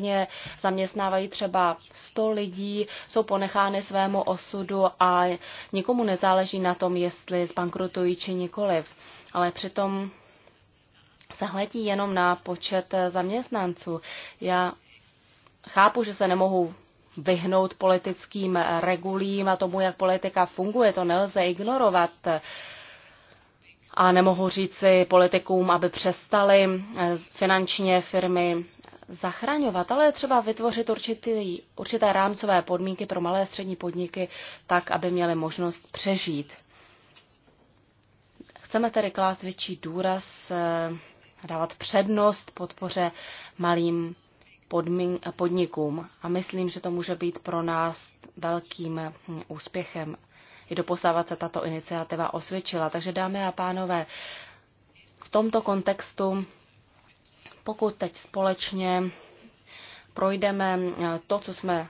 Mě zaměstnávají třeba 100 lidí, jsou ponechány svému osudu a nikomu nezáleží na tom, jestli zbankrutují či nikoliv. Ale přitom se hledí jenom na počet zaměstnanců. Já chápu, že se nemohu vyhnout politickým regulím a tomu, jak politika funguje, to nelze ignorovat. A nemohu říci politikům, aby přestali finančně firmy zachraňovat, ale třeba vytvořit určitý, určité rámcové podmínky pro malé a střední podniky, tak, aby měly možnost přežít. Chceme tedy klást větší důraz, eh, dávat přednost podpoře malým podmín, podnikům a myslím, že to může být pro nás velkým hm, úspěchem. I doposávat se tato iniciativa osvědčila. Takže dámy a pánové, v tomto kontextu pokud teď společně projdeme eh, to, co jsme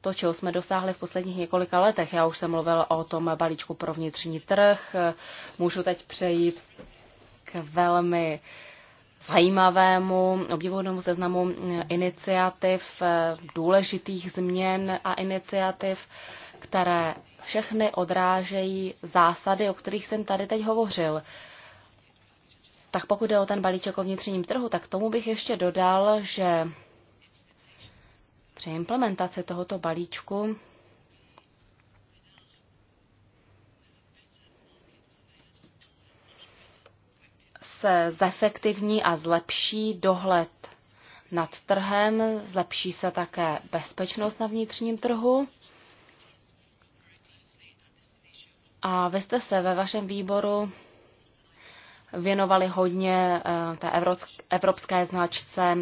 to, čeho jsme dosáhli v posledních několika letech. Já už jsem mluvil o tom balíčku pro vnitřní trh. Eh, můžu teď přejít k velmi zajímavému, obdivuhodnému seznamu eh, iniciativ, důležitých změn a iniciativ, které všechny odrážejí zásady, o kterých jsem tady teď hovořil. Tak pokud jde o ten balíček o vnitřním trhu, tak tomu bych ještě dodal, že při implementaci tohoto balíčku se zefektivní a zlepší dohled nad trhem, zlepší se také bezpečnost na vnitřním trhu. A vy jste se ve vašem výboru věnovali hodně eh, té evropské značce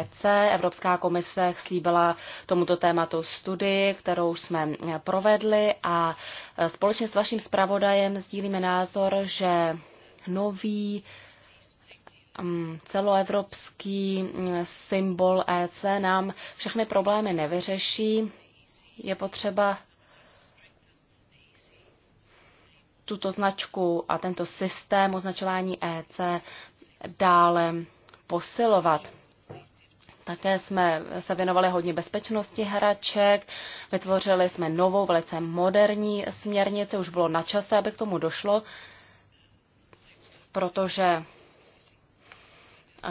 EC. Evropská komise slíbila tomuto tématu studii, kterou jsme eh, provedli a eh, společně s vaším zpravodajem sdílíme názor, že nový mm, celoevropský mm, symbol EC nám všechny problémy nevyřeší. Je potřeba tuto značku a tento systém označování EC dále posilovat. Také jsme se věnovali hodně bezpečnosti hraček, vytvořili jsme novou, velice moderní směrnici, už bylo na čase, aby k tomu došlo, protože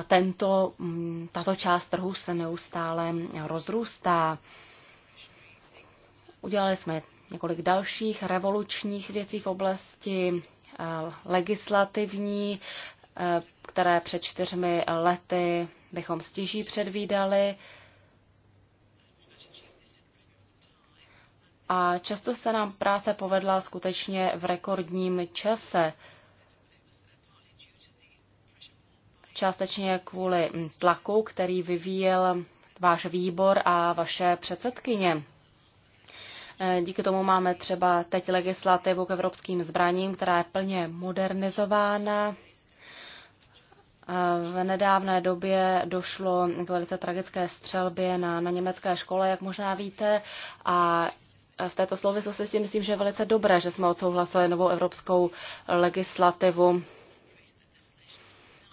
tento, tato část trhu se neustále rozrůstá. Udělali jsme několik dalších revolučních věcí v oblasti eh, legislativní, eh, které před čtyřmi lety bychom stěží předvídali. A často se nám práce povedla skutečně v rekordním čase. Částečně kvůli tlaku, který vyvíjel váš výbor a vaše předsedkyně. Eh, díky tomu máme třeba teď legislativu k evropským zbraním, která je plně modernizována. Eh, v nedávné době došlo k velice tragické střelbě na, na německé škole, jak možná víte, a v této souvislosti si myslím, že je velice dobré, že jsme odsouhlasili novou evropskou legislativu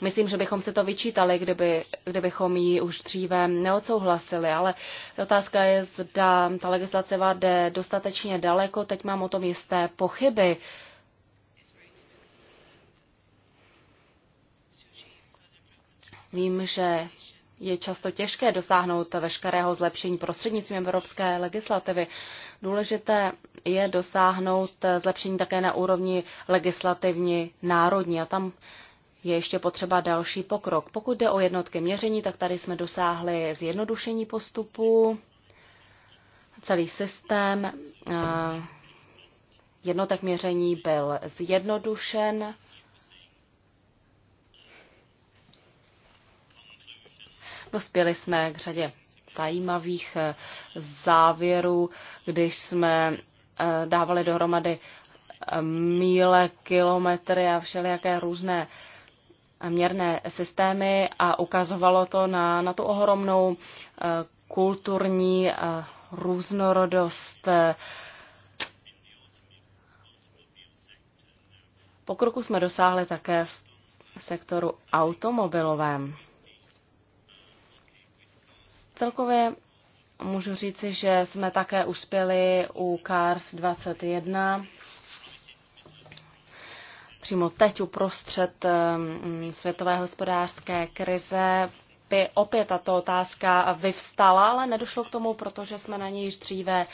Myslím, že bychom si to vyčítali, kdyby, kdybychom ji už dříve neodsouhlasili, ale otázka je, zda ta legislativa jde dostatečně daleko. Teď mám o tom jisté pochyby. Vím, že je často těžké dosáhnout veškerého zlepšení prostřednictvím evropské legislativy. Důležité je dosáhnout zlepšení také na úrovni legislativní národní a tam je ještě potřeba další pokrok. Pokud jde o jednotky měření, tak tady jsme dosáhli zjednodušení postupu, celý systém eh, jednotek měření byl zjednodušen. Dospěli jsme k řadě zajímavých eh, závěrů, když jsme eh, dávali dohromady míle, kilometry a všelijaké různé měrné systémy a ukazovalo to na, na tu ohromnou eh, kulturní eh, různorodost. Eh, pokroku jsme dosáhli také v sektoru automobilovém. Celkově můžu říci, že jsme také uspěli u CARS 21 přímo teď uprostřed světové hospodářské krize by opět tato otázka vyvstala, ale nedošlo k tomu, protože jsme na ní již dříve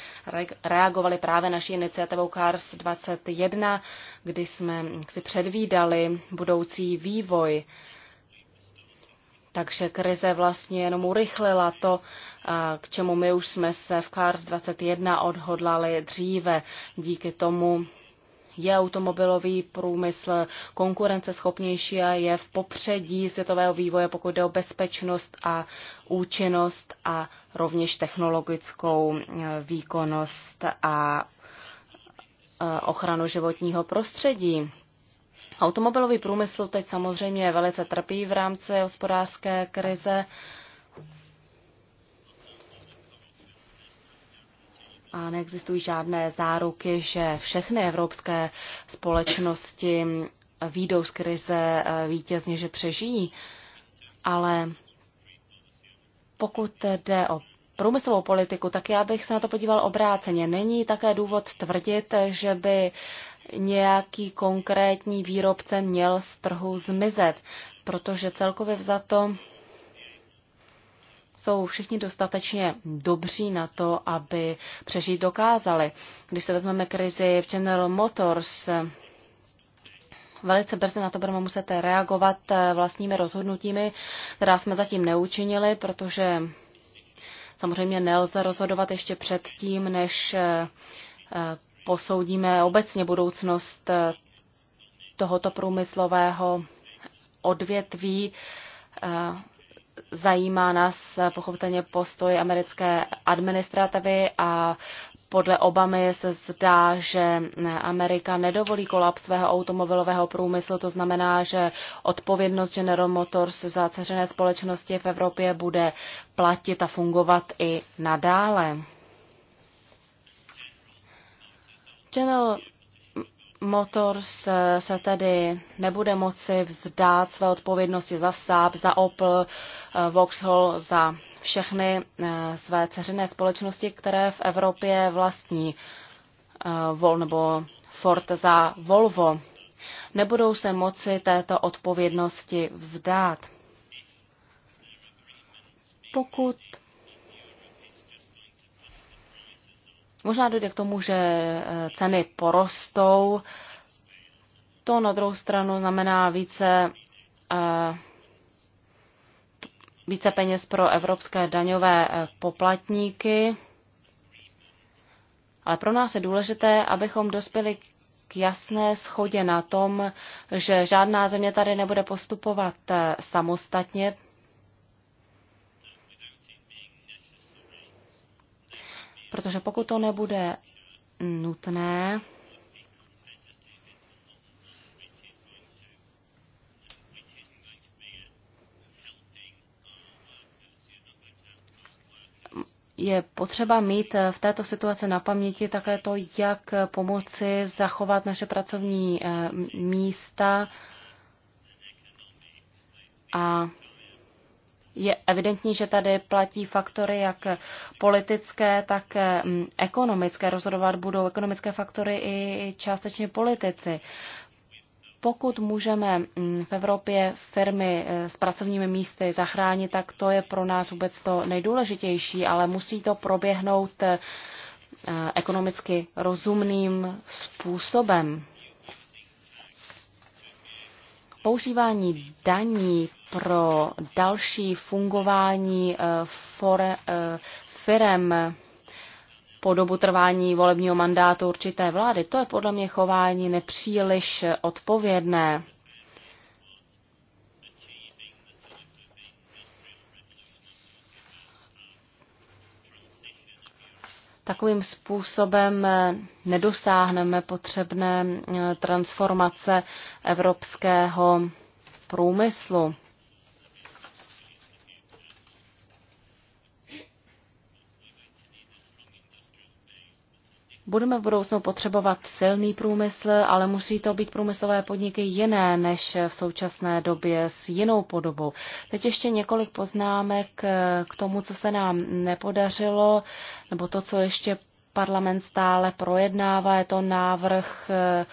reagovali právě naší iniciativou CARS 21, kdy jsme si předvídali budoucí vývoj. Takže krize vlastně jenom urychlila to, k čemu my už jsme se v CARS 21 odhodlali dříve. Díky tomu je automobilový průmysl konkurenceschopnější a je v popředí světového vývoje, pokud jde o bezpečnost a účinnost a rovněž technologickou eh, výkonnost a eh, ochranu životního prostředí. Automobilový průmysl teď samozřejmě velice trpí v rámci hospodářské krize. a neexistují žádné záruky, že všechny evropské společnosti výjdou z krize eh, vítězně, že přežijí, ale pokud jde o průmyslovou politiku, tak já bych se na to podíval obráceně. Není také důvod tvrdit, že by nějaký konkrétní výrobce měl z trhu zmizet, protože celkově vzato jsou všichni dostatečně dobří na to, aby přežít dokázali. Když se vezmeme krizi v General Motors, velice brzy na to budeme muset reagovat eh, vlastními rozhodnutími, která jsme zatím neučinili, protože samozřejmě nelze rozhodovat ještě předtím, než eh, eh, posoudíme obecně budoucnost tohoto průmyslového odvětví Zajímá nás pochopitelně postoj americké administrativy a podle Obamy se zdá, že Amerika nedovolí kolaps svého automobilového průmyslu, to znamená, že odpovědnost General Motors za ceřené společnosti v Evropě bude platit a fungovat i nadále. General Motors se tedy nebude moci vzdát své odpovědnosti za Saab, za Opel, eh, Vauxhall, za všechny eh, své ceřené společnosti, které v Evropě vlastní eh, Vol nebo Ford za Volvo. Nebudou se moci této odpovědnosti vzdát. Pokud Možná dojde k tomu, že eh, ceny porostou. To na druhou stranu znamená více, eh, více peněz pro evropské daňové eh, poplatníky. Ale pro nás je důležité, abychom dospěli k jasné schodě na tom, že žádná země tady nebude postupovat samostatně, protože pokud to nebude nutné, je potřeba mít v této situaci na paměti také to, jak pomoci zachovat naše pracovní eh, místa a je evidentní, že tady platí faktory jak politické, tak mm, ekonomické. Rozhodovat budou ekonomické faktory i částečně politici. Pokud můžeme mm, v Evropě firmy e, s pracovními místy zachránit, tak to je pro nás vůbec to nejdůležitější, ale musí to proběhnout e, ekonomicky rozumným způsobem používání daní pro další fungování eh, fore, eh, firem po dobu trvání volebního mandátu určité vlády. To je podle mě chování nepříliš odpovědné. Takovým způsobem eh, nedosáhneme potřebné transformace evropského průmyslu. Budeme v budoucnu potřebovat silný průmysl, ale musí to být průmyslové podniky jiné než v současné době s jinou podobou. Teď ještě několik poznámek k tomu, co se nám nepodařilo, nebo to, co ještě parlament stále projednává. Je to návrh eh,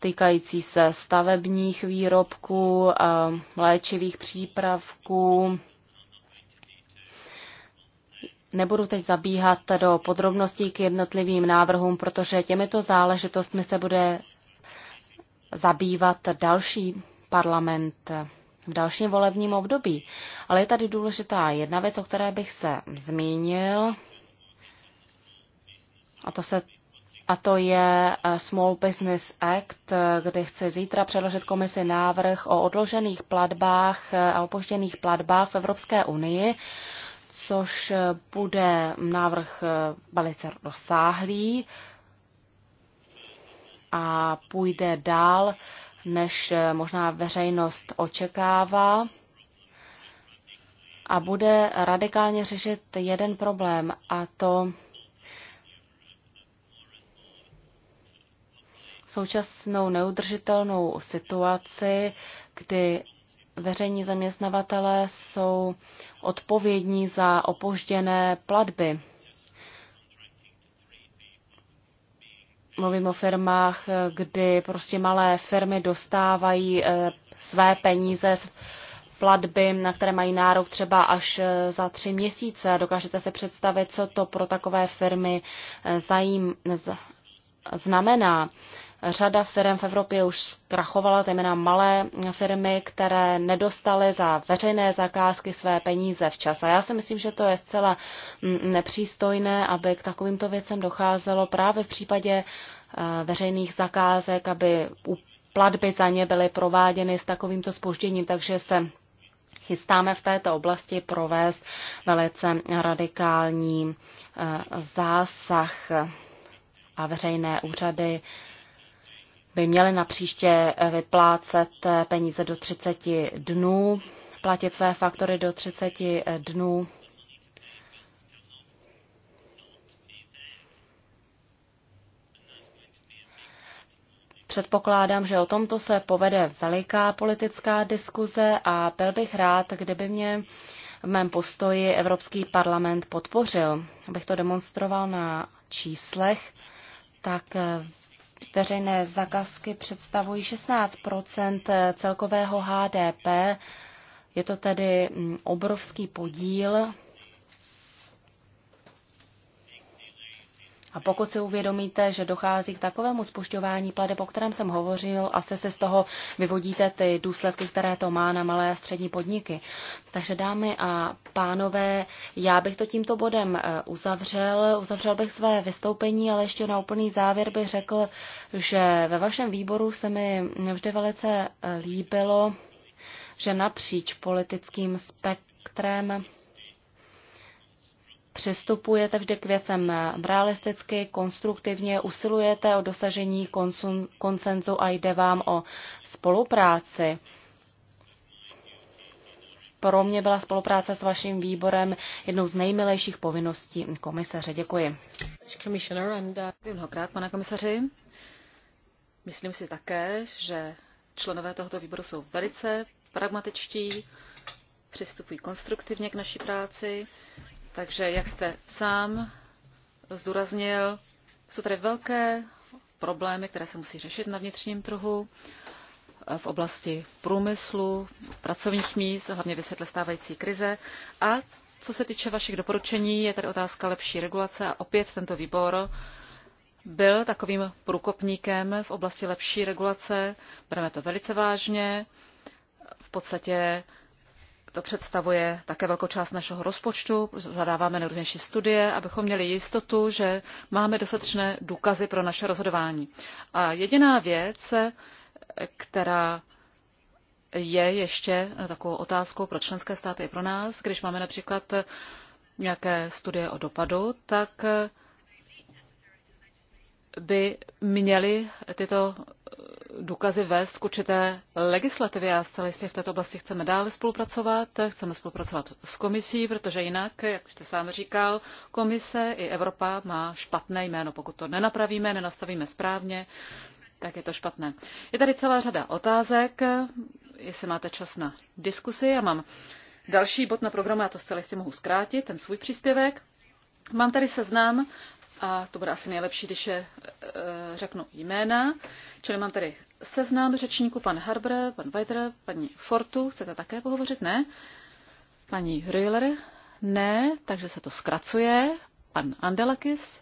týkající se stavebních výrobků, léčivých přípravků, Nebudu teď zabíhat do podrobností k jednotlivým návrhům, protože těmito záležitostmi se bude zabývat další parlament v dalším volebním období. Ale je tady důležitá jedna věc, o které bych se zmínil, a to, se, a to je eh, Small Business Act, kde chce zítra předložit komisi návrh o odložených platbách eh, a opožděných platbách v Evropské unii což bude návrh velice rozsáhlý a půjde dál, než možná veřejnost očekává a bude radikálně řešit jeden problém a to současnou neudržitelnou situaci, kdy veřejní zaměstnavatelé jsou odpovědní za opožděné platby. Mluvím o firmách, kdy prostě malé firmy dostávají eh, své peníze z platby, na které mají nárok třeba až eh, za tři měsíce. Dokážete se představit, co to pro takové firmy eh, zajím, znamená. Řada firm v Evropě už zkrachovala, zejména malé firmy, které nedostaly za veřejné zakázky své peníze včas. A já si myslím, že to je zcela mm, nepřístojné, aby k takovýmto věcem docházelo právě v případě eh, veřejných zakázek, aby platby za ně byly prováděny s takovýmto spožděním, takže se chystáme v této oblasti provést velice radikální eh, zásah a veřejné úřady by měly na příště eh, vyplácet eh, peníze do 30 dnů, platit své faktory do 30 eh, dnů. Předpokládám, že o tomto se povede veliká politická diskuze a byl bych rád, kdyby mě v mém postoji Evropský parlament podpořil. Abych to demonstroval na číslech, tak Veřejné zakázky představují 16 celkového HDP. Je to tedy mm, obrovský podíl A pokud si uvědomíte, že dochází k takovému spušťování pladeb, o kterém jsem hovořil, asi se z toho vyvodíte ty důsledky, které to má na malé a střední podniky. Takže dámy a pánové, já bych to tímto bodem eh, uzavřel. Uzavřel bych své vystoupení, ale ještě na úplný závěr bych řekl, že ve vašem výboru se mi vždy velice eh, líbilo, že napříč politickým spektrem přistupujete vždy k věcem realisticky, konstruktivně, usilujete o dosažení konsenzu a jde vám o spolupráci. Pro mě byla spolupráce s vaším výborem jednou z nejmilejších povinností komisaře. Děkuji uh, mnohokrát, pane komisaři. Myslím si také, že členové tohoto výboru jsou velice pragmatičtí, přistupují konstruktivně k naší práci. Takže jak jste sám zdůraznil, jsou tady velké problémy, které se musí řešit na vnitřním trhu eh, v oblasti průmyslu, pracovních míst, hlavně vysvětle stávající krize. A co se týče vašich doporučení, je tady otázka lepší regulace a opět tento výbor byl takovým průkopníkem v oblasti lepší regulace. Bereme to velice vážně. V podstatě to představuje také velkou část našeho rozpočtu. Zadáváme nejrůznější studie, abychom měli jistotu, že máme dostatečné důkazy pro naše rozhodování. A jediná věc, která je ještě takovou otázkou pro členské státy i pro nás, když máme například nějaké studie o dopadu, tak by měly tyto důkazy vést k určité legislativě a zcela jistě v této oblasti chceme dále spolupracovat, chceme spolupracovat s komisí, protože jinak, jak jste sám říkal, komise i Evropa má špatné jméno. Pokud to nenapravíme, nenastavíme správně, tak je to špatné. Je tady celá řada otázek, jestli máte čas na diskusi. Já mám další bod na programu, já to zcela jistě mohu zkrátit, ten svůj příspěvek. Mám tady seznam a to bude asi nejlepší, když je eh, řeknu jména. Čili mám tady seznam řečníků, pan Harbre, pan Weiter, paní Fortu, chcete také pohovořit? Ne. Paní Rüller? Ne, takže se to zkracuje. Pan Andelakis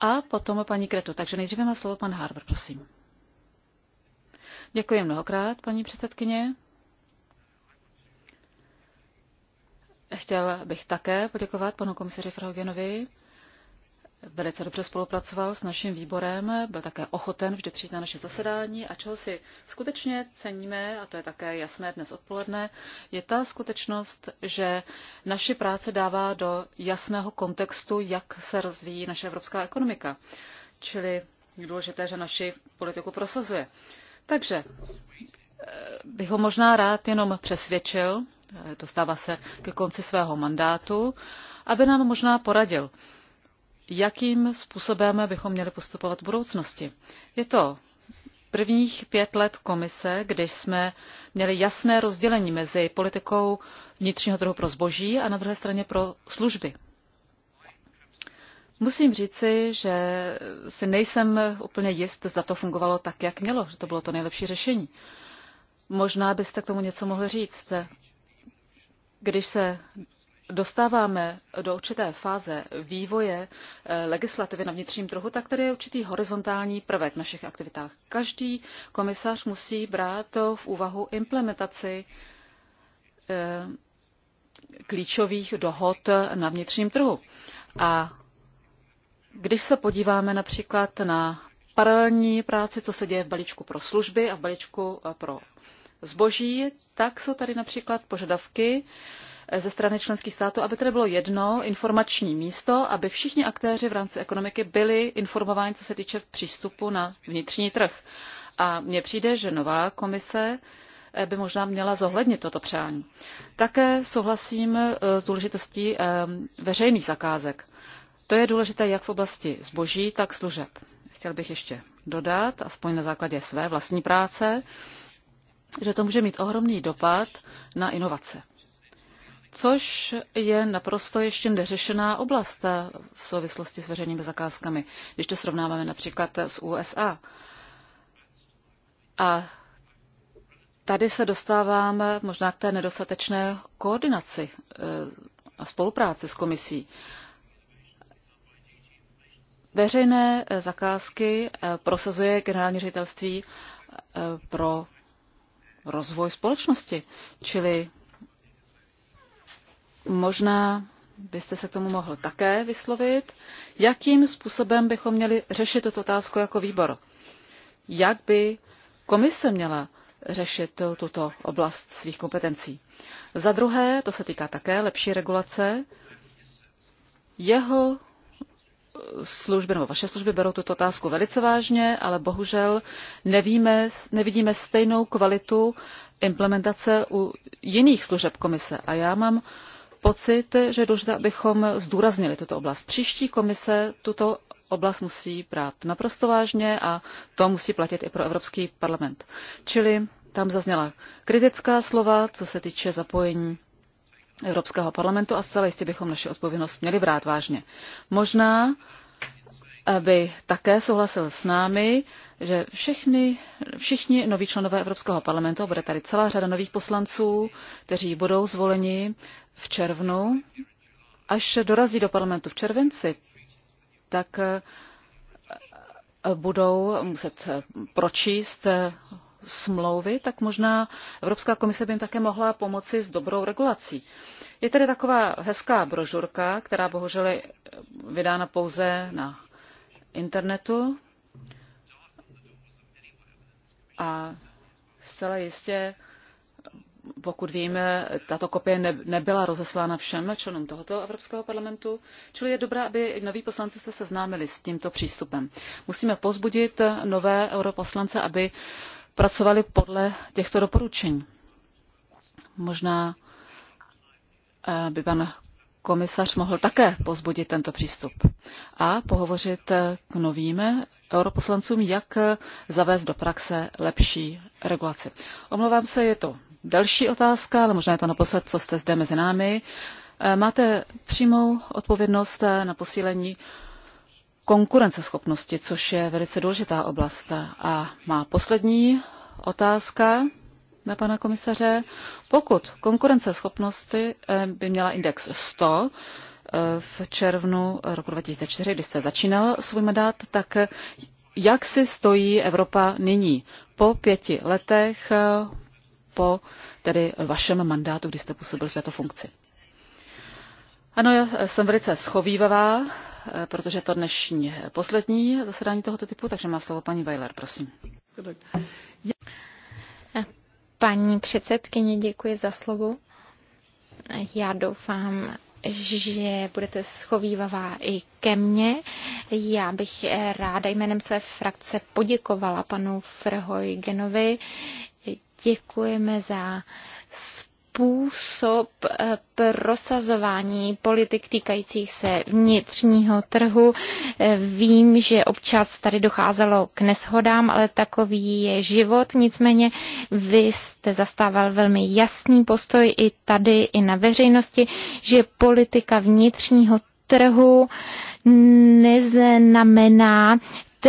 a potom paní Kretu. Takže nejdříve má slovo pan Harbre, prosím. Děkuji mnohokrát, paní předsedkyně. Chtěl bych také poděkovat panu komisaři Frahogenovi velice dobře spolupracoval s naším výborem, byl také ochoten vždy přijít na naše zasedání a čeho si skutečně ceníme, a to je také jasné dnes odpoledne, je ta skutečnost, že naši práce dává do jasného kontextu, jak se rozvíjí naše evropská ekonomika. Čili je důležité, že naši politiku prosazuje. Takže eh, bych ho možná rád jenom přesvědčil, eh, dostává se ke konci svého mandátu, aby nám možná poradil jakým způsobem bychom měli postupovat v budoucnosti. Je to prvních pět let komise, když jsme měli jasné rozdělení mezi politikou vnitřního trhu pro zboží a na druhé straně pro služby. Musím říci, že si nejsem úplně jist, zda to fungovalo tak, jak mělo, že to bylo to nejlepší řešení. Možná byste k tomu něco mohli říct. Když se dostáváme do určité fáze vývoje eh, legislativy na vnitřním trhu, tak tady je určitý horizontální prvek v našich aktivitách. Každý komisař musí brát to v úvahu implementaci eh, klíčových dohod na vnitřním trhu. A když se podíváme například na paralelní práci, co se děje v balíčku pro služby a v balíčku pro zboží, tak jsou tady například požadavky, uh, ze strany členských států, aby tedy bylo jedno informační místo, aby všichni aktéři v rámci ekonomiky byli informováni, co se týče přístupu na vnitřní trh. A mně přijde, že nová komise eh, by možná měla zohlednit toto přání. Také souhlasím eh, s důležitostí eh, veřejných zakázek. To je důležité jak v oblasti zboží, tak služeb. Chtěl bych ještě dodat, aspoň na základě své vlastní práce, že to může mít ohromný dopad na inovace což je naprosto ještě neřešená oblast eh, v souvislosti s veřejnými zakázkami, když to srovnáváme například eh, s USA. A tady se dostáváme možná k té nedostatečné koordinaci eh, a spolupráci s komisí. Veřejné zakázky prosazuje generální ředitelství pro rozvoj společnosti, čili Možná byste se k tomu mohl také vyslovit. Jakým způsobem bychom měli řešit tuto otázku jako výbor? Jak by komise měla řešit tuto oblast svých kompetencí? Za druhé, to se týká také lepší regulace, jeho služby nebo vaše služby berou tuto otázku velice vážně, ale bohužel nevíme, nevidíme stejnou kvalitu implementace u jiných služeb komise. A já mám uh, pocit, že je důležité, abychom zdůraznili tuto oblast. Příští komise tuto oblast musí brát naprosto vážně a to musí platit i pro Evropský parlament. Čili tam zazněla kritická slova, co se týče zapojení Evropského parlamentu a zcela jistě bychom naši odpovědnost měli brát vážně. Možná by také souhlasil s námi, že všechny, všichni noví členové Evropského parlamentu, bude tady celá řada nových poslanců, kteří budou zvoleni v červnu, až dorazí do parlamentu v červenci, tak eh, budou muset eh, pročíst eh, smlouvy, tak možná Evropská komise by jim také mohla pomoci s dobrou regulací. Je tedy taková hezká brožurka, která bohužel je vydána pouze na internetu a zcela jistě, pokud víme, tato kopie nebyla rozeslána všem členům tohoto Evropského parlamentu, čili je dobré, aby noví poslanci se seznámili s tímto přístupem. Musíme pozbudit nové europoslance, aby pracovali podle těchto doporučení. Možná eh, by pan komisař mohl také pozbudit tento přístup a pohovořit k novým europoslancům, jak zavést do praxe lepší regulaci. Omlouvám se, je to další otázka, ale možná je to naposled, co jste zde mezi námi. Eh, máte přímou odpovědnost eh, na posílení konkurenceschopnosti, což je velice důležitá oblast. A má poslední otázka na pana komisaře. Pokud konkurenceschopnosti eh, by měla index 100 eh, v červnu roku 2004, kdy jste začínal svůj mandát, tak jak si stojí Evropa nyní po pěti letech, eh, po tedy vašem mandátu, kdy jste působil v této funkci? Ano, já jsem velice schovývavá, protože to dnešní poslední zasedání tohoto typu, takže má slovo paní Weiler, prosím. Paní předsedkyně, děkuji za slovo. Já doufám, že budete schovývavá i ke mně. Já bych ráda jménem své frakce poděkovala panu Frhojgenovi. Děkujeme za spolupráci způsob eh, prosazování politik týkajících se vnitřního trhu. Eh, vím, že občas tady docházelo k neshodám, ale takový je život. Nicméně vy jste zastával velmi jasný postoj i tady, i na veřejnosti, že politika vnitřního trhu neznamená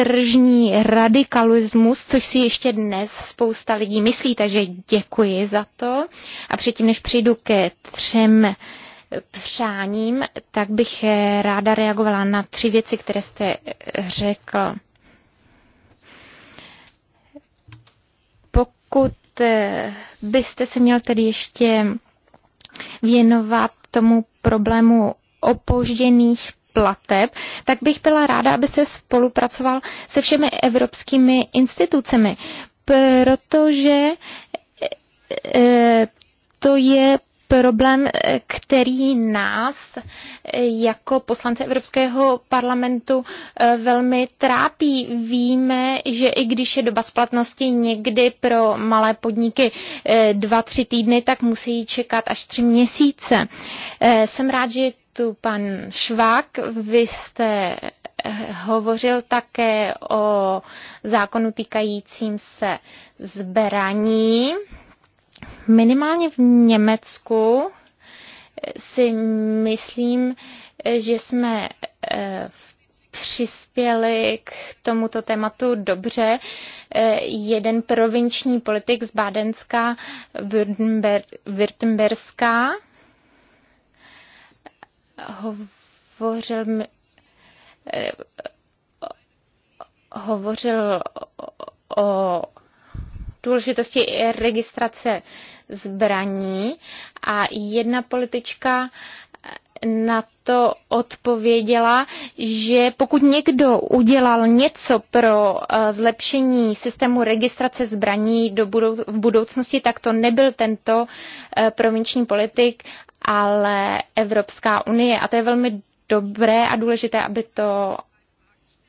tržní radikalismus, což si ještě dnes spousta lidí myslí, takže děkuji za to. A předtím, než přijdu ke třem přáním, tak bych ráda reagovala na tři věci, které jste řekl. Pokud byste se měl tedy ještě věnovat tomu problému opožděných plateb, tak bych byla ráda, aby se spolupracoval se všemi evropskými institucemi, protože e, e, to je problém, který nás e, jako poslance Evropského parlamentu velmi trápí. Víme, že i když je doba splatnosti někdy pro malé podniky dva, tři týdny, tak musí čekat až tři měsíce. Jsem rád, že tu pan Švák. Vy jste eh, hovořil také o zákonu týkajícím se zberaní. Minimálně v Německu si myslím, že jsme eh, přispěli k tomuto tématu dobře. Eh, jeden provinční politik z Bádenska, Württemberská, hovořil eh, hovořil o důležitosti registrace zbraní a jedna politička na to odpověděla, že pokud někdo udělal něco pro eh, zlepšení systému registrace zbraní do budouc- v budoucnosti, tak to nebyl tento eh, provinční politik, ale Evropská unie. A to je velmi dobré a důležité, aby to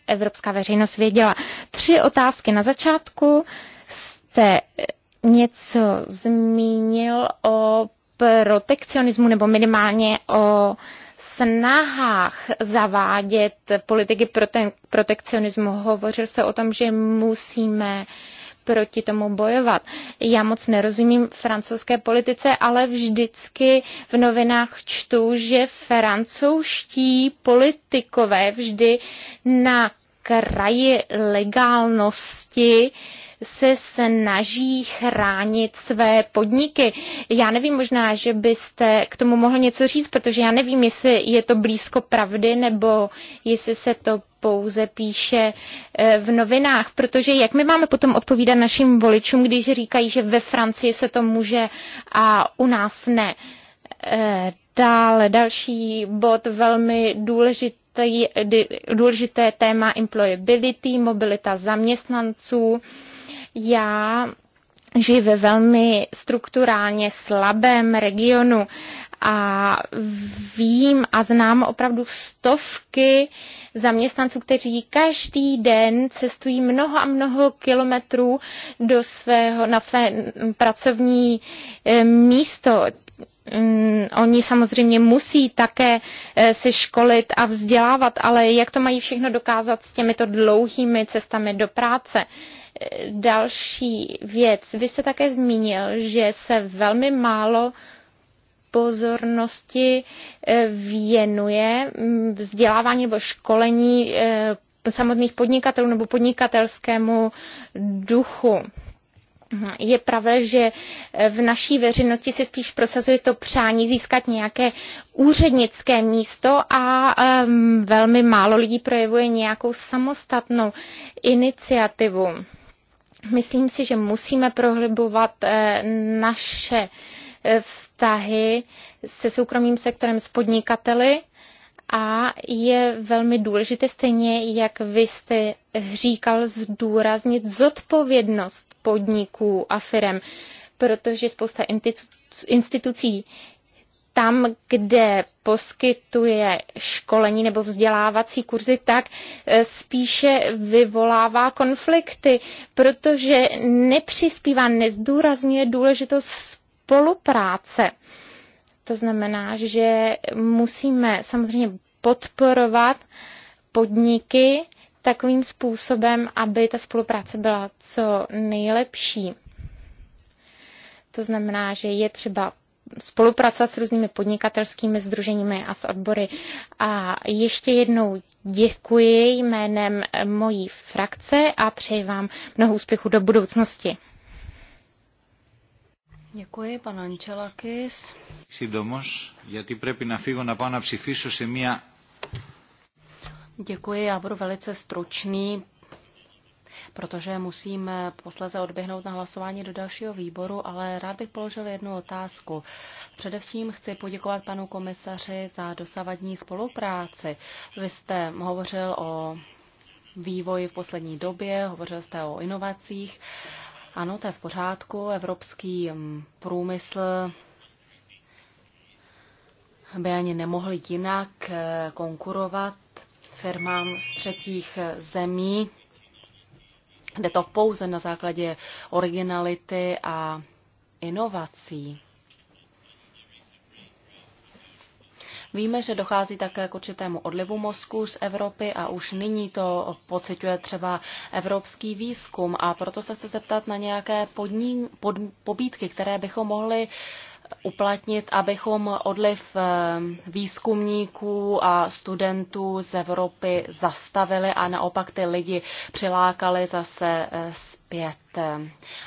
evropská veřejnost věděla. Tři otázky na začátku. Jste eh, něco zmínil o protekcionismu nebo minimálně o snahách zavádět politiky prote- protekcionismu. Hovořil se o tom, že musíme proti tomu bojovat. Já moc nerozumím francouzské politice, ale vždycky v novinách čtu, že francouzští politikové vždy na kraji legálnosti uh, se snaží chránit své podniky. Já nevím možná, že byste k tomu mohl něco říct, protože já nevím, jestli je to blízko pravdy nebo jestli se to pouze píše eh, v novinách, protože jak my máme potom odpovídat našim voličům, když říkají, že ve Francii se to může a u nás ne. Eh, dále další bod velmi důležitý důležité téma employability, mobilita zaměstnanců. Já žiju ve velmi strukturálně slabém regionu a vím a znám opravdu stovky zaměstnanců, kteří každý den cestují mnoho a mnoho kilometrů do svého, na své pracovní eh, místo. Mm, oni samozřejmě musí také eh, se školit a vzdělávat, ale jak to mají všechno dokázat s těmito dlouhými cestami do práce? další věc. Vy jste také zmínil, že se velmi málo pozornosti eh, věnuje mm, vzdělávání nebo školení eh, samotných podnikatelů nebo podnikatelskému duchu. Je pravda, že eh, v naší veřejnosti se spíš prosazuje to přání získat nějaké úřednické místo a ehm, velmi málo lidí projevuje nějakou samostatnou iniciativu. Myslím si, že musíme prohlibovat eh, naše eh, vztahy se soukromým sektorem, s podnikateli a je velmi důležité, stejně jak vy jste říkal, zdůraznit zodpovědnost podniků a firem, protože spousta institucí tam, kde poskytuje školení nebo vzdělávací kurzy, tak eh, spíše vyvolává konflikty, protože nepřispívá, nezdůrazňuje důležitost spolupráce. To znamená, že musíme samozřejmě podporovat podniky takovým způsobem, aby ta spolupráce byla co nejlepší. To znamená, že je třeba spolupracovat s různými podnikatelskými združeními a s odbory. A ještě jednou děkuji jménem mojí frakce a přeji vám mnoho úspěchu do budoucnosti. Děkuji, pan Ančelakis. Σύντομος, γιατί πρέπει να φύγω να πάω να ψηφίσω σε μία Děkuji, já budu velice stručný, protože musím posleze odběhnout na hlasování do dalšího výboru, ale rád bych položil jednu otázku. Především chci poděkovat panu komisaři za dosavadní spolupráci. Vy jste hovořil o vývoji v poslední době, hovořil jste o inovacích. Ano, to je v pořádku. Evropský mm, průmysl by ani nemohl jinak eh, konkurovat firmám z třetích zemí. Jde to pouze na základě originality a inovací. Víme, že dochází také k určitému odlivu mozku z Evropy a už nyní to pociťuje třeba evropský výzkum a proto se chci zeptat na nějaké podní, pod, pobídky, které bychom mohli uh, uplatnit, abychom odliv eh, výzkumníků a studentů z Evropy zastavili a naopak ty lidi přilákali zase eh, zpět.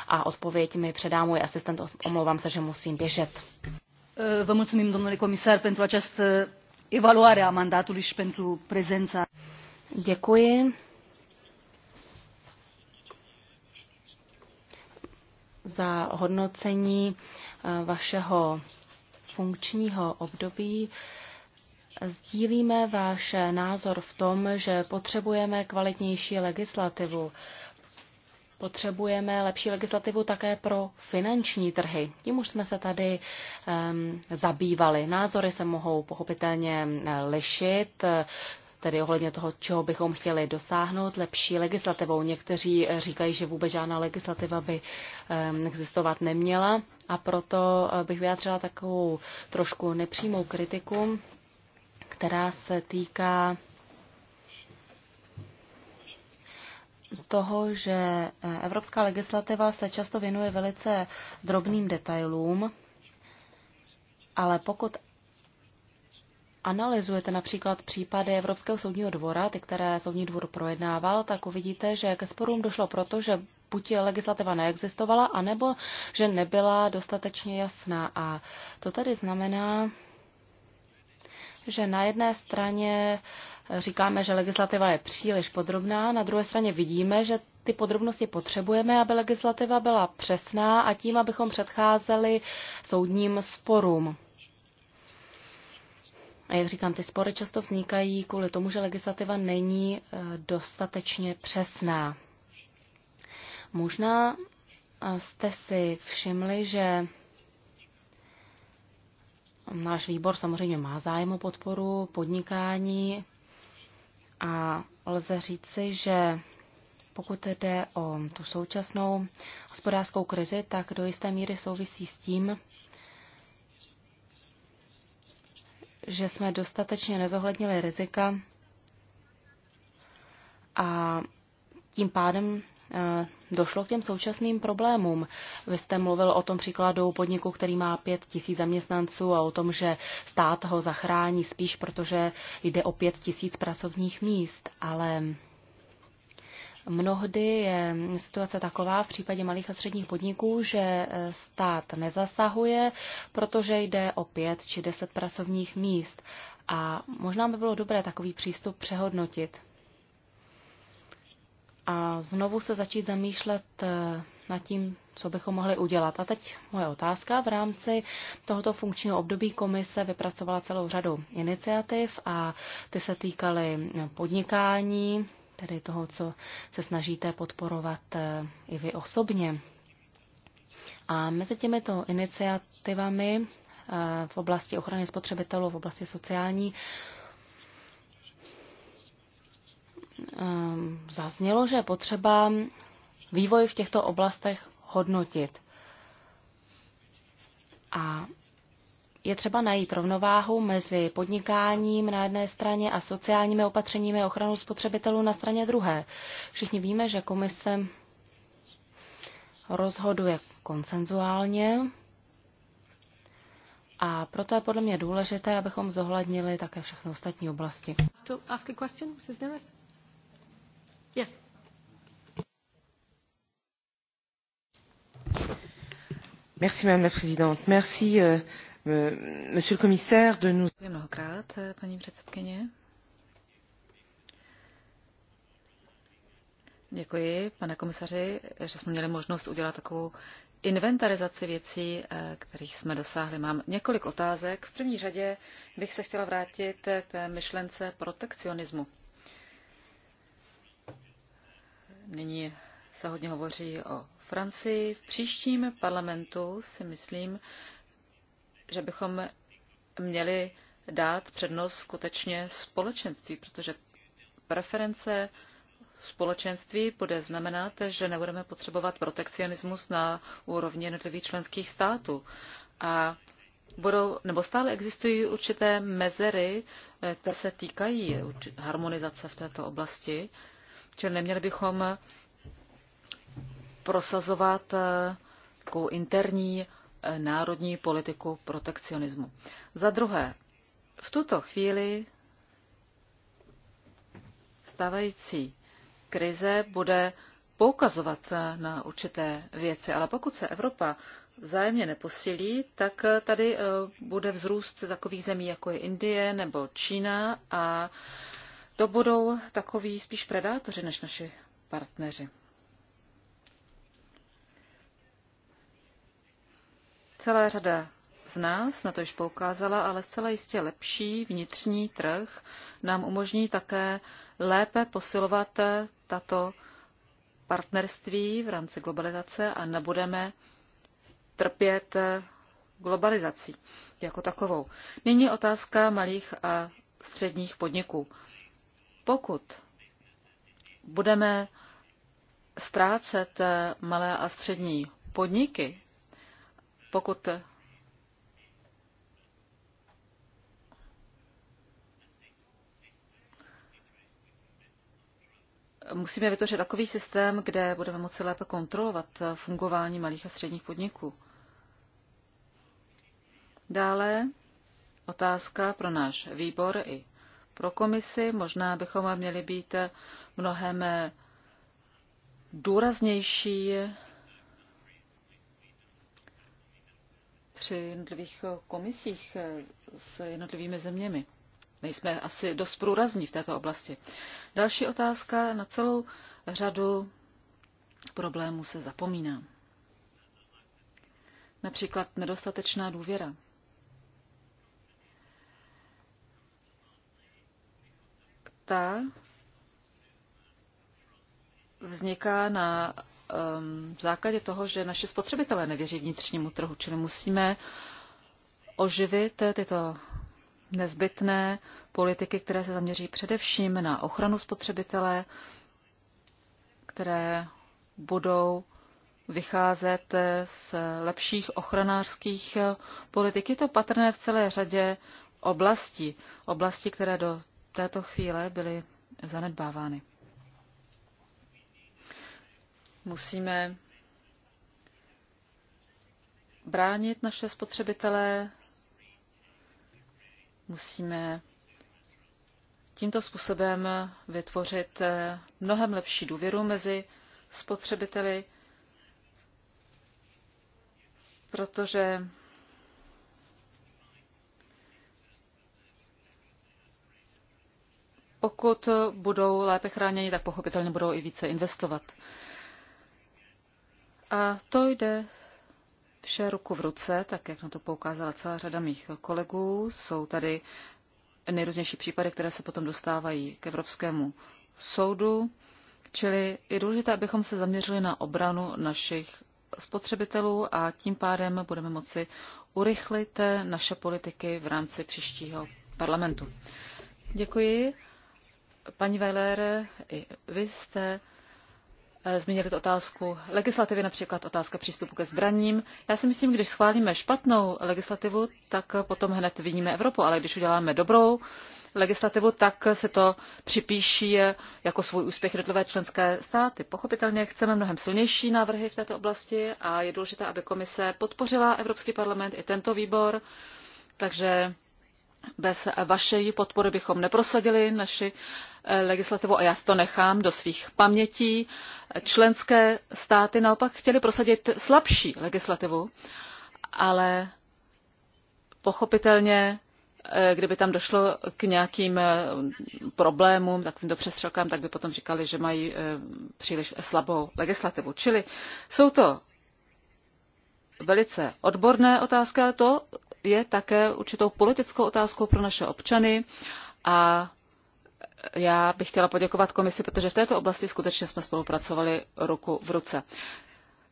A odpověď mi předá můj asistent. Omlouvám se, že musím běžet. Eh, vă mulțumim, domnule komisár, pentru această evaluare a mandátu, și pentru prezenca. Děkuji. za hodnocení vašeho funkčního období. Sdílíme váš názor v tom, že potřebujeme kvalitnější legislativu. Potřebujeme lepší legislativu také pro finanční trhy. Tím už jsme se tady um, zabývali. Názory se mohou pochopitelně lišit tedy ohledně toho, čeho bychom chtěli dosáhnout lepší legislativou. Někteří eh, říkají, že vůbec žádná legislativa by eh, existovat neměla a proto eh, bych vyjádřila takovou trošku nepřímou kritiku, která se týká toho, že evropská legislativa se často věnuje velice drobným detailům, ale pokud analyzujete například případy Evropského soudního dvora, ty, které soudní dvůr projednával, tak uvidíte, že ke sporům došlo proto, že buď legislativa neexistovala, anebo že nebyla dostatečně jasná. A to tedy znamená, že na jedné straně říkáme, že legislativa je příliš podrobná, na druhé straně vidíme, že ty podrobnosti potřebujeme, aby legislativa byla přesná a tím, abychom předcházeli soudním sporům. A jak říkám, ty spory často vznikají kvůli tomu, že legislativa není eh, dostatečně přesná. Možná eh, jste si všimli, že náš výbor samozřejmě má zájem o podporu podnikání a lze říci, že pokud jde o tu současnou hospodářskou krizi, tak do jisté míry souvisí s tím, že jsme dostatečně nezohlednili rizika a tím pádem eh, došlo k těm současným problémům. Vy jste mluvil o tom příkladu podniku, který má pět tisíc zaměstnanců a o tom, že stát ho zachrání spíš, protože jde o pět tisíc pracovních míst, ale Mnohdy je situace taková v případě malých a středních podniků, že eh, stát nezasahuje, protože jde o pět či deset pracovních míst. A možná by bylo dobré takový přístup přehodnotit a znovu se začít zamýšlet eh, nad tím, co bychom mohli udělat. A teď moje otázka. V rámci tohoto funkčního období komise vypracovala celou řadu iniciativ a ty se týkaly podnikání, tedy toho, co se snažíte podporovat eh, i vy osobně. A mezi těmito iniciativami eh, v oblasti ochrany spotřebitelů, v oblasti sociální, ehm, zaznělo, že je potřeba vývoj v těchto oblastech hodnotit. A je třeba najít rovnováhu mezi podnikáním na jedné straně a sociálními opatřeními ochranu spotřebitelů na straně druhé. Všichni víme, že komise rozhoduje konsenzuálně a proto je podle mě důležité, abychom zohlednili také všechny ostatní oblasti. Merci, Madame la Présidente. Merci. Euh Euh, monsieur le commissaire, de nous... Děkuji mnohokrát, eh, paní předsedkyně. Děkuji, pane komisaři, že jsme měli možnost udělat takovou inventarizaci věcí, eh, kterých jsme dosáhli. Mám několik otázek. V první řadě bych se chtěla vrátit eh, k té myšlence protekcionismu. Nyní se hodně hovoří o Francii. V příštím parlamentu si myslím, že bychom měli dát přednost skutečně společenství, protože preference společenství bude znamenat, že nebudeme potřebovat protekcionismus na úrovni jednotlivých členských států. A budou, nebo stále existují určité mezery, eh, které se týkají harmonizace v této oblasti, čili neměli bychom prosazovat eh, takovou interní národní politiku protekcionismu. Za druhé, v tuto chvíli stávající krize bude poukazovat na určité věci, ale pokud se Evropa vzájemně neposílí, tak tady eh, bude vzrůst takových zemí, jako je Indie nebo Čína a to budou takoví spíš predátoři než naši partneři. Celá řada z nás na to již poukázala, ale zcela jistě lepší vnitřní trh nám umožní také lépe posilovat tato partnerství v rámci globalizace a nebudeme trpět globalizací jako takovou. Nyní otázka malých a středních podniků. Pokud budeme ztrácet malé a střední podniky, pokud musíme vytvořit takový systém, kde budeme moci lépe kontrolovat fungování malých a středních podniků. Dále otázka pro náš výbor i pro komisi. Možná bychom měli být mnohem důraznější při jednotlivých komisích s jednotlivými zeměmi. Nejsme asi dost průrazní v této oblasti. Další otázka na celou řadu problémů se zapomíná. Například nedostatečná důvěra. Ta vzniká na Um, v základě toho, že naši spotřebitelé nevěří vnitřnímu trhu, čili musíme oživit tyto nezbytné politiky, které se zaměří především na ochranu spotřebitele, které budou vycházet z lepších ochranářských politik. Je to patrné v celé řadě oblastí, oblasti, které do této chvíle byly zanedbávány. Musíme bránit naše spotřebitelé. musíme tímto způsobem vytvořit eh, mnohem lepší důvěru mezi spotřebiteli, protože pokud budou lépe chráněni, tak pochopitelně budou i více investovat. A to jde vše ruku v ruce, tak jak na to poukázala celá řada mých kolegů. Jsou tady nejrůznější případy, které se potom dostávají k Evropskému soudu. Čili je důležité, abychom se zaměřili na obranu našich spotřebitelů a tím pádem budeme moci urychlit naše politiky v rámci příštího parlamentu. Děkuji. Paní Weiler, i vy jste Eh, zmínili otázku legislativy, například otázka přístupu ke zbraním. Já si myslím, když schválíme špatnou legislativu, tak potom hned viníme Evropu, ale když uděláme dobrou legislativu, tak se to připíší eh, jako svůj úspěch jednotlivé členské státy. Pochopitelně chceme mnohem silnější návrhy v této oblasti a je důležité, aby komise podpořila Evropský parlament i tento výbor. Takže bez vaší podpory bychom neprosadili naši eh, legislativu a já si to nechám do svých pamětí. Členské státy naopak chtěli prosadit slabší legislativu, ale pochopitelně, eh, kdyby tam došlo k nějakým eh, problémům, takovýmto přestřelkám, tak by potom říkali, že mají příliš slabou legislativu. Čili jsou to velice odborné otázky, ale to je také určitou politickou otázkou pro naše občany a já bych chtěla poděkovat komisi, protože v této oblasti skutečně jsme spolupracovali ruku v ruce.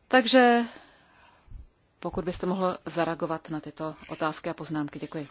Takže pokud byste mohl zareagovat na tyto otázky a poznámky, děkuji.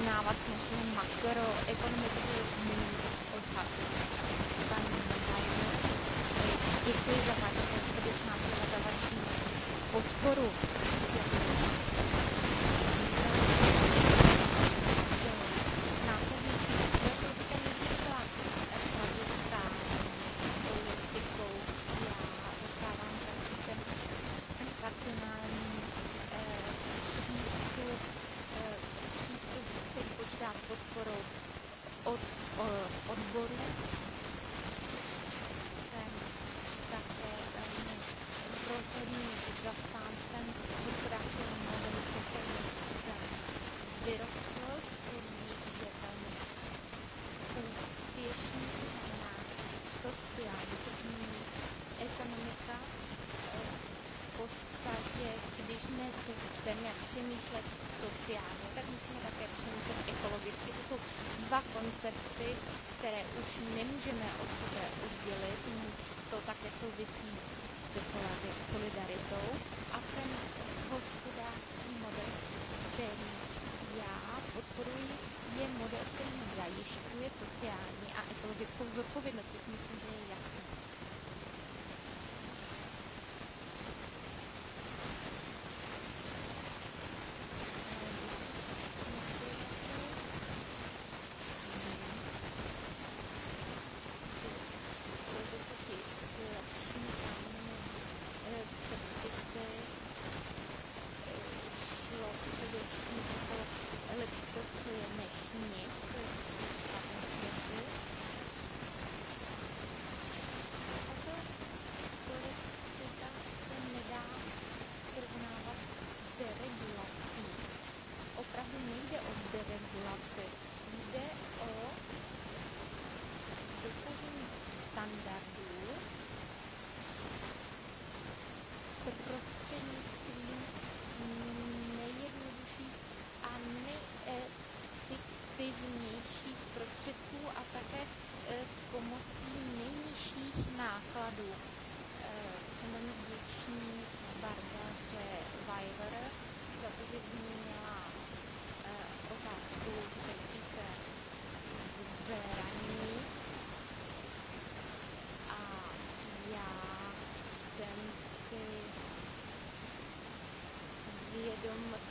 poznává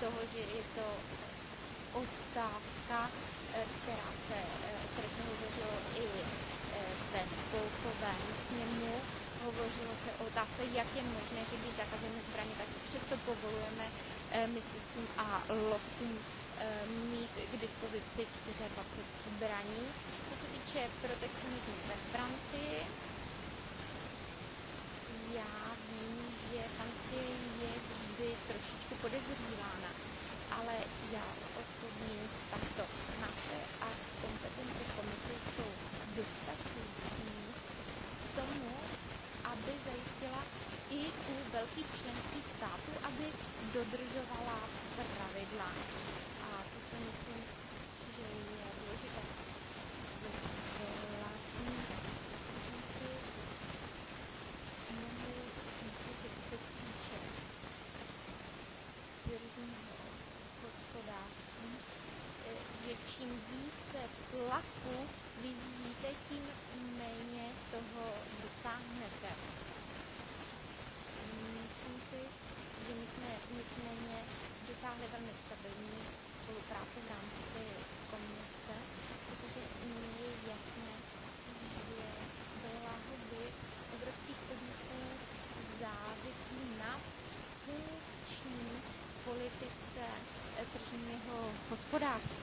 toho, že je to otázka, eh, která se, které eh, se hovořilo i eh, ve spolkovém sněmu. Hovořilo se o otázce, jak je možné, že když zakazujeme zbraně, tak přesto povolujeme myslícům a lovcům mít k dispozici 24 zbraní. Co se týče protekcionismu ve Francii, hospodářství.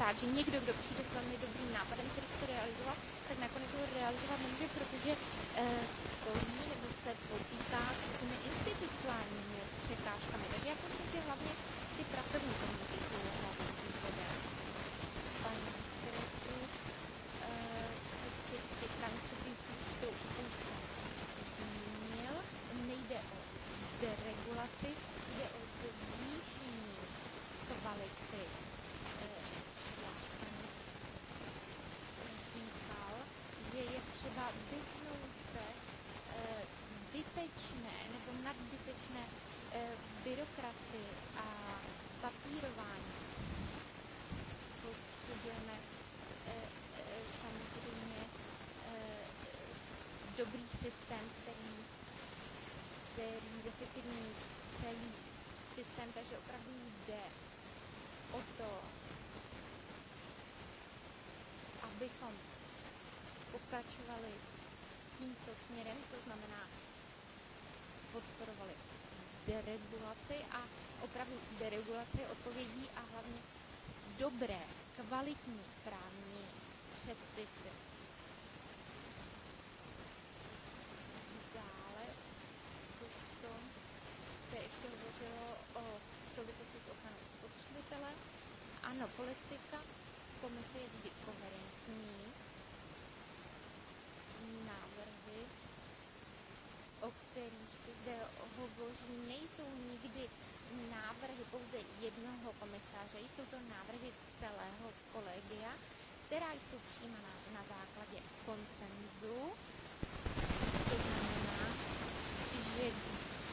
stát, že někdo, kdo přijde s velmi dobrým nápadem, který chce realizovat, tak nakonec ho realizovat nemůže, protože eh, systém, který, který zefektivní celý systém, takže opravdu jde o to, abychom pokračovali tímto směrem, to znamená podporovali deregulaci a opravdu deregulaci odpovědí a hlavně dobré, kvalitní právní předpisy komise jezdí koherentní návrhy, o kterých se zde hovoří, nejsou nikdy návrhy pouze jednoho komisáře, jsou to návrhy celého kolegia, která jsou přijímána na základě konsenzu. To znamená, že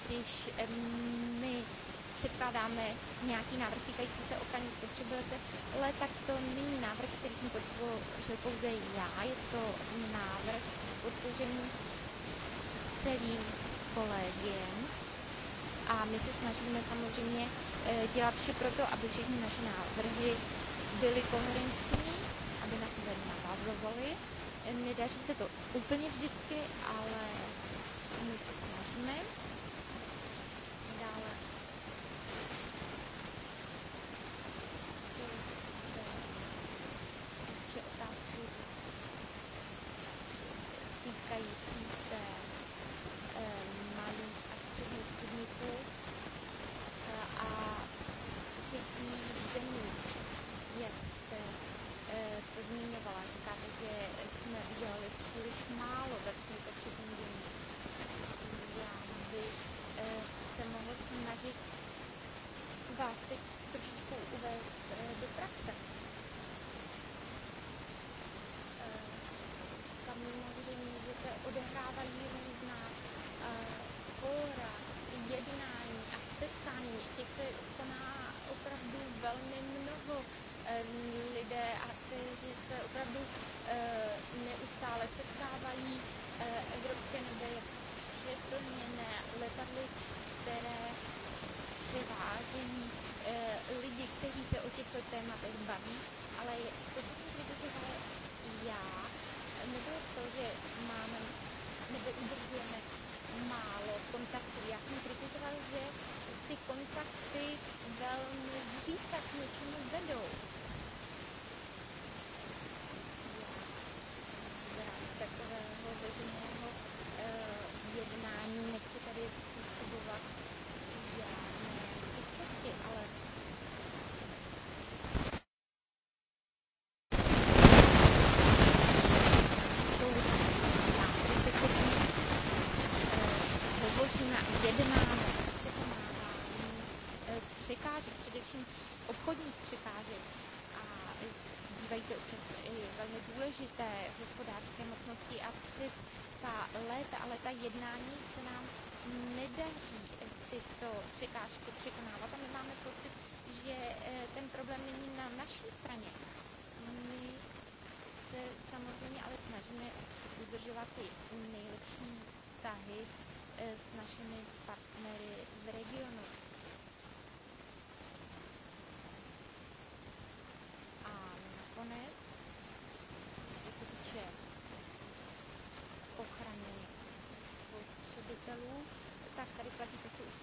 když my předkládáme nějaký návrh týkající se ochrany spotřebitele, tak to není návrh, který jsem podpořil pouze já, je to návrh podpořený celým kolegiem a my se snažíme samozřejmě eh, dělat vše to, aby všechny naše návrhy byly koherentní, aby na sebe navazovaly. Eh, nedaří se to úplně vždycky, ale my se snažíme.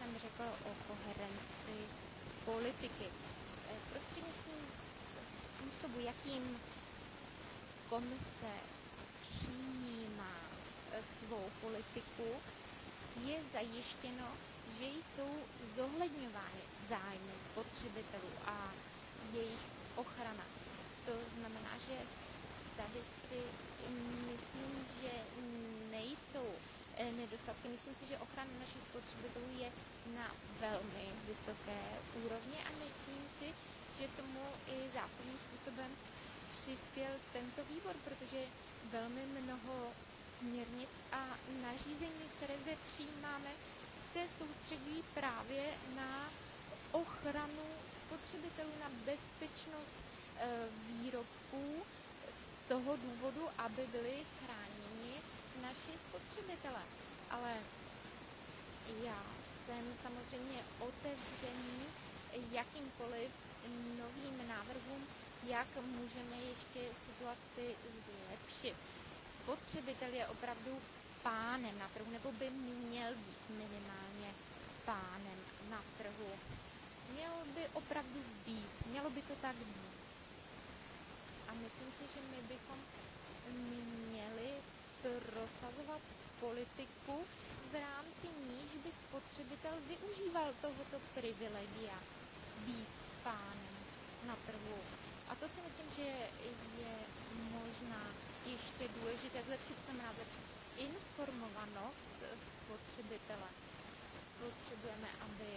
jsem řekl o koherenci politiky. Eh, prostřednictvím způsobu, jakým komise přijímá eh, svou politiku, je zajištěno, že jsou zohledňovány zájmy spotřebitelů a jejich ochrana. To znamená, že tady si myslím, že nejsou Eh, nedostatky. Myslím si, že ochrana našich spotřebitelů je na velmi vysoké úrovni a myslím si, že tomu i zásadním způsobem přispěl tento výbor, protože velmi mnoho směrnic a nařízení, které zde přijímáme, se soustředí právě na ochranu spotřebitelů, na bezpečnost eh, výrobků z toho důvodu, aby byly spotřebitele, ale já jsem samozřejmě otevřený jakýmkoliv novým návrhům, jak můžeme ještě situaci zlepšit. Spotřebitel je opravdu pánem na trhu, nebo by měl být minimálně pánem na trhu. Měl by opravdu být, mělo by to tak být. A myslím si, že my bychom měli prosazovat politiku, v rámci níž by spotřebitel využíval tohoto privilegia být pánem na trhu. A to si myslím, že je možná ještě důležité zlepšit, znamená zlepšit informovanost spotřebitele. Potřebujeme, aby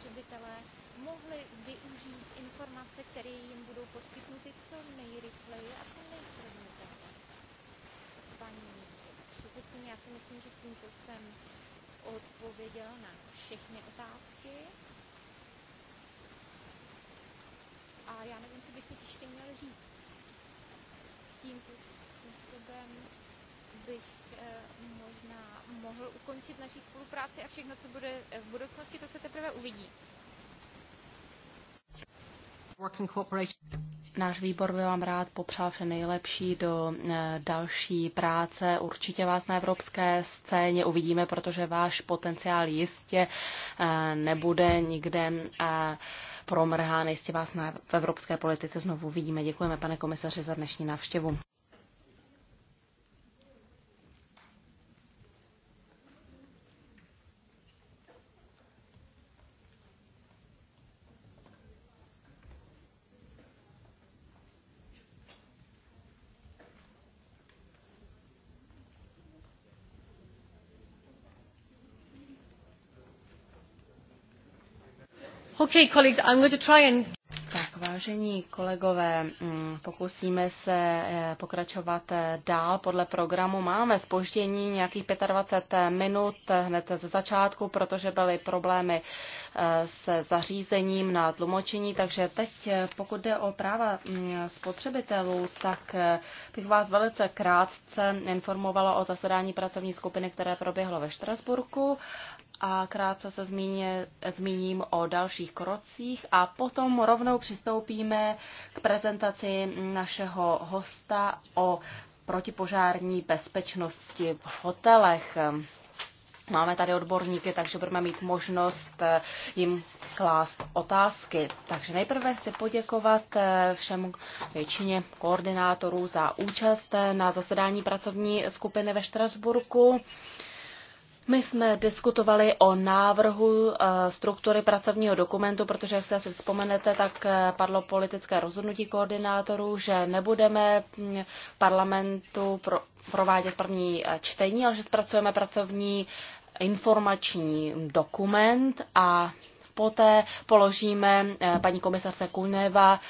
spotřebitelé mohli využít informace, které jim budou poskytnuty co nejrychleji a co nejsrozumitelněji. Paní předsedkyně, já si myslím, že tímto jsem odpověděla na všechny otázky. A já nevím, co bych teď ještě měl říct. Tímto způsobem bych eh, možná mohl ukončit naší spolupráci a všechno, co bude eh, v budoucnosti, to se teprve uvidí. Náš výbor by vám rád popřál vše nejlepší do eh, další práce. Určitě vás na evropské scéně uvidíme, protože váš potenciál jistě nebude nikde promrhán. Jistě vás na, v evropské politice znovu uvidíme. Děkujeme, pane komisaři, za dnešní návštěvu. Okay, colleagues, I'm going to try and... Tak, vážení kolegové, mm, pokusíme se eh, pokračovat eh, dál podle programu. Máme spoždění nějakých 25 eh, minut hned ze začátku, protože byly problémy se zařízením na tlumočení, takže teď pokud jde o práva mm, spotřebitelů, tak bych vás velice krátce informovala o zasedání pracovní skupiny, které proběhlo ve Štrasburku a krátce se zmíně, zmíním o dalších krocích a potom rovnou přistoupíme k prezentaci našeho hosta o protipožární bezpečnosti v hotelech. Máme tady odborníky, takže budeme mít možnost eh, jim klást otázky. Takže nejprve chci poděkovat eh, všem většině koordinátorů za účast eh, na zasedání pracovní skupiny ve Štrasburku. My jsme diskutovali o návrhu eh, struktury pracovního dokumentu, protože, jak se asi vzpomenete, tak eh, padlo politické rozhodnutí koordinátorů, že nebudeme mm, parlamentu pro, provádět první eh, čtení, ale že zpracujeme pracovní informační dokument a poté položíme paní komisarce Kuneva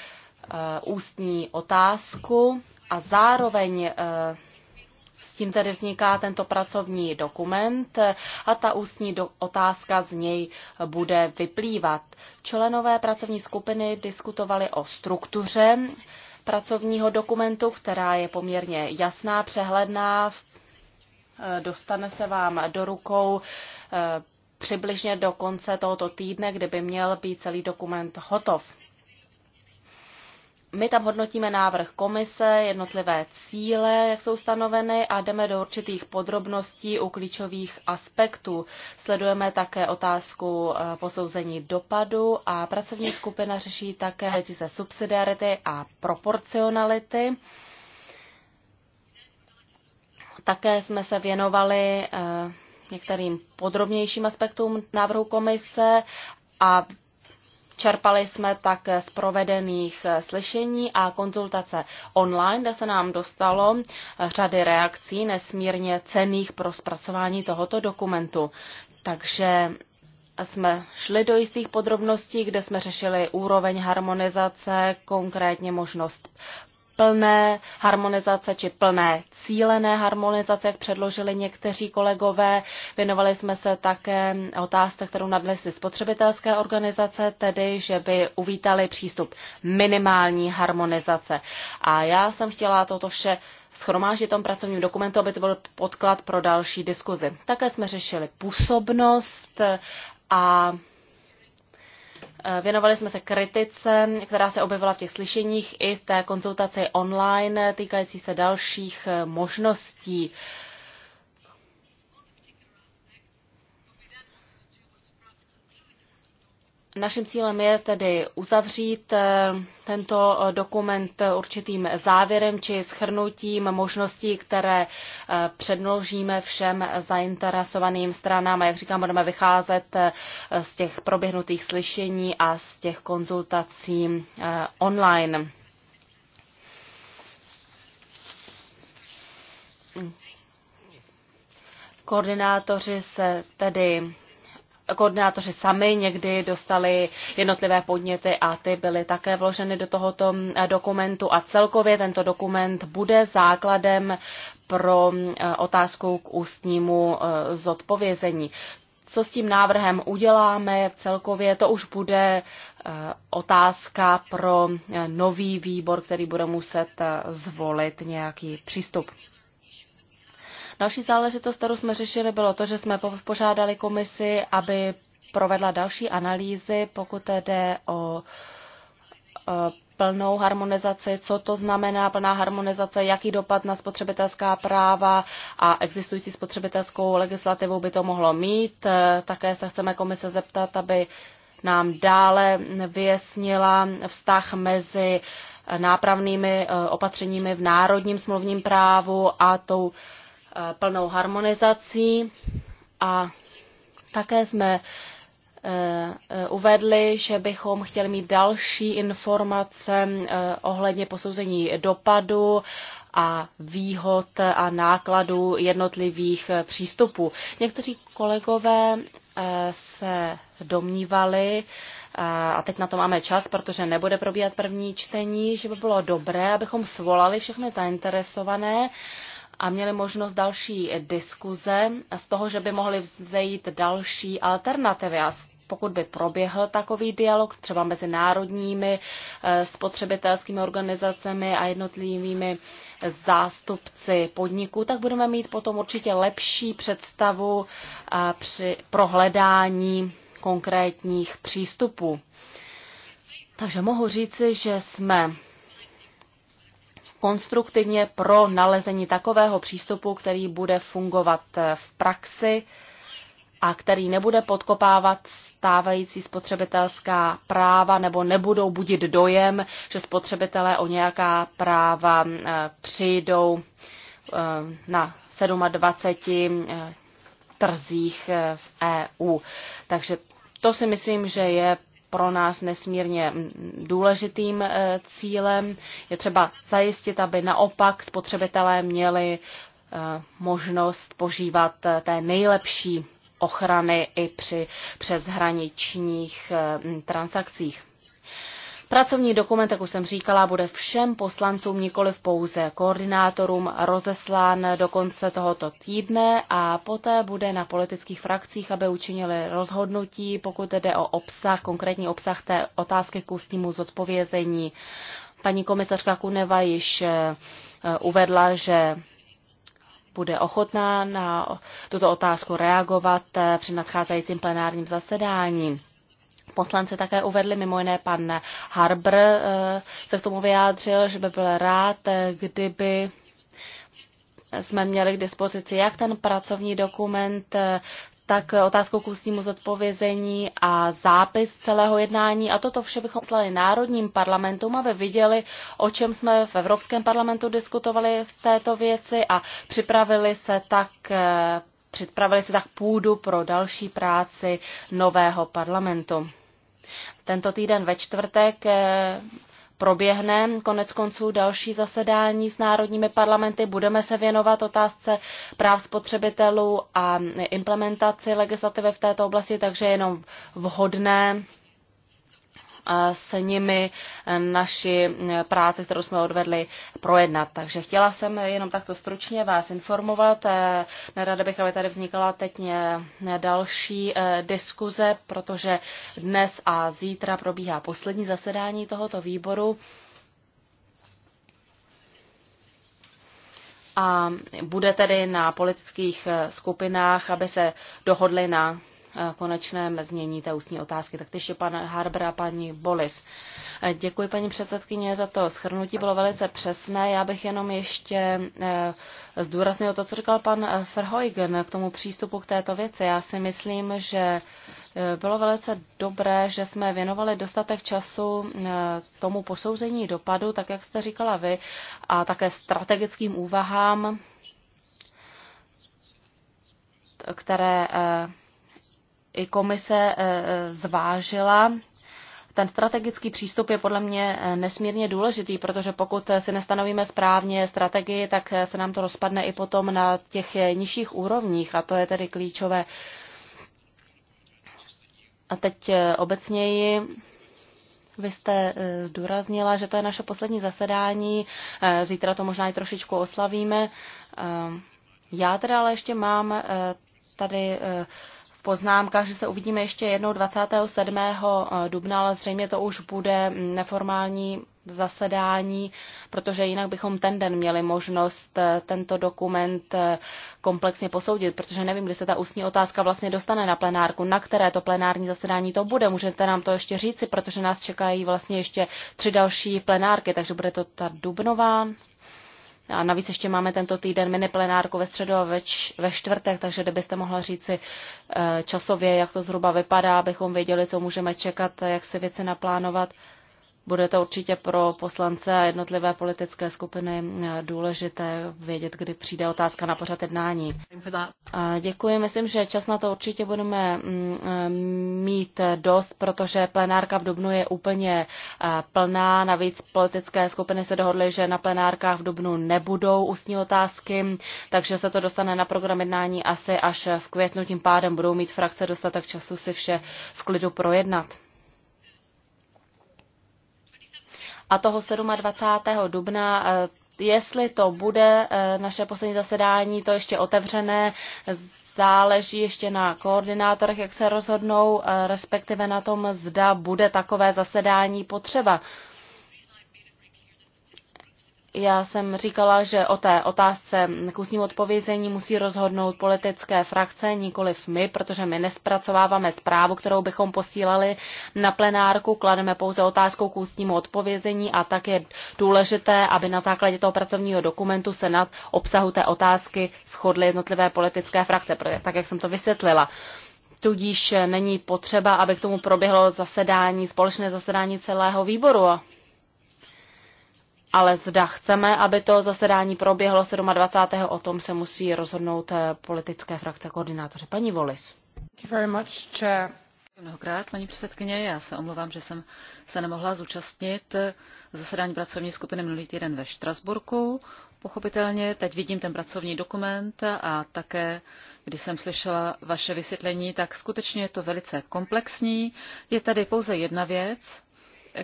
ústní otázku a zároveň tím tedy vzniká tento pracovní dokument a ta ústní otázka z něj bude vyplývat. Členové pracovní skupiny diskutovali o struktuře pracovního dokumentu, která je poměrně jasná, přehledná. Dostane se vám do rukou eh, přibližně do konce tohoto týdne, kdyby měl být celý dokument hotov my tam hodnotíme návrh komise, jednotlivé cíle, jak jsou stanoveny a jdeme do určitých podrobností u klíčových aspektů. Sledujeme také otázku eh, posouzení dopadu a pracovní skupina řeší také věci se subsidiarity a proporcionality. Také jsme se věnovali eh, některým podrobnějším aspektům návrhu komise a Čerpali jsme tak z provedených eh, slyšení a konzultace online, kde se nám dostalo eh, řady reakcí nesmírně cených pro zpracování tohoto dokumentu. Takže jsme šli do jistých podrobností, kde jsme řešili úroveň harmonizace, konkrétně možnost plné harmonizace či plné cílené harmonizace, jak předložili někteří kolegové. Věnovali jsme se také otázce, kterou nadnesly spotřebitelské organizace, tedy, že by uvítali přístup minimální harmonizace. A já jsem chtěla toto vše schromáždit tom pracovním dokumentu, aby to byl podklad pro další diskuzi. Také jsme řešili působnost a Eh, věnovali jsme se kritice, která se objevila v těch slyšeních i v té konzultaci online týkající se dalších eh, možností. Naším cílem je tedy uzavřít eh, tento eh, dokument určitým závěrem či schrnutím možností, které eh, předložíme všem zainteresovaným stranám. A jak říkám, budeme vycházet z těch proběhnutých slyšení a z těch konzultací online. Koordinátoři se tedy koordinátoři sami někdy dostali jednotlivé podněty a ty byly také vloženy do tohoto eh, dokumentu a celkově tento dokument bude základem pro eh, otázku k ústnímu eh, zodpovězení. Co s tím návrhem uděláme celkově, to už bude otázka pro nový výbor, který bude muset zvolit nějaký přístup. Další záležitost, kterou jsme řešili, bylo to, že jsme požádali komisi, aby provedla další analýzy, pokud jde o e, plnou harmonizaci, co to znamená plná harmonizace, jaký dopad na spotřebitelská práva a existující spotřebitelskou legislativu by to mohlo mít. E, také se chceme komise zeptat, aby nám dále vyjasnila vztah mezi nápravnými e, opatřeními v národním smluvním právu a tou Eh, plnou harmonizací a také jsme eh, eh, uvedli, že bychom chtěli mít další informace ohledně posouzení dopadu a výhod a nákladů jednotlivých přístupů. Někteří kolegové se domnívali, a teď na to máme čas, protože nebude probíhat první čtení, že by bylo dobré, abychom svolali všechny zainteresované a měli možnost další diskuze z toho, že by mohly vzejít další alternativy a pokud by proběhl takový dialog třeba mezi národními eh, spotřebitelskými organizacemi a jednotlivými zástupci podniků, tak budeme mít potom určitě lepší představu eh, při prohledání konkrétních přístupů. Takže mohu říci, že jsme konstruktivně pro nalezení takového přístupu, který bude fungovat v praxi a který nebude podkopávat stávající spotřebitelská práva nebo nebudou budit dojem, že spotřebitelé o nějaká práva eh, přijdou eh, na 27 eh, trzích v EU. Takže to si myslím, že je pro nás nesmírně mm, důležitým eh, cílem. Je třeba zajistit, aby naopak spotřebitelé měli eh, možnost požívat eh, té nejlepší ochrany i při přeshraničních transakcích. Pracovní dokument, jak už jsem říkala, bude všem poslancům, nikoli pouze koordinátorům, rozeslán do konce tohoto týdne a poté bude na politických frakcích, aby učinili rozhodnutí, pokud jde o obsah, konkrétní obsah té otázky k ústnímu zodpovězení. Paní komisařka Kuneva již eh, uvedla, že bude ochotná na tuto otázku reagovat eh, při nadcházejícím plenárním zasedání. Poslanci také uvedli, mimo jiné pan Harbr eh, se k tomu vyjádřil, že by byl rád, eh, kdyby jsme měli k dispozici jak ten pracovní dokument, eh, tak otázku k ústnímu zodpovězení a zápis celého jednání. A toto vše bychom slali národním parlamentům, aby viděli, o čem jsme v Evropském parlamentu diskutovali v této věci a připravili se tak připravili se tak půdu pro další práci nového parlamentu. Tento týden ve čtvrtek eh, proběhne konec konců další zasedání s národními parlamenty. Budeme se věnovat otázce práv spotřebitelů a implementaci legislativy v této oblasti, takže jenom vhodné s nimi eh, naši eh, práci, kterou jsme odvedli, projednat. Takže chtěla jsem jenom takto stručně vás informovat. Eh, nerada bych, aby tady vznikala teď další diskuze, protože dnes a zítra probíhá poslední zasedání tohoto výboru. a bude tedy na politických skupinách, aby se dohodli na Eh, konečném znění té ústní otázky. Tak ještě pan Harbra a paní Bolis. Eh, děkuji paní předsedkyně za to schrnutí, bylo velice přesné. Já bych jenom ještě eh, zdůraznil to, co říkal pan Verheugen k tomu přístupu k této věci. Já si myslím, že bylo velice dobré, že jsme věnovali dostatek času tomu posouzení dopadu, tak jak jste říkala vy, a také strategickým úvahám, které i komise eh, eh, zvážila. Ten strategický přístup je podle mě eh, nesmírně důležitý, protože pokud si nestanovíme správně strategii, tak se nám to rozpadne i potom na těch nižších úrovních a to je tedy klíčové. A teď obecněji vy jste zdůraznila, že to je naše poslední zasedání. Zítra to možná i trošičku oslavíme. Já teda ale ještě mám tady poznámkách, že se uvidíme ještě jednou 27. dubna, ale zřejmě to už bude neformální zasedání, protože jinak bychom ten den měli možnost eh, tento dokument eh, komplexně posoudit, protože nevím, kdy se ta ústní otázka vlastně dostane na plenárku, na které to plenární zasedání to bude. Můžete nám to ještě říci, protože nás čekají vlastně ještě tři další plenárky, takže bude to ta dubnová, a navíc ještě máme tento týden plenárku ve středu a več ve čtvrtek, takže kdybyste mohla říci eh, časově, jak to zhruba vypadá, abychom věděli, co můžeme čekat, jak si věci naplánovat. Bude to určitě pro poslance a jednotlivé politické skupiny eh, důležité vědět, kdy přijde otázka na pořad jednání. Děkuji, myslím, že čas na to určitě budeme mm, eh, mít dost, protože plenárka v Dubnu je úplně eh, plná. Navíc politické skupiny se dohodly, že na plenárkách v Dubnu nebudou ústní otázky, takže se to dostane na program jednání asi až v květnu. Tím pádem budou mít frakce dostatek času si vše v klidu projednat. a toho 27. dubna. Eh, jestli to bude eh, naše poslední zasedání, to ještě otevřené, záleží ještě na koordinátorech, jak se rozhodnou, eh, respektive na tom, zda bude takové zasedání potřeba. Já jsem říkala, že o té otázce k ústním odpovězení musí rozhodnout politické frakce, nikoliv my, protože my nespracováváme zprávu, kterou bychom posílali na plenárku, klademe pouze otázku k ústnímu odpovězení a tak je důležité, aby na základě toho pracovního dokumentu se nad obsahu té otázky shodly jednotlivé politické frakce, tak jak jsem to vysvětlila tudíž není potřeba, aby k tomu proběhlo zasedání, společné zasedání celého výboru ale zda chceme, aby to zasedání proběhlo 27. o tom se musí rozhodnout eh, politické frakce koordinátoře. Paní Volis. Much, Mnohokrát, paní předsedkyně, já se omlouvám, že jsem se nemohla zúčastnit eh, zasedání pracovní skupiny minulý týden ve Štrasburku. Pochopitelně teď vidím ten pracovní dokument a také, když jsem slyšela vaše vysvětlení, tak skutečně je to velice komplexní. Je tady pouze jedna věc,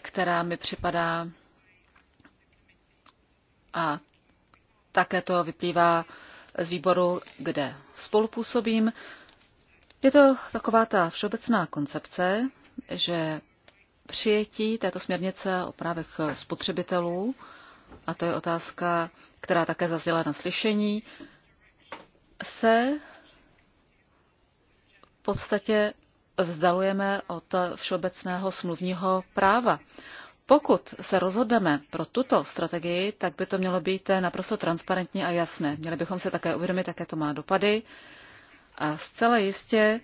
která mi připadá a také to vyplývá z výboru, kde spolupůsobím. Je to taková ta všeobecná koncepce, že přijetí této směrnice o právech spotřebitelů, a to je otázka, která také zazněla na slyšení, se v podstatě vzdalujeme od všeobecného smluvního práva. Pokud se rozhodneme pro tuto strategii, tak by to mělo být eh, naprosto transparentní a jasné. Měli bychom se také uvědomit, jaké to má dopady. A zcela jistě,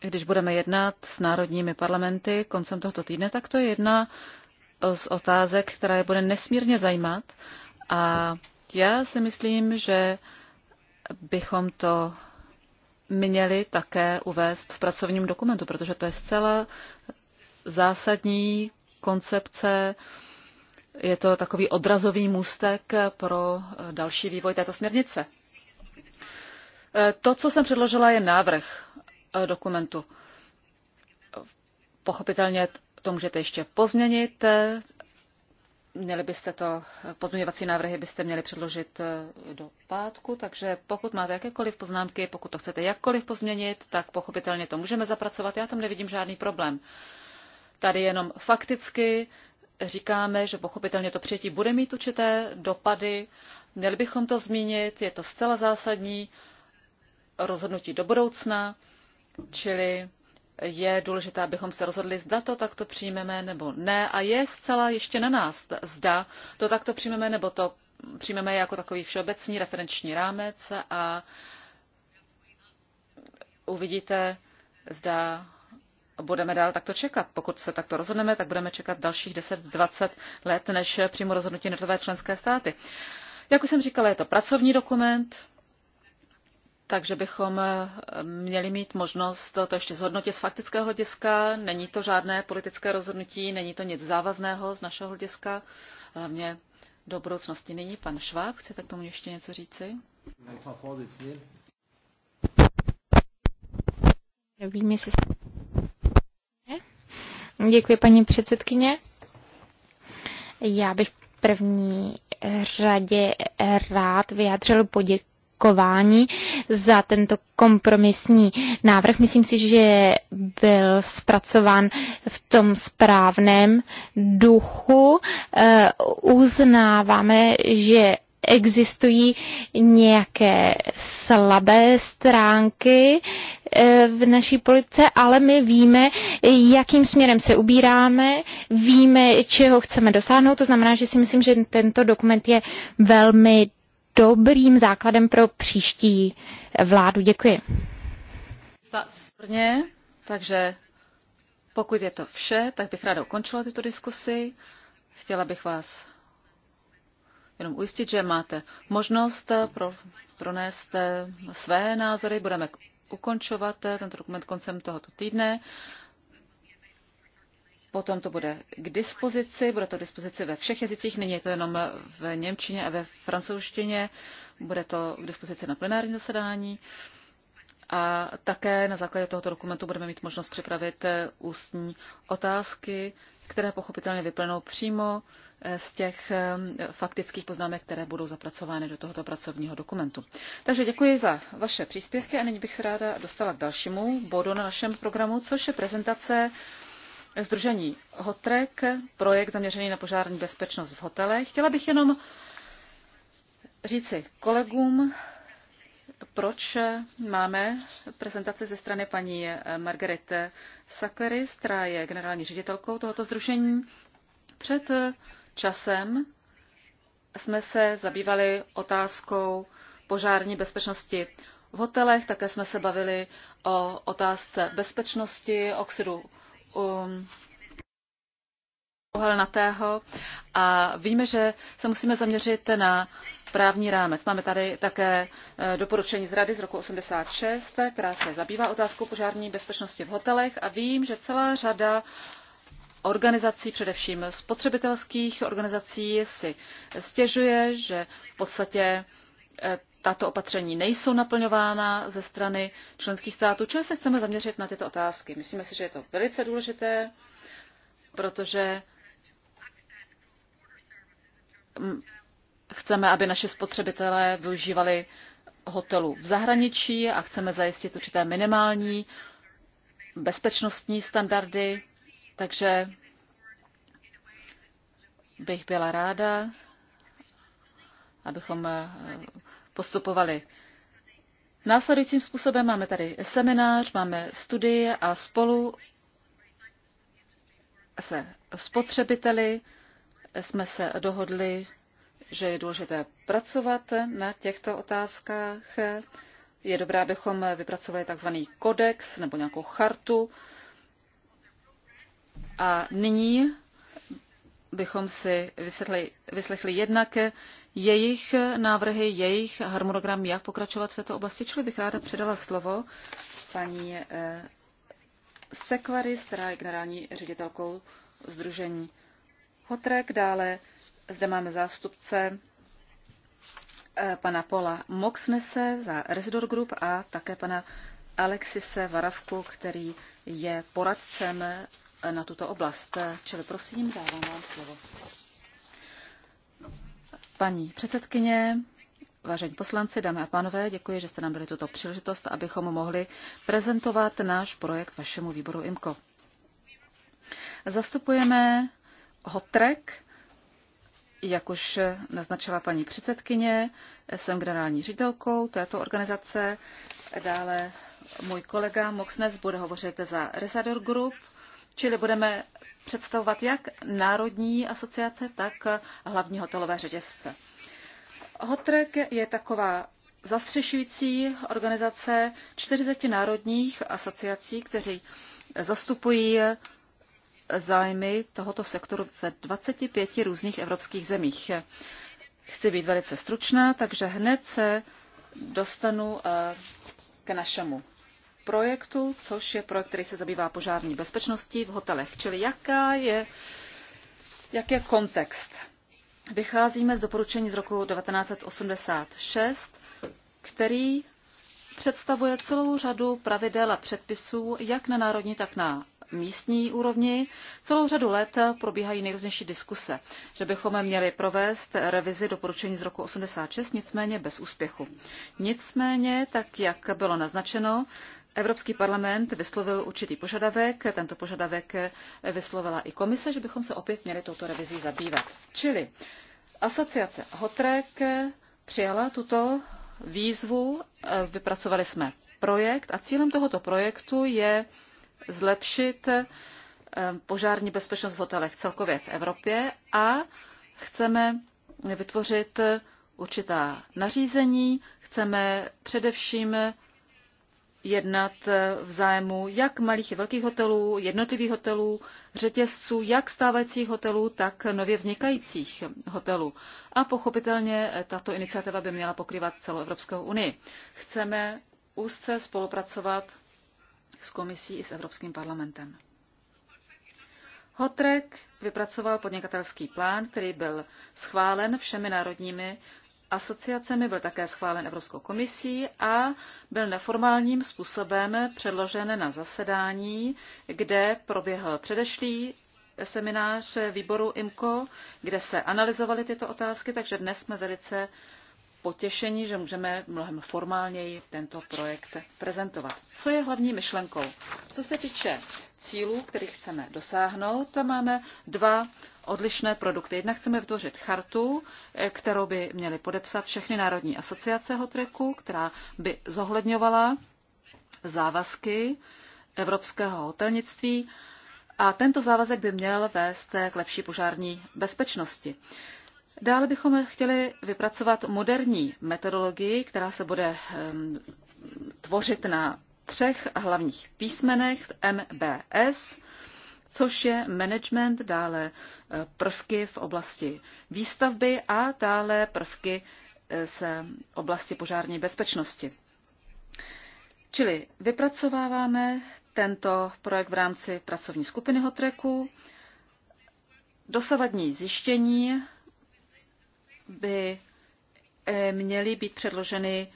když budeme jednat s národními parlamenty koncem tohoto týdne, tak to je jedna z otázek, která je bude nesmírně zajímat. A já si myslím, že bychom to měli také uvést v pracovním dokumentu, protože to je zcela zásadní koncepce. Je to takový odrazový můstek pro eh, další vývoj této směrnice. Eh, to, co jsem předložila, je návrh eh, dokumentu. Pochopitelně to můžete ještě pozměnit. Měli byste to, pozměňovací návrhy byste měli předložit do pátku, takže pokud máte jakékoliv poznámky, pokud to chcete jakkoliv pozměnit, tak pochopitelně to můžeme zapracovat. Já tam nevidím žádný problém. Tady jenom fakticky říkáme, že pochopitelně to přijetí bude mít určité dopady. Měli bychom to zmínit, je to zcela zásadní rozhodnutí do budoucna, čili je důležité, abychom se rozhodli, zda to takto přijmeme nebo ne. A je zcela ještě na nás, zda to takto přijmeme nebo to přijmeme jako takový všeobecný referenční rámec a uvidíte, zda budeme dál takto čekat. Pokud se takto rozhodneme, tak budeme čekat dalších 10-20 let, než přímo rozhodnutí jednotlivé členské státy. Jak už jsem říkala, je to pracovní dokument, takže bychom eh, měli mít možnost to ještě zhodnotit z faktického hlediska. Není to žádné politické rozhodnutí, není to nic závazného z našeho hlediska, hlavně do budoucnosti. Není pan Šváb, chcete k tomu ještě něco říci? vím, jestli Děkuji, paní předsedkyně. Já bych v první řadě rád vyjádřil poděkování za tento kompromisní návrh. Myslím si, že byl zpracován v tom správném duchu. Eh, uznáváme, že existují nějaké slabé stránky eh, v naší politice, ale my víme, jakým směrem se ubíráme, víme, čeho chceme dosáhnout. To znamená, že si myslím, že tento dokument je velmi dobrým základem pro příští vládu. Děkuji. Sprně, takže pokud je to vše, tak bych ráda ukončila tuto diskusi. Chtěla bych vás jenom ujistit, že máte možnost eh, pro, pronést eh, své názory. Budeme ukončovat eh, tento dokument koncem tohoto týdne. Potom to bude k dispozici, bude to k dispozici ve všech jazycích, nyní je to jenom v Němčině a ve francouzštině, bude to k dispozici na plenární zasedání. Uh, a také na základě tohoto dokumentu budeme mít možnost připravit eh, ústní otázky, které pochopitelně vyplnou přímo eh, z těch ehm, faktických poznámek, které budou zapracovány do tohoto pracovního dokumentu. Takže děkuji za vaše příspěvky a nyní bych se ráda dostala k dalšímu bodu na našem programu, což je prezentace Združení Hotrek, projekt zaměřený na požární bezpečnost v hotelech. Chtěla bych jenom říci kolegům, proč máme prezentaci ze strany paní eh, Margarete Sakery, která je generální ředitelkou tohoto zrušení. Před eh, časem jsme se zabývali otázkou požární bezpečnosti v hotelech, také jsme se bavili o otázce bezpečnosti oxidu um, uhelnatého a víme, že se musíme zaměřit na právní rámec. Máme tady také eh, doporučení z Rady z roku 86, která se zabývá otázkou požární bezpečnosti v hotelech a vím, že celá řada organizací, především spotřebitelských organizací, si stěžuje, že v podstatě eh, tato opatření nejsou naplňována ze strany členských států, čili se chceme zaměřit na tyto otázky. Myslíme si, že je to velice důležité, protože mm, Chceme, aby naše spotřebitelé využívali hotelů v zahraničí a chceme zajistit určité minimální bezpečnostní standardy, takže bych byla ráda, abychom eh, postupovali následujícím způsobem. Máme tady seminář, máme studie a spolu se spotřebiteli jsme se dohodli, že je důležité pracovat na těchto otázkách. Je dobré, abychom vypracovali tzv. kodex nebo nějakou chartu. A nyní bychom si vyslechli, vyslechli jednak jejich návrhy, jejich harmonogram, jak pokračovat v této oblasti. Čili bych ráda předala slovo paní eh, Sekvary, která je generální ředitelkou Združení Hotrek, dále zde máme zástupce eh, pana Paula Moxnese za Residor Group a také pana Alexise Varavku, který je poradcem eh, na tuto oblast. Čili prosím, dávám vám slovo. Paní předsedkyně, vážení poslanci, dámy a pánové, děkuji, že jste nám dali tuto příležitost, abychom mohli prezentovat náš projekt vašemu výboru IMCO. Zastupujeme Hotrek, jak už naznačila paní předsedkyně, jsem generální ředitelkou této organizace. Dále můj kolega Moxnes bude hovořit za Resador Group, čili budeme představovat jak národní asociace, tak hlavní hotelové řetězce. Hotrek je taková zastřešující organizace 40 národních asociací, kteří zastupují zájmy tohoto sektoru ve 25 různých evropských zemích. Chci být velice stručná, takže hned se dostanu eh, k našemu projektu, což je projekt, který se zabývá požární bezpečností v hotelech. Čili jaká je, jak je kontext? Vycházíme z doporučení z roku 1986, který představuje celou řadu pravidel a předpisů, jak na národní, tak na místní úrovni. Celou řadu let probíhají nejrůznější diskuse, že bychom měli provést revizi doporučení z roku 86, nicméně bez úspěchu. Nicméně, tak jak bylo naznačeno, Evropský parlament vyslovil určitý požadavek, tento požadavek vyslovila i komise, že bychom se opět měli touto revizí zabývat. Čili asociace Hotrek přijala tuto výzvu, vypracovali jsme projekt a cílem tohoto projektu je zlepšit eh, požární bezpečnost v hotelech celkově v Evropě a chceme vytvořit eh, určitá nařízení, chceme především jednat eh, v zájmu jak malých i velkých hotelů, jednotlivých hotelů, řetězců, jak stávajících hotelů, tak nově vznikajících hotelů. A pochopitelně tato iniciativa by měla pokrývat celou Evropskou unii. Chceme úzce spolupracovat s komisí i s Evropským parlamentem. Hotrek vypracoval podnikatelský plán, který byl schválen všemi národními asociacemi, byl také schválen Evropskou komisí a byl neformálním způsobem předložen na zasedání, kde proběhl předešlý seminář výboru IMCO, kde se analyzovaly tyto otázky, takže dnes jsme velice potěšení, že můžeme mnohem formálněji tento projekt prezentovat. Co je hlavní myšlenkou? Co se týče cílů, kterých chceme dosáhnout, tam máme dva odlišné produkty. Jednak chceme vytvořit chartu, eh, kterou by měly podepsat všechny národní asociace Hotreku, která by zohledňovala závazky evropského hotelnictví a tento závazek by měl vést k lepší požární bezpečnosti. Dále bychom chtěli vypracovat moderní metodologii, která se bude tvořit na třech hlavních písmenech MBS, což je management, dále e, prvky v oblasti výstavby a dále prvky z e, oblasti požární bezpečnosti. Čili vypracováváme tento projekt v rámci pracovní skupiny Hotreku. Dosavadní zjištění by eh, měly být předloženy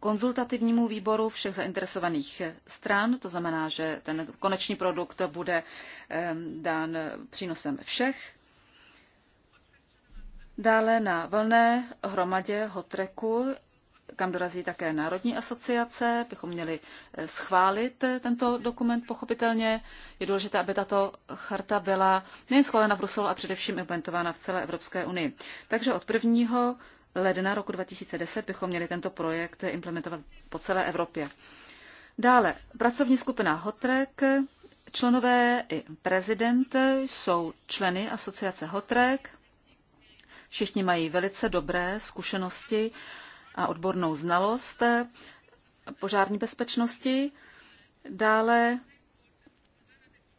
konzultativnímu výboru všech zainteresovaných stran, to znamená, že ten konečný produkt bude ehm, dán přínosem všech. Dále na volné hromadě Hotreku kam dorazí také Národní asociace, bychom měli eh, schválit eh, tento dokument pochopitelně. Je důležité, aby tato charta byla nejen schválena v Bruselu a především implementována v celé Evropské unii. Takže od 1. ledna roku 2010 bychom měli tento projekt eh, implementovat po celé Evropě. Dále, pracovní skupina HOTREK, členové i prezident jsou členy asociace HOTREK, všichni mají velice dobré zkušenosti a odbornou znalost požární bezpečnosti. Dále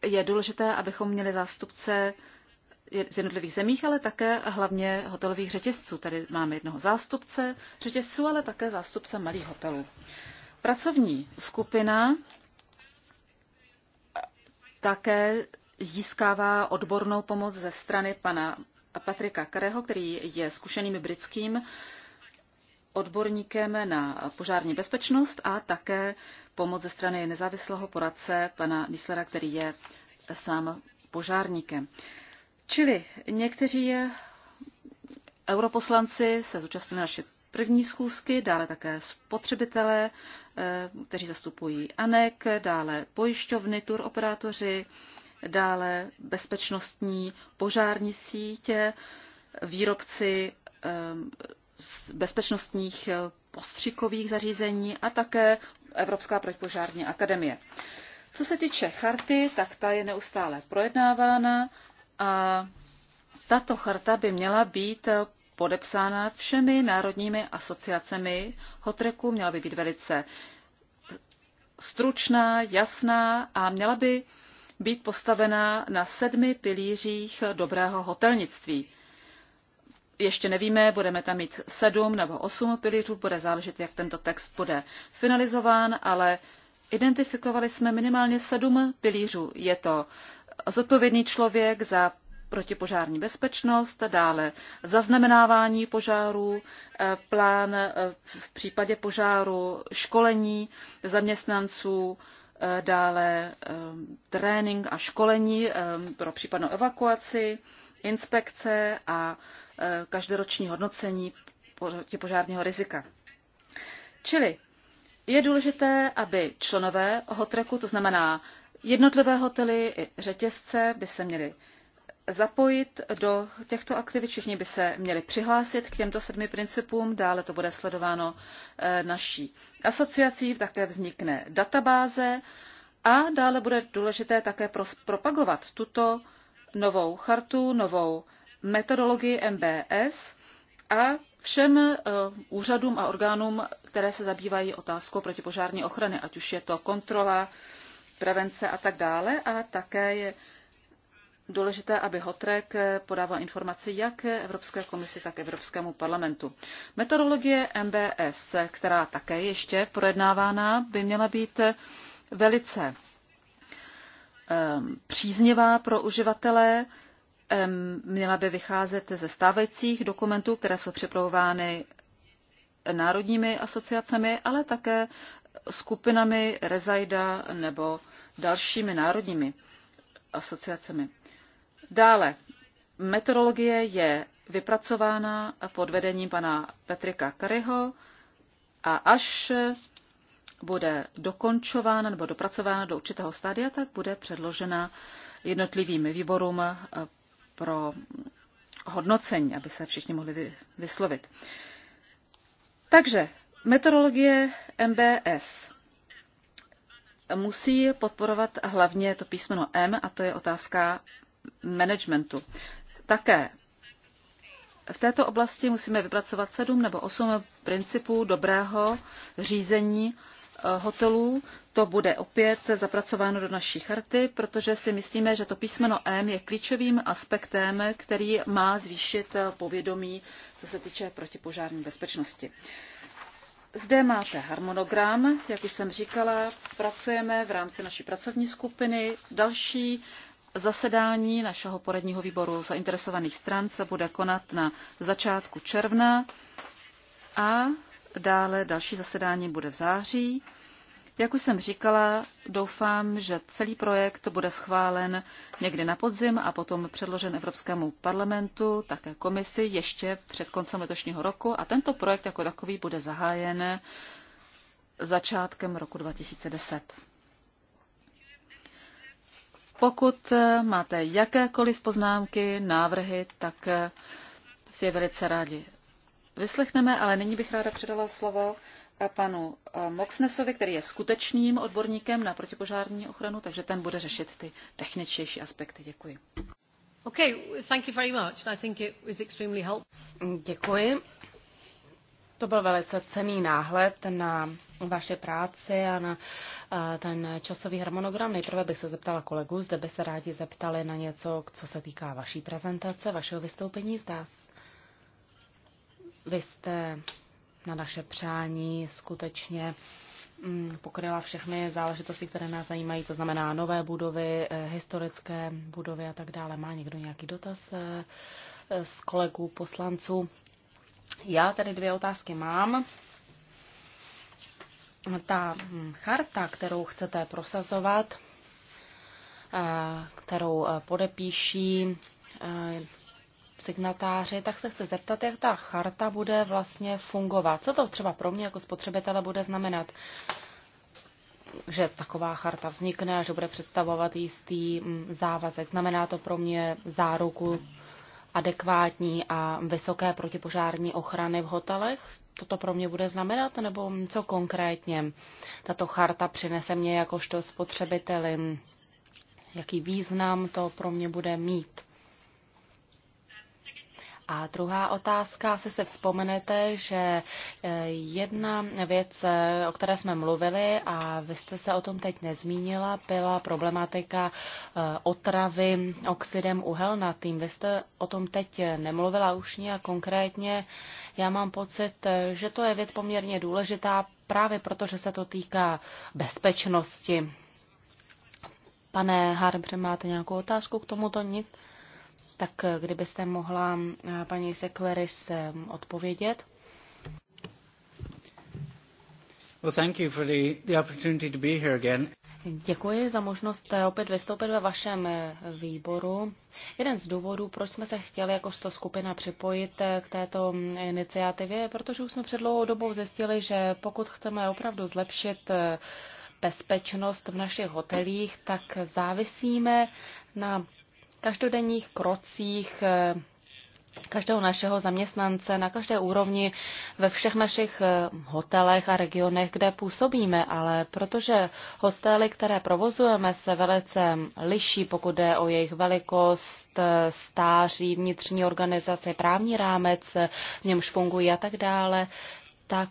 je důležité, abychom měli zástupce z jednotlivých zemích, ale také hlavně hotelových řetězců. Tady máme jednoho zástupce řetězců, ale také zástupce malých hotelů. Pracovní skupina také získává odbornou pomoc ze strany pana Patrika Kareho, který je zkušeným britským odborníkem na požární bezpečnost a také pomoc ze strany nezávislého poradce pana Nislera, který je sám požárníkem. Čili někteří europoslanci se zúčastnili naše první schůzky, dále také spotřebitelé, eh, kteří zastupují ANEK, dále pojišťovny, tur operátoři, dále bezpečnostní požární sítě, výrobci eh, bezpečnostních eh, postřikových zařízení a také Evropská protipožární akademie. Co se týče charty, tak ta je neustále projednávána a tato charta by měla být eh, podepsána všemi národními asociacemi Hotreku, měla by být velice stručná, jasná a měla by být postavená na sedmi pilířích dobrého hotelnictví ještě nevíme, budeme tam mít sedm nebo osm pilířů, bude záležet, jak tento text bude finalizován, ale identifikovali jsme minimálně sedm pilířů. Je to zodpovědný člověk za protipožární bezpečnost, dále zaznamenávání požáru, eh, plán eh, v případě požáru, školení zaměstnanců, eh, dále trénink a školení pro případnou evakuaci, inspekce a e, každoroční hodnocení požárního rizika. Čili je důležité, aby členové hotreku, to znamená jednotlivé hotely i řetězce, by se měli zapojit do těchto aktivit, všichni by se měli přihlásit k těmto sedmi principům, dále to bude sledováno e, naší asociací, také vznikne databáze a dále bude důležité také propagovat tuto novou chartu, novou metodologii MBS a všem eh, úřadům a orgánům, které se zabývají otázkou protipožární ochrany, ať už je to kontrola, prevence a tak dále. A také je důležité, aby Hotrek eh, podával informaci jak Evropské komisi, tak Evropskému parlamentu. Metodologie MBS, která také ještě projednávána, by měla být eh, velice příznivá pro uživatele, měla by vycházet ze stávajících dokumentů, které jsou připravovány národními asociacemi, ale také skupinami Rezaida nebo dalšími národními asociacemi. Dále, meteorologie je vypracována pod vedením pana Petrika Kariho a až bude dokončována nebo dopracována do určitého stádia, tak bude předložena jednotlivým výborům eh, pro hodnocení, aby se všichni mohli vyslovit. Takže metodologie MBS musí podporovat hlavně to písmeno M, a to je otázka managementu. Také v této oblasti musíme vypracovat sedm nebo osm principů dobrého řízení Eh, hotelů. To bude opět zapracováno do naší charty, protože si myslíme, že to písmeno M je klíčovým aspektem, který má zvýšit eh, povědomí, co se týče protipožární bezpečnosti. Zde máte harmonogram, jak už jsem říkala, pracujeme v rámci naší pracovní skupiny. Další zasedání našeho poradního výboru zainteresovaných stran se bude konat na začátku června a Dále další zasedání bude v září. Jak už jsem říkala, doufám, že celý projekt bude schválen někdy na podzim a potom předložen Evropskému parlamentu, také komisi, ještě před koncem letošního roku a tento projekt jako takový bude zahájen začátkem roku 2010. Pokud máte jakékoliv poznámky, návrhy, tak si je velice rádi vyslechneme, ale nyní bych ráda předala slovo eh, panu eh, Moxnesovi, který je skutečným odborníkem na protipožární ochranu, takže ten bude řešit ty techničtější aspekty. Děkuji. thank you very much. I think it was extremely helpful. Děkuji. To byl velice cený náhled na vaše práci a na eh, ten časový harmonogram. Nejprve bych se zeptala kolegů, zde by se rádi zeptali na něco, co se týká vaší prezentace, vašeho vystoupení. Zdá se, vy jste na naše přání skutečně mm, pokryla všechny záležitosti, které nás zajímají, to znamená nové budovy, eh, historické budovy a tak dále. Má někdo nějaký dotaz eh, z kolegů poslanců? Já tady dvě otázky mám. Ta mm, charta, kterou chcete prosazovat, eh, kterou podepíší signatáři, tak se chci zeptat, jak ta charta bude vlastně fungovat. Co to třeba pro mě jako spotřebitele bude znamenat? že taková charta vznikne a že bude představovat jistý mm, závazek. Znamená to pro mě záruku adekvátní a vysoké protipožární ochrany v hotelech? Toto pro mě bude znamenat, nebo co konkrétně tato charta přinese mě jakožto spotřebiteli? Jaký význam to pro mě bude mít? A druhá otázka, asi se vzpomenete, že eh, jedna věc, eh, o které jsme mluvili a vy jste se o tom teď nezmínila, byla problematika eh, otravy oxidem uhelnatým. Vy jste o tom teď nemluvila už nějak konkrétně. Já mám pocit, že to je věc poměrně důležitá právě proto, že se to týká bezpečnosti. Pane Harbře, máte nějakou otázku k tomuto? Nic? tak eh, kdybyste mohla eh, paní Sekveris eh, odpovědět. Well, thank you for the, the opportunity to be here again. Děkuji za možnost opět vystoupit ve vašem výboru. Jeden z důvodů, proč jsme se chtěli jako to skupina připojit k této mm, iniciativě, je, protože už jsme před dlouhou dobou zjistili, že pokud chceme opravdu zlepšit bezpečnost v našich hotelích, tak závisíme na každodenních krocích eh, každého našeho zaměstnance na každé úrovni ve všech našich eh, hotelech a regionech, kde působíme, ale protože hostely, které provozujeme, se velice liší, pokud jde o jejich velikost, eh, stáří, vnitřní organizace, právní rámec, v němž fungují a tak dále, tak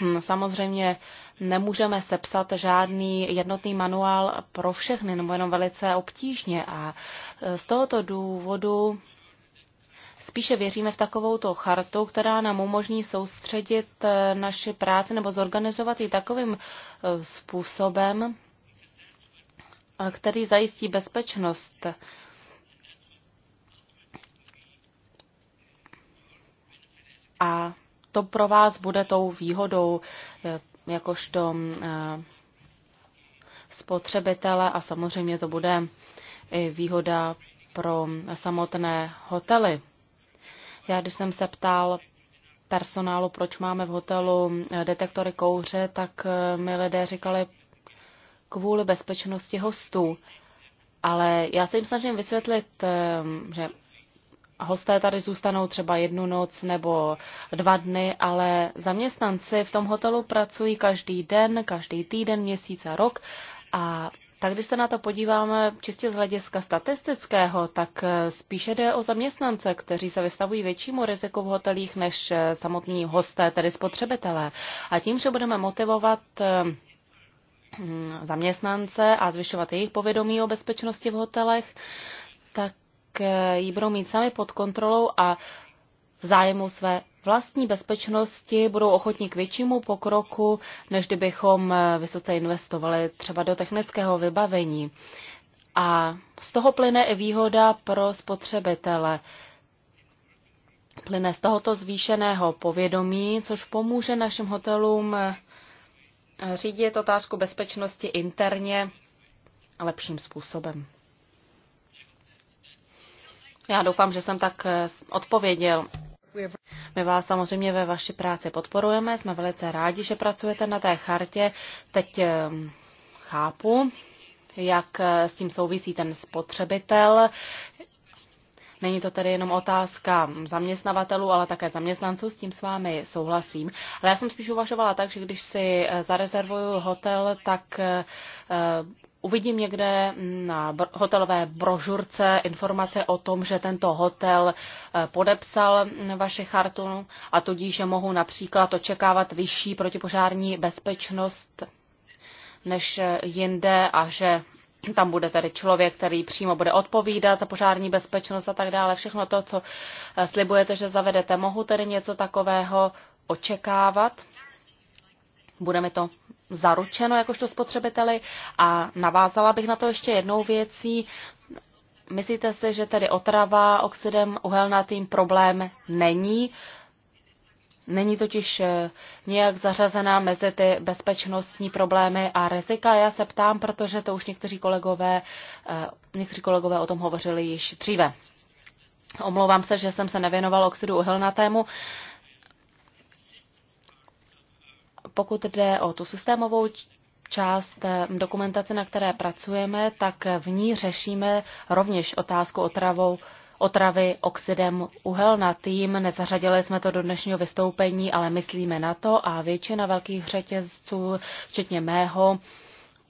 No, samozřejmě nemůžeme sepsat žádný jednotný manuál pro všechny, nebo jenom velice obtížně. A e, z tohoto důvodu spíše věříme v takovou to chartu, která nám umožní soustředit e, naši práci nebo zorganizovat ji takovým e, způsobem, který zajistí bezpečnost. A to pro vás bude tou výhodou, eh, jakožto eh, spotřebitele a samozřejmě to bude i výhoda pro samotné hotely. Já když jsem se ptal personálu, proč máme v hotelu eh, detektory kouře, tak mi lidé říkali kvůli bezpečnosti hostů. Ale já se jim snažím vysvětlit, že hosté tady zůstanou třeba jednu noc nebo dva dny, ale zaměstnanci v tom hotelu pracují každý den, každý týden, měsíc a rok. A tak když se na to podíváme čistě z hlediska statistického, tak spíše jde o zaměstnance, kteří se vystavují většímu riziku v hotelích než samotní hosté, tedy spotřebitelé. A tím, že budeme motivovat hm, zaměstnance a zvyšovat jejich povědomí o bezpečnosti v hotelech, tak Eh, ji budou mít sami pod kontrolou a v zájmu své vlastní bezpečnosti budou ochotní k většímu pokroku, než kdybychom eh, vysoce investovali třeba do technického vybavení. A z toho plyne i výhoda pro spotřebitele. Plyne z tohoto zvýšeného povědomí, což pomůže našim hotelům eh, řídit otázku bezpečnosti interně lepším způsobem. Já doufám, že jsem tak eh, odpověděl. My vás samozřejmě ve vaší práci podporujeme, jsme velice rádi, že pracujete na té chartě. Teď eh, chápu, jak eh, s tím souvisí ten spotřebitel. Není to tedy jenom otázka zaměstnavatelů, ale také zaměstnanců, s tím s vámi souhlasím. Ale já jsem spíš uvažovala tak, že když si zarezervuju hotel, tak uvidím někde na hotelové brožurce informace o tom, že tento hotel eh, podepsal mm, vaše chartu a tudíž, že mohu například očekávat vyšší protipožární bezpečnost než eh, jinde a že tam bude tedy člověk, který přímo bude odpovídat za požární bezpečnost a tak dále. Všechno to, co eh, slibujete, že zavedete, mohu tedy něco takového očekávat? Bude mi to zaručeno jakožto spotřebiteli a navázala bych na to ještě jednou věcí. Myslíte si, že tedy otrava oxidem uhelnatým problém není? Není totiž eh, nějak zařazená mezi ty bezpečnostní problémy a rizika. Já se ptám, protože to už někteří kolegové, eh, někteří kolegové o tom hovořili již dříve. Omlouvám se, že jsem se nevěnoval oxidu uhelnatému. tému. Pokud jde o tu systémovou část eh, dokumentace, na které pracujeme, tak v ní řešíme rovněž otázku otravou otravy oxidem uhelnatým. Nezařadili jsme to do dnešního vystoupení, ale myslíme na to a většina velkých řetězců, včetně mého,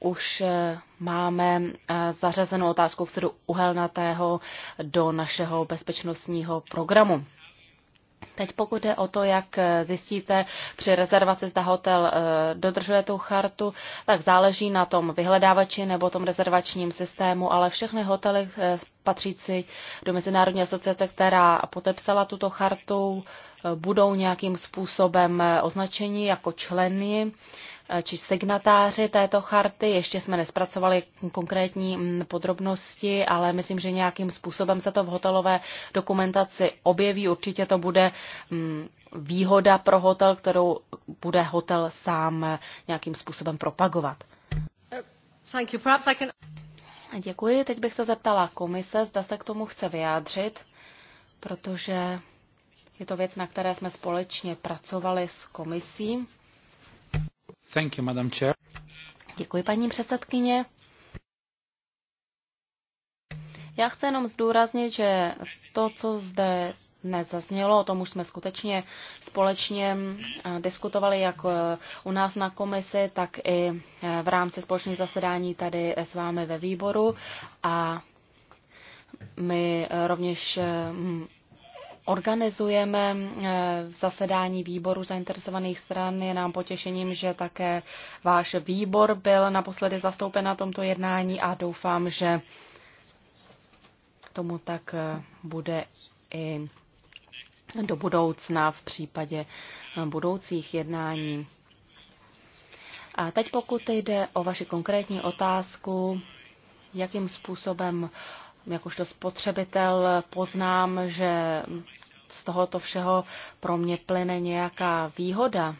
už eh, máme eh, zařazenou otázku oxidu uhelnatého do našeho bezpečnostního programu. Teď pokud jde o to, jak eh, zjistíte při rezervaci, zda hotel eh, dodržuje tu chartu, tak záleží na tom vyhledávači nebo tom rezervačním systému, ale všechny hotely eh, patřící do Mezinárodní asociace, která podepsala tuto chartu, budou nějakým způsobem označeni jako členy Eh, či signatáři této charty. Ještě jsme nespracovali konkrétní mm, podrobnosti, ale myslím, že nějakým způsobem se to v hotelové dokumentaci objeví. Určitě to bude mm, výhoda pro hotel, kterou bude hotel sám eh, nějakým způsobem propagovat. Thank you. I can... Děkuji. Teď bych se zeptala komise, zda se k tomu chce vyjádřit, protože je to věc, na které jsme společně pracovali s komisí. Thank you, Madam Chair. Děkuji, paní předsedkyně. Já chci jenom zdůraznit, že to, co zde nezaznělo, o tom už jsme skutečně společně eh, diskutovali jak eh, u nás na komisi, tak i eh, v rámci společných zasedání tady s vámi ve výboru. A my rovněž organizujeme eh, v zasedání výboru zainteresovaných stran. Je nám potěšením, že také váš výbor byl naposledy zastoupen na tomto jednání a doufám, že tomu tak eh, bude i do budoucna v případě eh, budoucích jednání. A teď pokud jde o vaši konkrétní otázku, jakým způsobem jakožto spotřebitel poznám, že z tohoto všeho pro mě plyne nějaká výhoda,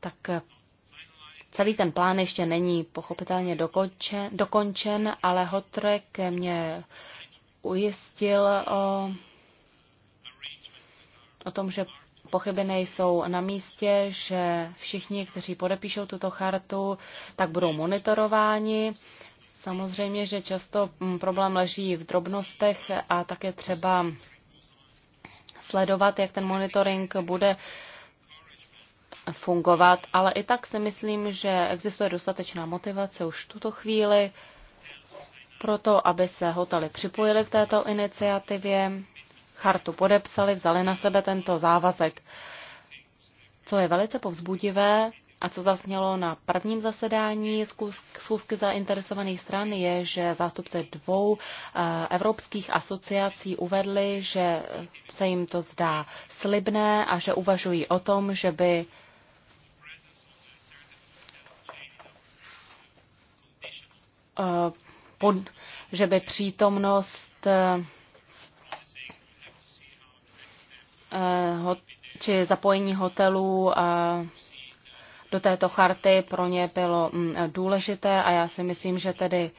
tak celý ten plán ještě není pochopitelně dokončen, dokončen ale Hotrek mě ujistil o, o tom, že pochyby nejsou na místě, že všichni, kteří podepíšou tuto chartu, tak budou monitorováni Samozřejmě, že často mm, problém leží v drobnostech a také třeba sledovat, jak ten monitoring bude fungovat, ale i tak si myslím, že existuje dostatečná motivace už v tuto chvíli pro to, aby se hotely připojili k této iniciativě, chartu podepsali, vzali na sebe tento závazek. Co je velice povzbudivé, a co zaznělo na prvním zasedání schůzky zainteresovaných stran, je, že zástupce dvou eh, evropských asociací uvedli, že se jim to zdá slibné a že uvažují o tom, že by eh, pod, že by přítomnost eh, či zapojení hotelů a do této charty pro ně bylo mm, důležité a já si myslím, že tedy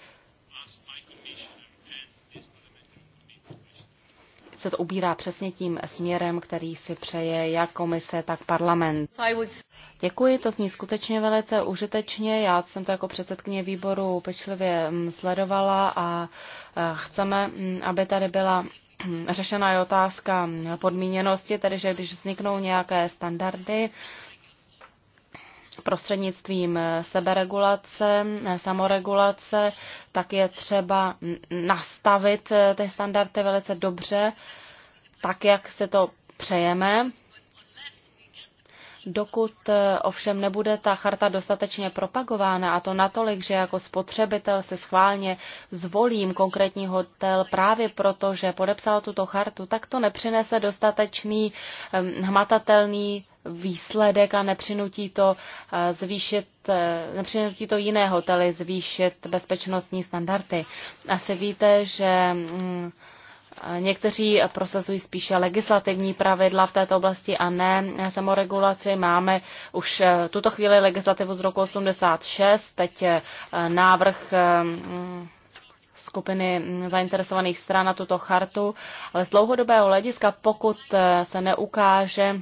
se to ubírá přesně tím směrem, který si přeje jak komise, tak parlament. Děkuji, to zní skutečně velice užitečně. Já jsem to jako předsedkyně výboru pečlivě mm, sledovala a chceme, mm, aby tady byla řešena je otázka podmíněnosti, tedy že když vzniknou nějaké standardy, prostřednictvím seberegulace, samoregulace, tak je třeba nastavit ty standardy velice dobře, tak jak se to přejeme. Dokud ovšem nebude ta charta dostatečně propagována a to natolik, že jako spotřebitel se schválně zvolím konkrétní hotel právě proto, že podepsal tuto chartu, tak to nepřinese dostatečný hmatatelný výsledek a nepřinutí to eh, zvýšit, eh, nepřinutí to jiné hotely zvýšit bezpečnostní standardy. Asi víte, že mm, Někteří prosazují spíše legislativní pravidla v této oblasti a ne samoregulaci. Máme už eh, tuto chvíli legislativu z roku 86, teď návrh skupiny mm, zainteresovaných stran na tuto chartu, ale z dlouhodobého hlediska, pokud se neukáže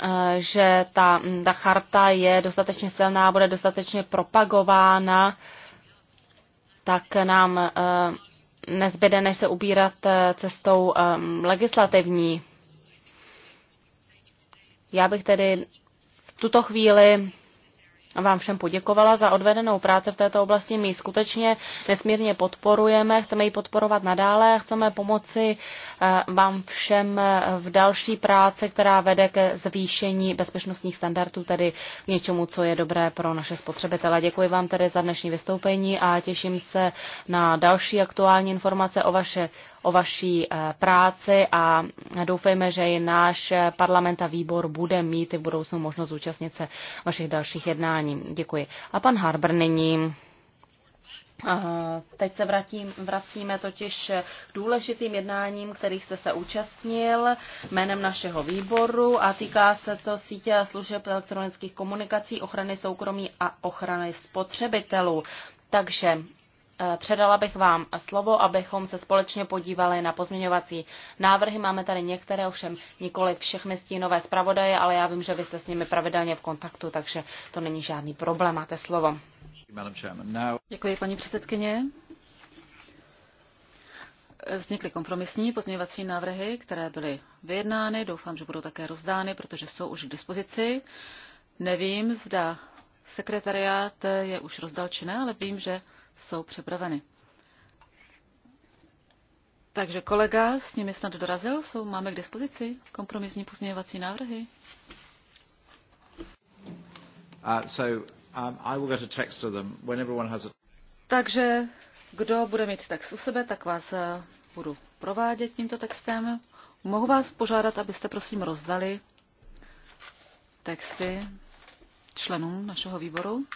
Eh, že ta, mm, ta charta je dostatečně silná, bude dostatečně propagována, tak nám eh, nezbyde, než se ubírat eh, cestou legislativní. Já bych tedy v tuto chvíli vám všem poděkovala za odvedenou práci v této oblasti. My ji skutečně nesmírně podporujeme, chceme ji podporovat nadále a chceme pomoci eh, vám všem eh, v další práci, která vede ke zvýšení bezpečnostních standardů, tedy k něčemu, co je dobré pro naše spotřebitele. Děkuji vám tedy za dnešní vystoupení a těším se na další aktuální informace o vaše o vaší eh, práci a doufejme, že i náš parlament a výbor bude mít i v budoucnu možnost zúčastnit se vašich dalších jednání. Děkuji. A pan Harbr nyní. Teď se vrátím, vracíme totiž k důležitým jednáním, kterých jste se účastnil jménem našeho výboru a týká se to sítě a služeb elektronických komunikací, ochrany soukromí a ochrany spotřebitelů. Takže Eh, předala bych vám slovo, abychom se společně podívali na pozměňovací návrhy. Máme tady některé, ovšem nikoli všechny stínové zpravodaje, ale já vím, že vy jste s nimi pravidelně v kontaktu, takže to není žádný problém. Máte slovo. Děkuji, paní předsedkyně. Vznikly kompromisní pozměňovací návrhy, které byly vyjednány. Doufám, že budou také rozdány, protože jsou už k dispozici. Nevím, zda sekretariát je už rozdal či ne, ale vím, že jsou připraveny. Takže kolega s nimi snad dorazil, jsou, máme k dispozici kompromisní pozměňovací návrhy. Uh, um, Takže kdo bude mít text u sebe, tak vás uh, budu provádět tímto textem. Mohu vás požádat, abyste prosím rozdali texty členům našeho výboru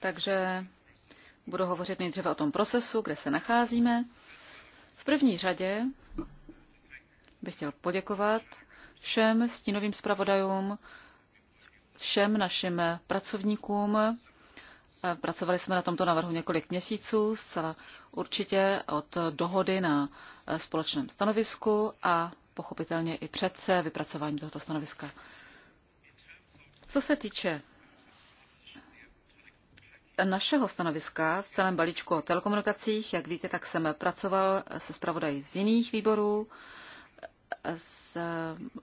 takže budu hovořit nejdříve o tom procesu, kde se nacházíme. V první řadě bych chtěl poděkovat všem stínovým zpravodajům, všem našim pracovníkům. Pracovali jsme na tomto návrhu několik měsíců, zcela určitě od dohody na společném stanovisku a pochopitelně i před vypracováním tohoto stanoviska. Co se týče našeho stanoviska v celém balíčku o telekomunikacích. Jak víte, tak jsem pracoval se zpravodají z jiných výborů, se,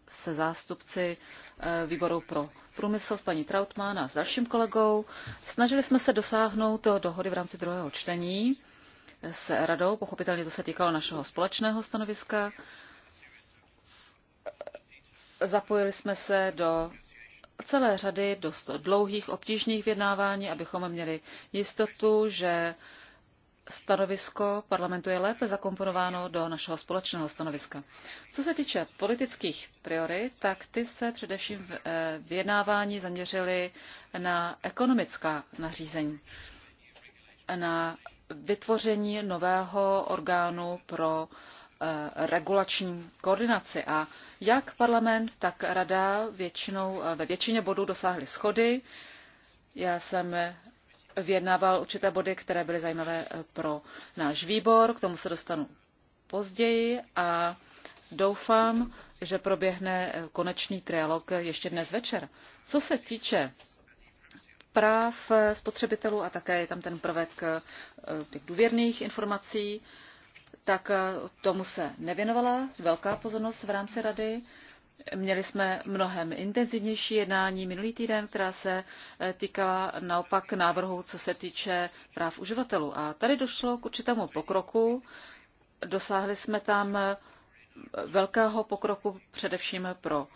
se zástupci eh, výboru pro průmysl, paní Trautmann a s dalším kolegou. Snažili jsme se dosáhnout dohody v rámci druhého čtení s radou. Pochopitelně to se týkalo našeho společného stanoviska. Zapojili jsme se do celé řady dost dlouhých, obtížných vyjednávání, abychom měli jistotu, že stanovisko parlamentu je lépe zakomponováno do našeho společného stanoviska. Co se týče politických priorit, tak ty se především v eh, vyjednávání zaměřily na ekonomická nařízení, na vytvoření nového orgánu pro eh, regulační koordinaci a jak parlament, tak rada většinou, eh, ve většině bodů dosáhly schody. Já jsem vyjednával určité body, které byly zajímavé eh, pro náš výbor, k tomu se dostanu později a doufám, že proběhne eh, konečný trialog ještě dnes večer. Co se týče práv spotřebitelů a také je tam ten prvek těch důvěrných informací, tak eh, tomu se nevěnovala velká pozornost v rámci rady. Měli jsme mnohem intenzivnější jednání minulý týden, která se eh, týkala naopak návrhu, co se týče práv uživatelů. A tady došlo k určitému pokroku. Dosáhli jsme tam eh, velkého pokroku především pro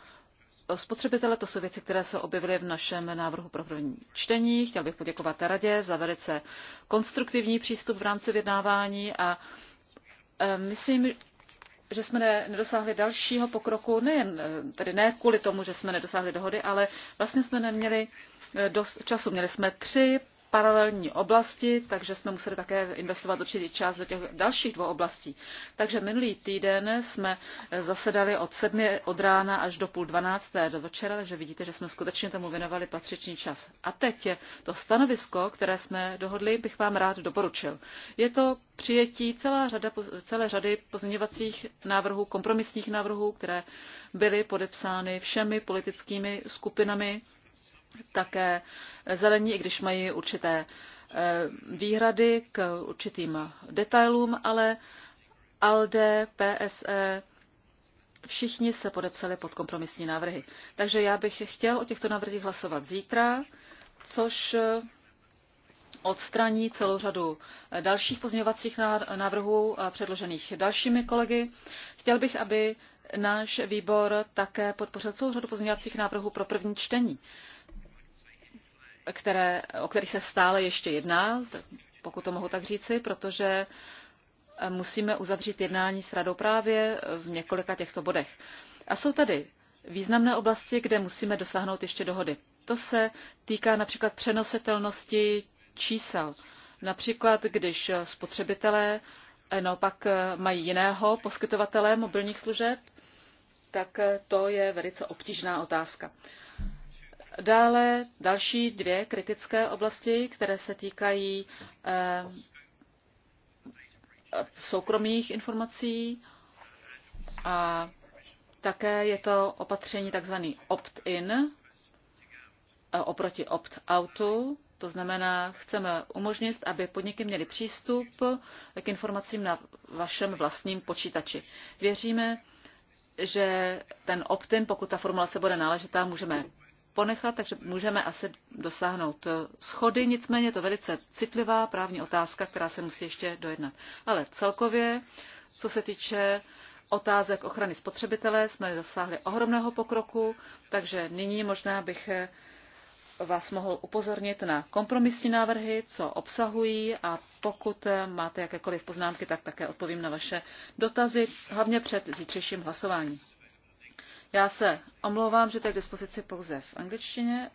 spotřebitele. To jsou věci, které se objevily v našem návrhu pro první čtení. Chtěl bych poděkovat Radě za velice konstruktivní přístup v rámci vyjednávání a Eh, myslím, že jsme nedosáhli dalšího pokroku, nejen, eh, tedy ne kvůli tomu, že jsme nedosáhli dohody, ale vlastně jsme neměli eh, dost času. Měli jsme tři paralelní oblasti, takže jsme museli také investovat určitý čas do těch dalších dvou oblastí. Takže minulý týden jsme eh, zasedali od sedmi od rána až do půl dvanácté do večera, takže vidíte, že jsme skutečně tomu věnovali patřičný čas. A teď je to stanovisko, které jsme dohodli, bych vám rád doporučil. Je to přijetí celá řada, celé řady pozměňovacích návrhů, kompromisních návrhů, které byly podepsány všemi politickými skupinami také zelení, i když mají určité eh, výhrady k určitým detailům, ale ALDE, PSE, všichni se podepsali pod kompromisní návrhy. Takže já bych chtěl o těchto návrzích hlasovat zítra, což odstraní celou řadu dalších pozměňovacích návrhů předložených dalšími kolegy. Chtěl bych, aby náš výbor také podpořil celou řadu pozměňovacích návrhů pro první čtení které, o kterých se stále ještě jedná, pokud to mohu tak říci, protože eh, musíme uzavřít jednání s radou právě eh, v několika těchto bodech. A jsou tady významné oblasti, kde musíme dosáhnout ještě dohody. To se týká například přenositelnosti čísel. Například, když eh, spotřebitelé naopak mají jiného poskytovatele mobilních služeb, tak to je velice obtížná otázka. Dále další dvě kritické oblasti, které se týkají eh, soukromých informací a také je to opatření tzv. opt-in eh, oproti opt-outu. To znamená, chceme umožnit, aby podniky měly přístup k informacím na vašem vlastním počítači. Věříme, že ten opt-in, pokud ta formulace bude náležitá, můžeme ponechat, takže můžeme asi dosáhnout eh, schody, nicméně to velice citlivá právní otázka, která se musí ještě dojednat. Ale celkově, co se týče otázek ochrany spotřebitele, jsme dosáhli ohromného pokroku, takže nyní možná bych eh, vás mohl upozornit na kompromisní návrhy, co obsahují a pokud eh, máte jakékoliv poznámky, tak také odpovím na vaše dotazy, hlavně před zítřejším hlasováním. Já se omlouvám, že to je k dispozici pouze v angličtině,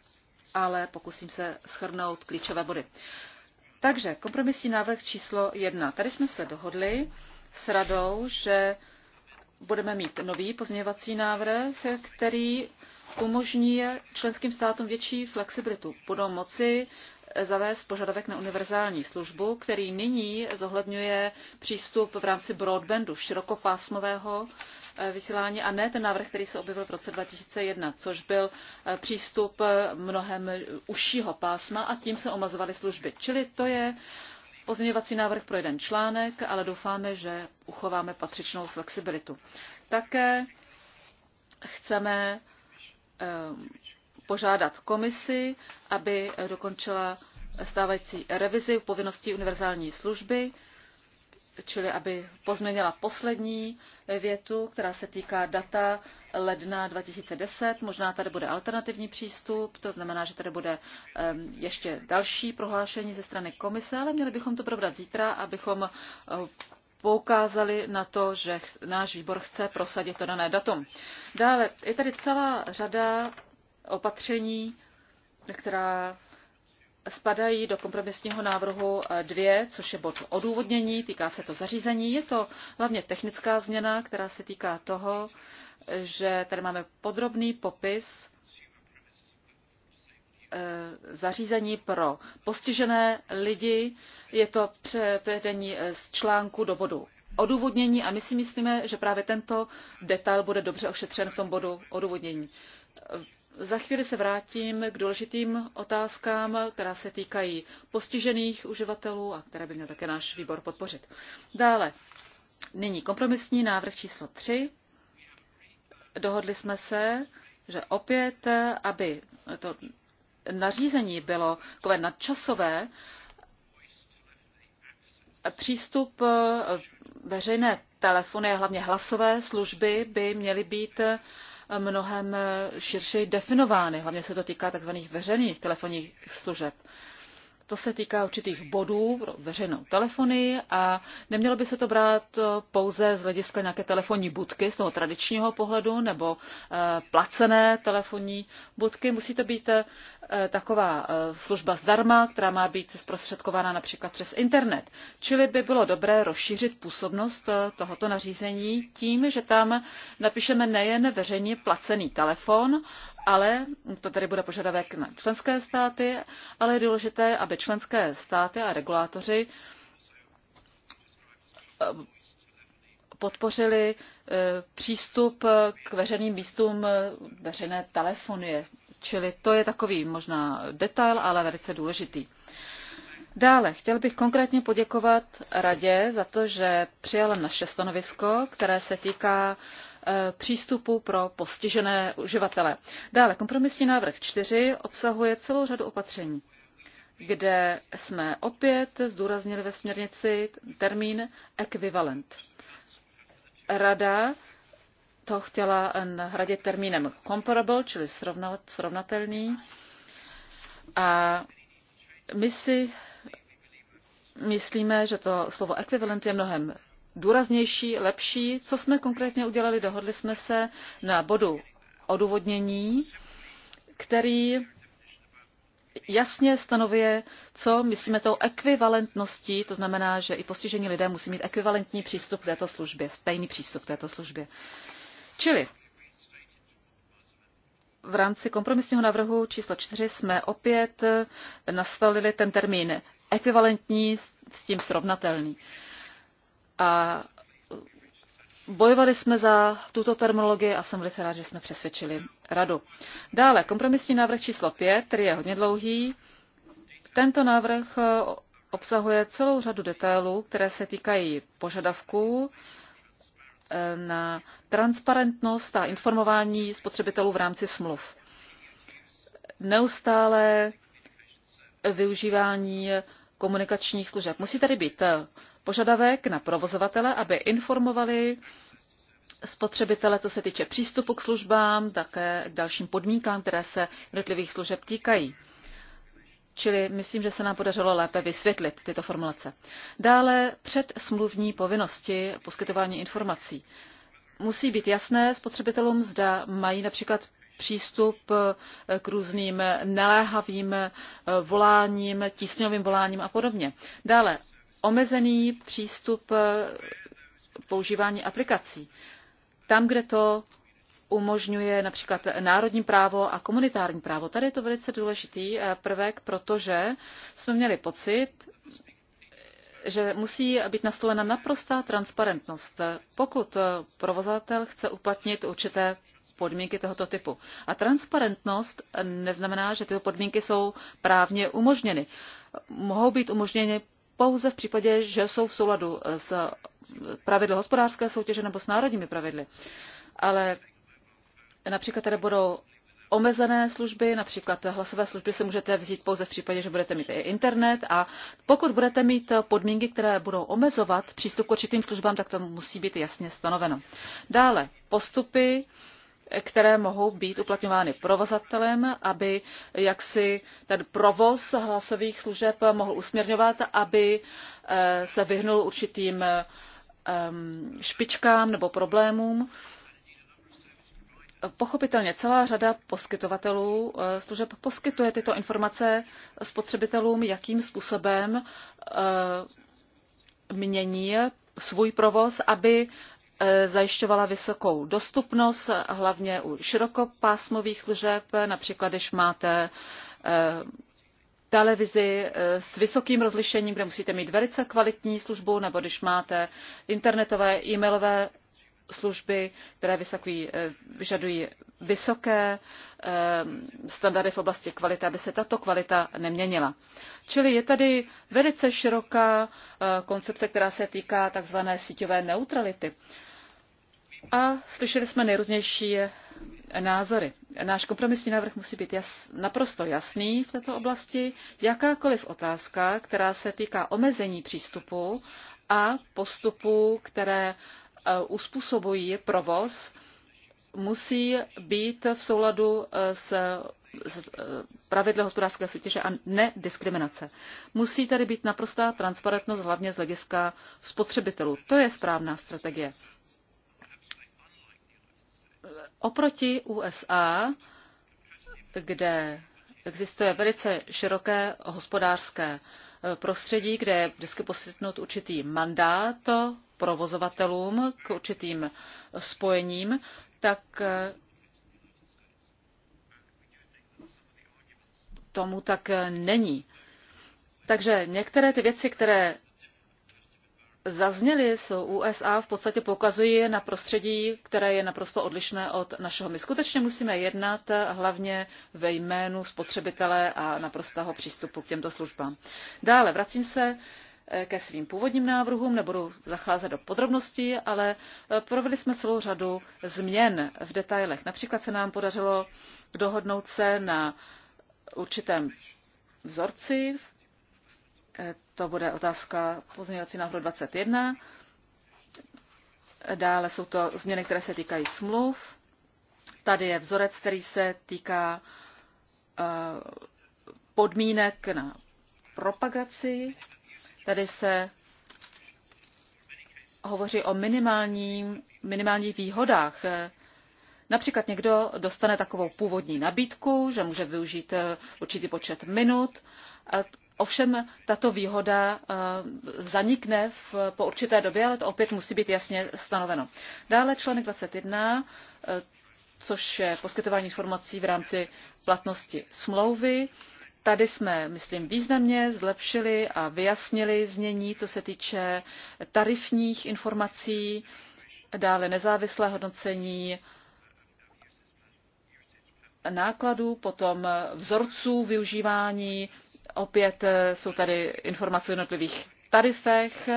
ale pokusím se schrnout klíčové body. Takže kompromisní návrh číslo jedna. Tady jsme se dohodli s radou, že budeme mít nový pozměňovací návrh, který umožní členským státům větší flexibilitu. Budou moci eh, zavést požadavek na univerzální službu, který nyní zohledňuje přístup v rámci broadbandu širokopásmového Eh, vysílání a ne ten návrh, který se objevil v roce 2001, což byl eh, přístup eh, mnohem užšího pásma a tím se omazovaly služby. Čili to je pozměňovací návrh pro jeden článek, ale doufáme, že uchováme patřičnou flexibilitu. Také chceme požádat komisi, aby dokončila stávající revizi povinností univerzální služby čili aby pozměnila poslední větu, která se týká data ledna 2010. Možná tady bude alternativní přístup, to znamená, že tady bude ještě další prohlášení ze strany komise, ale měli bychom to probrat zítra, abychom eh, poukázali na to, že náš výbor chce prosadit to dané datum. Dále je tady celá řada opatření, která spadají do kompromisního návrhu eh, dvě, což je bod odůvodnění, týká se to zařízení. Je to hlavně technická změna, která se týká toho, že tady máme podrobný popis eh, zařízení pro postižené lidi. Je to převedení eh, z článku do bodu odůvodnění a my si myslíme, že právě tento detail bude dobře ošetřen v tom bodu odůvodnění. Za chvíli se vrátím k důležitým otázkám, která se týkají postižených uživatelů a které by měl také náš výbor podpořit. Dále, nyní kompromisní návrh číslo 3. Dohodli jsme se, že opět, aby to nařízení bylo takové nadčasové, přístup eh, veřejné telefony a hlavně hlasové služby by měly být mnohem širší definovány. Hlavně se to týká tzv. veřejných telefonních služeb to se týká určitých bodů pro veřejnou telefonii a nemělo by se to brát eh, pouze z hlediska nějaké telefonní budky z toho tradičního pohledu nebo eh, placené telefonní budky. Musí to být eh, taková služba zdarma, která má být zprostředkována například přes internet. Čili by bylo dobré rozšířit působnost tohoto nařízení tím, že tam napíšeme nejen veřejně placený telefon, ale to tady bude požadavek na členské státy, ale je důležité, aby členské státy a regulátoři eh, podpořili eh, přístup k veřejným místům eh, veřejné telefonie. Čili to je takový možná detail, ale velice důležitý. Dále chtěl bych konkrétně poděkovat radě za to, že přijala naše stanovisko, které se týká přístupu pro postižené uživatele. Dále kompromisní návrh 4 obsahuje celou řadu opatření, kde jsme opět zdůraznili ve směrnici termín ekvivalent. Rada to chtěla nahradit termínem comparable, čili srovnatelný. A my si myslíme, že to slovo ekvivalent je mnohem důraznější, lepší. Co jsme konkrétně udělali? Dohodli jsme se na bodu odůvodnění, který jasně stanovuje, co myslíme tou ekvivalentností, to znamená, že i postižení lidé musí mít ekvivalentní přístup k této službě, stejný přístup k této službě. Čili v rámci kompromisního návrhu číslo 4 jsme opět nastavili ten termín ekvivalentní s tím srovnatelný. A Bojovali jsme za tuto terminologii a jsem velice rád, že jsme přesvědčili radu. Dále, kompromisní návrh číslo 5, který je hodně dlouhý. Tento návrh eh, obsahuje celou řadu detailů, které se týkají požadavků eh, na transparentnost a informování spotřebitelů v rámci smluv. Neustále využívání komunikačních služeb. Musí tady být eh, požadavek na provozovatele, aby informovali spotřebitele, co se týče přístupu k službám, také k dalším podmínkám, které se jednotlivých služeb týkají. Čili myslím, že se nám podařilo lépe vysvětlit tyto formulace. Dále předsmluvní povinnosti poskytování informací. Musí být jasné spotřebitelům, zda mají například přístup k různým neléhavým voláním, tísňovým voláním a podobně. Dále omezený přístup eh, používání aplikací. Tam, kde to umožňuje například národní právo a komunitární právo. Tady je to velice důležitý eh, prvek, protože jsme měli pocit, že musí být nastolena naprostá transparentnost, pokud eh, provozatel chce uplatnit určité podmínky tohoto typu. A transparentnost neznamená, že tyto podmínky jsou právně umožněny. Mohou být umožněny pouze v případě, že jsou v souladu eh, s eh, pravidly hospodářské soutěže nebo s národními pravidly. Ale například tady budou omezené služby, například hlasové služby si můžete vzít pouze v případě, že budete mít i internet a pokud budete mít podmínky, které budou omezovat přístup k určitým službám, tak to musí být jasně stanoveno. Dále postupy které mohou být uplatňovány provozatelem, aby jaksi ten provoz hlasových služeb mohl usměrňovat, aby eh, se vyhnul určitým ehm, špičkám nebo problémům. Pochopitelně celá řada poskytovatelů eh, služeb poskytuje tyto informace spotřebitelům, jakým způsobem eh, mění svůj provoz, aby E, zajišťovala vysokou dostupnost, hlavně u širokopásmových služeb, například když máte e, televizi e, s vysokým rozlišením, kde musíte mít velice kvalitní službu, nebo když máte internetové e-mailové služby, které vysakují, vyžadují vysoké standardy v oblasti kvality, aby se tato kvalita neměnila. Čili je tady velice široká koncepce, která se týká takzvané síťové neutrality a slyšeli jsme nejrůznější názory. Náš kompromisní návrh musí být jas, naprosto jasný v této oblasti. Jakákoliv otázka, která se týká omezení přístupu a postupů, které e, uspůsobují provoz, musí být v souladu e, s, s e, pravidly hospodářské soutěže a nediskriminace. Musí tady být naprostá transparentnost, hlavně z hlediska spotřebitelů. To je správná strategie oproti USA, kde existuje velice široké hospodářské e, prostředí, kde je vždycky poskytnut určitý mandát provozovatelům k určitým spojením, tak e, tomu tak není. Takže některé ty věci, které zazněly jsou. USA, v podstatě poukazují na prostředí, které je naprosto odlišné od našeho. My skutečně musíme jednat eh, hlavně ve jménu spotřebitele a naprostého přístupu k těmto službám. Dále vracím se eh, ke svým původním návrhům, nebudu zacházet do podrobností, ale eh, provedli jsme celou řadu změn v detailech. Například se nám podařilo dohodnout se na určitém vzorci, to bude otázka pozměňovací návrhu 21. Dále jsou to změny, které se týkají smluv. Tady je vzorec, který se týká eh, podmínek na propagaci. Tady se hovoří o minimálním, minimálních výhodách. Například někdo dostane takovou původní nabídku, že může využít eh, určitý počet minut, Ovšem tato výhoda eh, zanikne v, po určité době, ale to opět musí být jasně stanoveno. Dále článek 21, eh, což je poskytování informací v rámci platnosti smlouvy. Tady jsme, myslím, významně zlepšili a vyjasnili znění, co se týče tarifních informací, dále nezávislé hodnocení nákladů, potom vzorců využívání Opět eh, jsou tady informace o jednotlivých tarifech.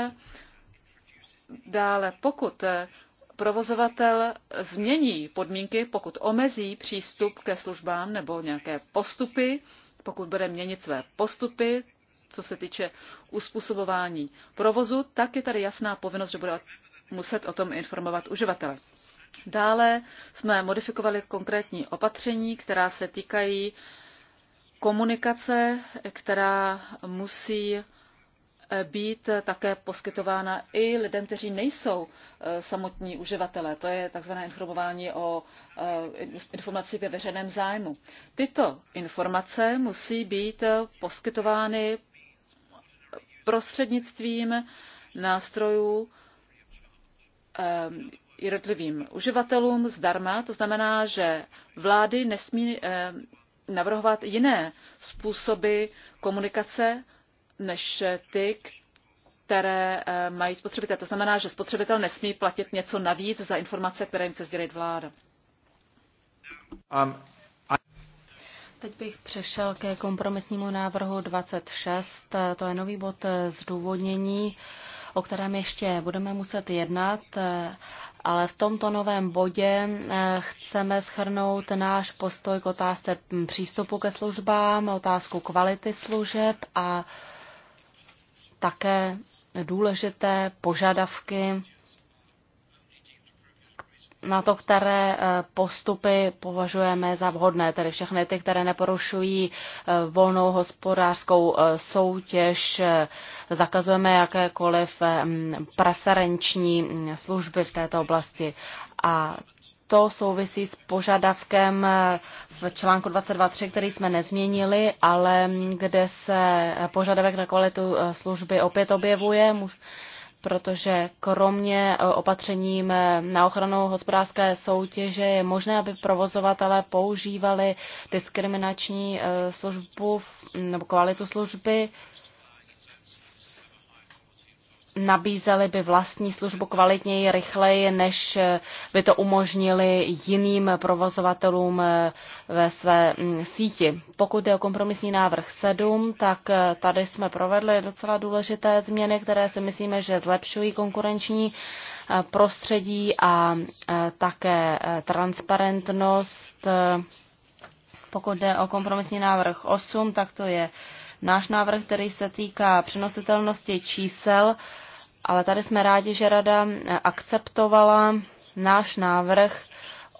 Dále, pokud eh, provozovatel změní podmínky, pokud omezí přístup ke službám nebo nějaké postupy, pokud bude měnit své postupy, co se týče uspůsobování provozu, tak je tady jasná povinnost, že bude muset o tom informovat uživatele. Dále jsme modifikovali konkrétní opatření, která se týkají uh, komunikace, která musí eh, být také poskytována i lidem, kteří nejsou eh, samotní uživatelé. To je takzvané informování o eh, informaci ve veřejném zájmu. Tyto informace musí být poskytovány prostřednictvím nástrojů jednotlivým uživatelům zdarma. To znamená, že vlády nesmí navrhovat jiné způsoby komunikace než ty, které eh, mají spotřebitel. To znamená, že spotřebitel nesmí platit něco navíc za informace, které jim chce sdělit vláda. Um, Teď bych přešel ke kompromisnímu návrhu 26. To je nový bod zdůvodnění. Uh, o kterém ještě budeme muset jednat, ale v tomto novém bodě eh, chceme schrnout náš postoj k otázce přístupu ke službám, otázku kvality služeb a také důležité požadavky na to, které eh, postupy považujeme za vhodné, tedy všechny ty, které neporušují eh, volnou hospodářskou eh, soutěž, zakazujeme jakékoliv preferenční mm, služby v této oblasti. A to souvisí s požadavkem v článku 22.3, který jsme nezměnili, ale mm, kde se požadavek na kvalitu služby opět objevuje protože kromě eh, opatření eh, na ochranu hospodářské soutěže je možné, aby provozovatelé používali diskriminační eh, službu nebo kvalitu služby nabízeli by vlastní službu kvalitněji, rychleji, než by to umožnili jiným provozovatelům eh, ve své mm, síti. Pokud je o kompromisní návrh 7, tak eh, tady jsme provedli docela důležité změny, které si myslíme, že zlepšují konkurenční eh, prostředí a také transparentnost. Pokud jde o kompromisní návrh 8, tak to je náš návrh, který se týká přenositelnosti čísel ale tady jsme rádi, že Rada akceptovala náš návrh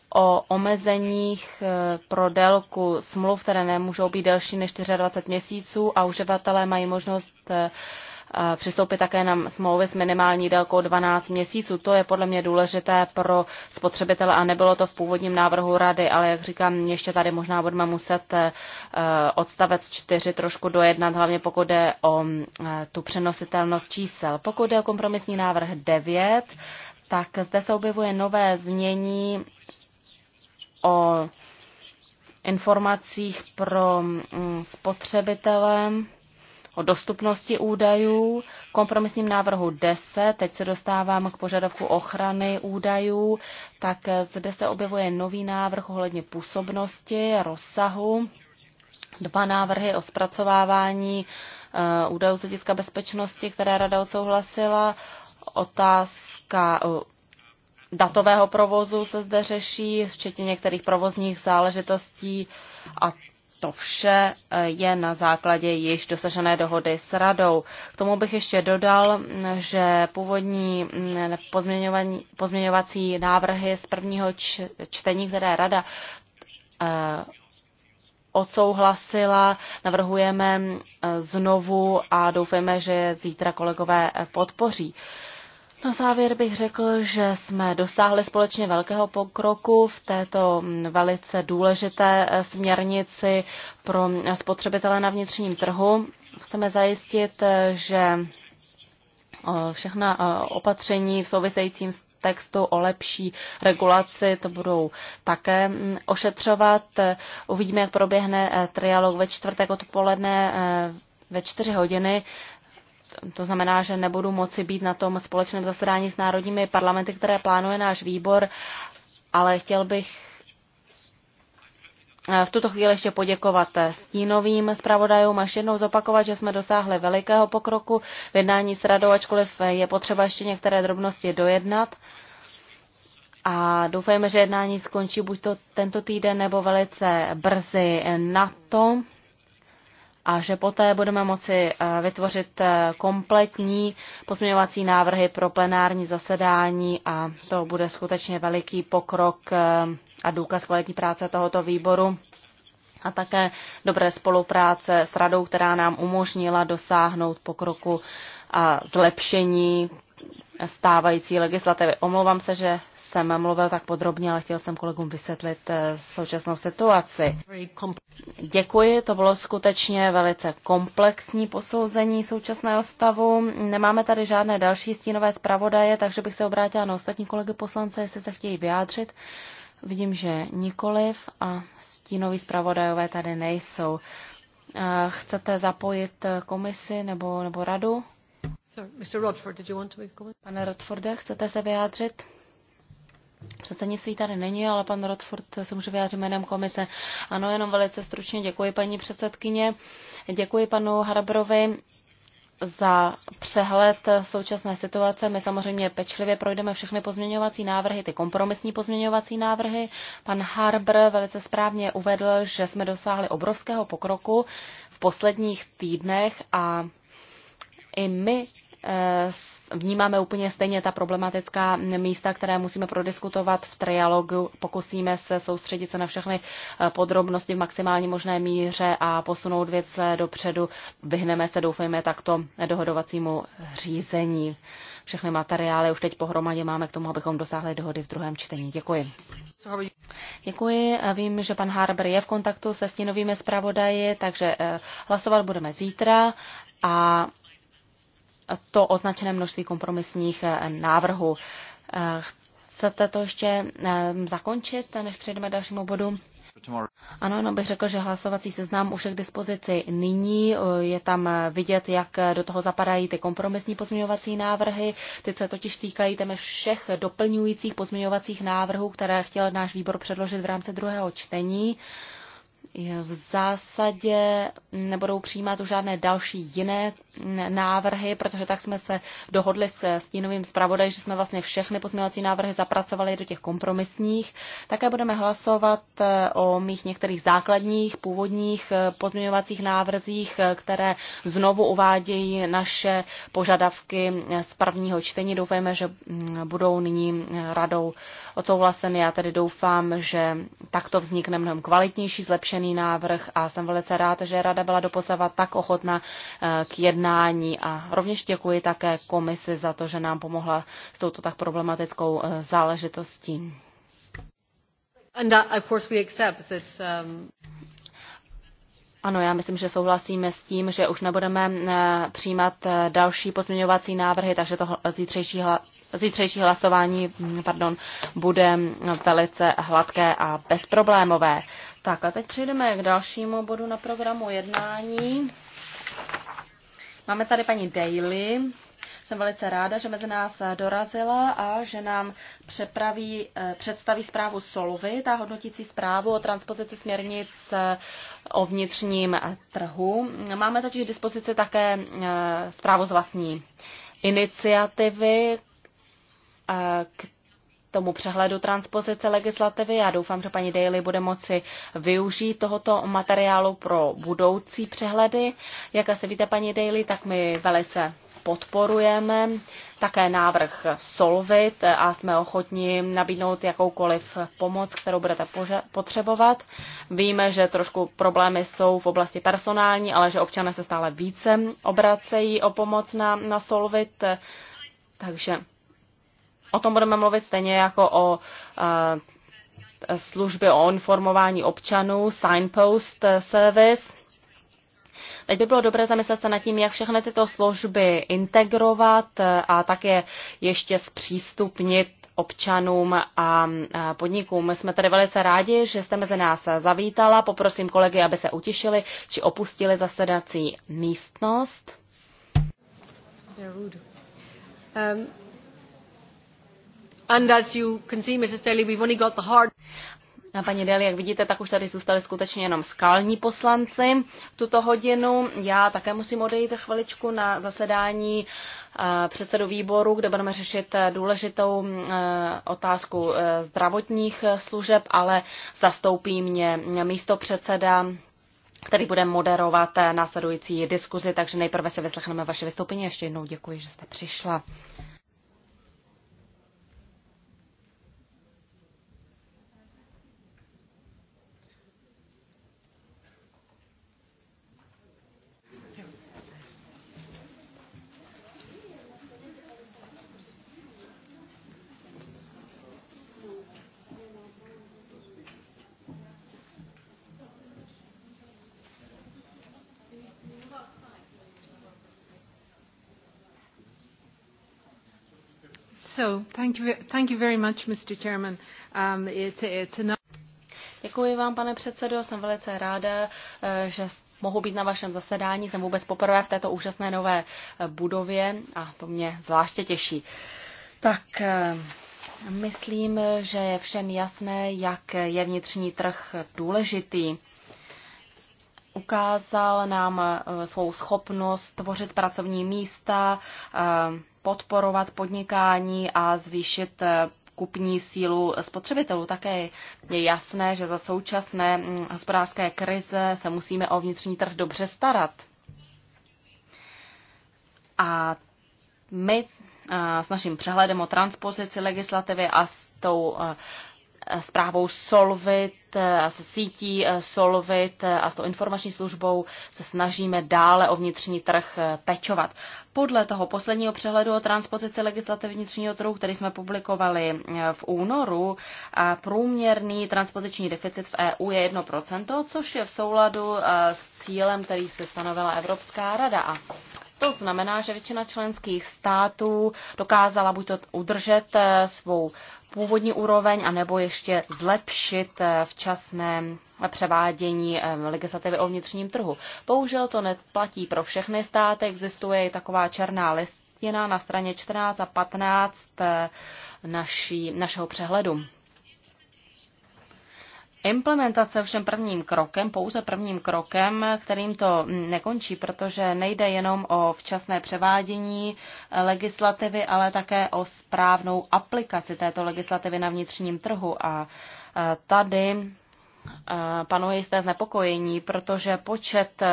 o omezeních eh, pro délku smluv, které nemůžou být delší než 24 měsíců a uživatelé mají možnost eh, přistoupit také na smlouvy s minimální délkou 12 měsíců. To je podle mě důležité pro spotřebitele a nebylo to v původním návrhu rady, ale jak říkám, ještě tady možná budeme muset eh, odstavec 4 trošku dojednat, hlavně pokud jde o eh, tu přenositelnost čísel. Pokud jde o kompromisní návrh 9, tak zde se objevuje nové znění o informacích pro mm, spotřebitele o dostupnosti údajů. kompromisním návrhu 10, teď se dostávám k požadavku ochrany údajů, tak zde se objevuje nový návrh ohledně působnosti, rozsahu, dva návrhy o zpracovávání eh, údajů z hlediska bezpečnosti, které rada odsouhlasila, otázka eh, datového provozu se zde řeší, včetně některých provozních záležitostí a to vše eh, je na základě již dosažené dohody s radou. K tomu bych ještě dodal, že původní mm, pozměňovací návrhy z prvního čtení, které rada eh, odsouhlasila, navrhujeme eh, znovu a doufáme, že zítra kolegové podpoří. Na závěr bych řekl, že jsme dosáhli společně velkého pokroku v této mm, velice důležité eh, směrnici pro eh, spotřebitele na vnitřním trhu. Chceme zajistit, eh, že všechna opatření v souvisejícím s textu o lepší regulaci, to budou také mm, ošetřovat. Uvidíme, jak proběhne trialog ve čtvrtek odpoledne ve čtyři hodiny. To znamená, že nebudu moci být na tom společném zasedání s národními parlamenty, které plánuje náš výbor, ale chtěl bych eh, v tuto chvíli ještě poděkovat eh, stínovým zpravodajům a ještě jednou zopakovat, že jsme dosáhli velikého pokroku v jednání s radou, ačkoliv eh, je potřeba ještě některé drobnosti dojednat. A doufejme, že jednání skončí buď to tento týden nebo velice brzy na to a že poté budeme moci eh, vytvořit eh, kompletní pozměňovací návrhy pro plenární zasedání a to bude skutečně veliký pokrok eh, a důkaz kvalitní práce tohoto výboru a také dobré spolupráce s radou, která nám umožnila dosáhnout pokroku a zlepšení, stávající legislativy. Omlouvám se, že jsem mluvil tak podrobně, ale chtěl jsem kolegům vysvětlit eh, současnou situaci. Děkuji, to bylo skutečně velice komplexní posouzení současného stavu. Nemáme tady žádné další stínové zpravodaje, takže bych se obrátila na ostatní kolegy poslance, jestli se chtějí vyjádřit. Vidím, že nikoliv a stínoví zpravodajové tady nejsou. Eh, chcete zapojit eh, komisi nebo, nebo radu? Rodford, Pane Rodforde, chcete se vyjádřit? Předsednictví tady není, ale pan Rodford se může vyjádřit jménem komise. Ano, jenom velice stručně děkuji paní předsedkyně. Děkuji panu Harbrovi za přehled současné situace. My samozřejmě pečlivě projdeme všechny pozměňovací návrhy, ty kompromisní pozměňovací návrhy. Pan Harbr velice správně uvedl, že jsme dosáhli obrovského pokroku v posledních týdnech a i my Eh, vnímáme úplně stejně ta problematická místa, které musíme prodiskutovat v trialogu. Pokusíme se soustředit se na všechny eh, podrobnosti v maximální možné míře a posunout věc eh, dopředu. Vyhneme se, doufejme, takto dohodovacímu řízení. Všechny materiály už teď pohromadě máme k tomu, abychom dosáhli dohody v druhém čtení. Děkuji. Děkuji. Vím, že pan Harber je v kontaktu se stínovými zpravodaji, takže hlasovat budeme zítra a to označené množství kompromisních eh, návrhů. Eh, chcete to ještě eh, zakončit, než přejdeme dalšímu bodu? Ano, no bych řekl, že hlasovací seznam už je k dispozici nyní. Je tam vidět, jak do toho zapadají ty kompromisní pozměňovací návrhy. Ty se totiž týkají téme všech doplňujících pozměňovacích návrhů, které chtěl náš výbor předložit v rámci druhého čtení. Uh, v zásadě nebudou přijímat už žádné další jiné návrhy, protože tak jsme se dohodli se stínovým zpravodaj, že jsme vlastně všechny pozměňovací návrhy zapracovali do těch kompromisních. Také budeme hlasovat eh, o mých některých základních původních eh, pozměňovacích návrzích, eh, které znovu uvádějí naše požadavky z prvního čtení. Doufejme, že mm, budou nyní radou odsouhlaseny. Já tedy doufám, že takto vznikne mnohem kvalitnější, zlepšení vylepšený návrh a jsem velice rád, že Rada byla doposavat tak ochotna eh, k jednání a rovněž děkuji také komisi za to, že nám pomohla s touto tak problematickou eh, záležitostí. And of course we accept that, um... Ano, já myslím, že souhlasíme s tím, že už nebudeme eh, přijímat další pozměňovací návrhy, takže to zítřejší, hla, zítřejší hlasování mm, pardon, bude mm, velice hladké a bezproblémové. Tak a teď přejdeme k dalšímu bodu na programu jednání. Máme tady paní Daily. Jsem velice ráda, že mezi nás dorazila a že nám přepraví, eh, představí zprávu Solvy, ta hodnotící zprávu o transpozici směrnic eh, o vnitřním eh, trhu. Máme totiž k dispozici také zprávu z vlastní iniciativy, tomu přehledu transpozice legislativy. Já doufám, že paní Daly bude moci využít tohoto materiálu pro budoucí přehledy. Jak asi víte, paní Daly, tak my velice podporujeme také návrh Solvit a jsme ochotni nabídnout jakoukoliv pomoc, kterou budete potřebovat. Víme, že trošku problémy jsou v oblasti personální, ale že občané se stále více obracejí o pomoc na, na Solvit. Takže o tom budeme mluvit stejně jako o eh, službě o informování občanů, signpost eh, service. Teď by bylo dobré zamyslet se nad tím, jak všechny tyto služby integrovat eh, a také ještě zpřístupnit občanům a podnikům. My jsme tedy velice rádi, že jste mezi nás zavítala. Poprosím kolegy, aby se utišili či opustili zasedací místnost. Um. And as you can see, Mrs. Daly, we've only got the hard... A paní Deli, jak vidíte, tak už tady zůstali skutečně jenom skalní poslanci tuto hodinu. Já také musím odejít za chviličku na zasedání eh, předsedu výboru, kde budeme řešit eh, důležitou eh, otázku zdravotních služeb, ale zastoupí mě místo předseda který bude moderovat následující diskuzi, takže nejprve si vyslechneme vaše vystoupení. Ještě jednou děkuji, že jste přišla. So, thank you, thank you very much, Mr. Chairman. Um, it's, it's an... Děkuji vám, pane předsedo, jsem velice ráda, eh, že mohu být na vašem zasedání. Jsem vůbec poprvé v této úžasné nové eh, budově a to mě zvláště těší. Tak eh, myslím, že je všem jasné, jak je vnitřní trh důležitý. Ukázal nám svou schopnost tvořit pracovní místa, podporovat podnikání a zvýšit eh, kupní sílu spotřebitelů. Také je jasné, že za současné mm, hospodářské krize se musíme o vnitřní trh dobře starat. A my eh, s naším přehledem o transpozici legislativy a s tou eh, zprávou Solvit a eh, se sítí eh, Solvit eh, a s tou informační službou se snažíme dále o vnitřní trh pečovat. Podle toho posledního přehledu o transpozici legislativy vnitřního trhu, který jsme publikovali v únoru, průměrný transpoziční deficit v EU je 1%, což je v souladu s cílem, který se stanovila Evropská rada. A to znamená, že většina členských států dokázala buď to udržet eh, svou původní úroveň, anebo ještě zlepšit eh, včasné převádění eh, legislativy o vnitřním trhu. Bohužel to neplatí pro všechny státy, existuje i taková černá listina na straně 14 a 15 naší, našeho přehledu. Implementace všem prvním krokem, pouze prvním krokem, kterým to nekončí, protože nejde jenom o včasné převádění legislativy, ale také o správnou aplikaci této legislativy na vnitřním trhu. A tady panuje jisté znepokojení, protože počet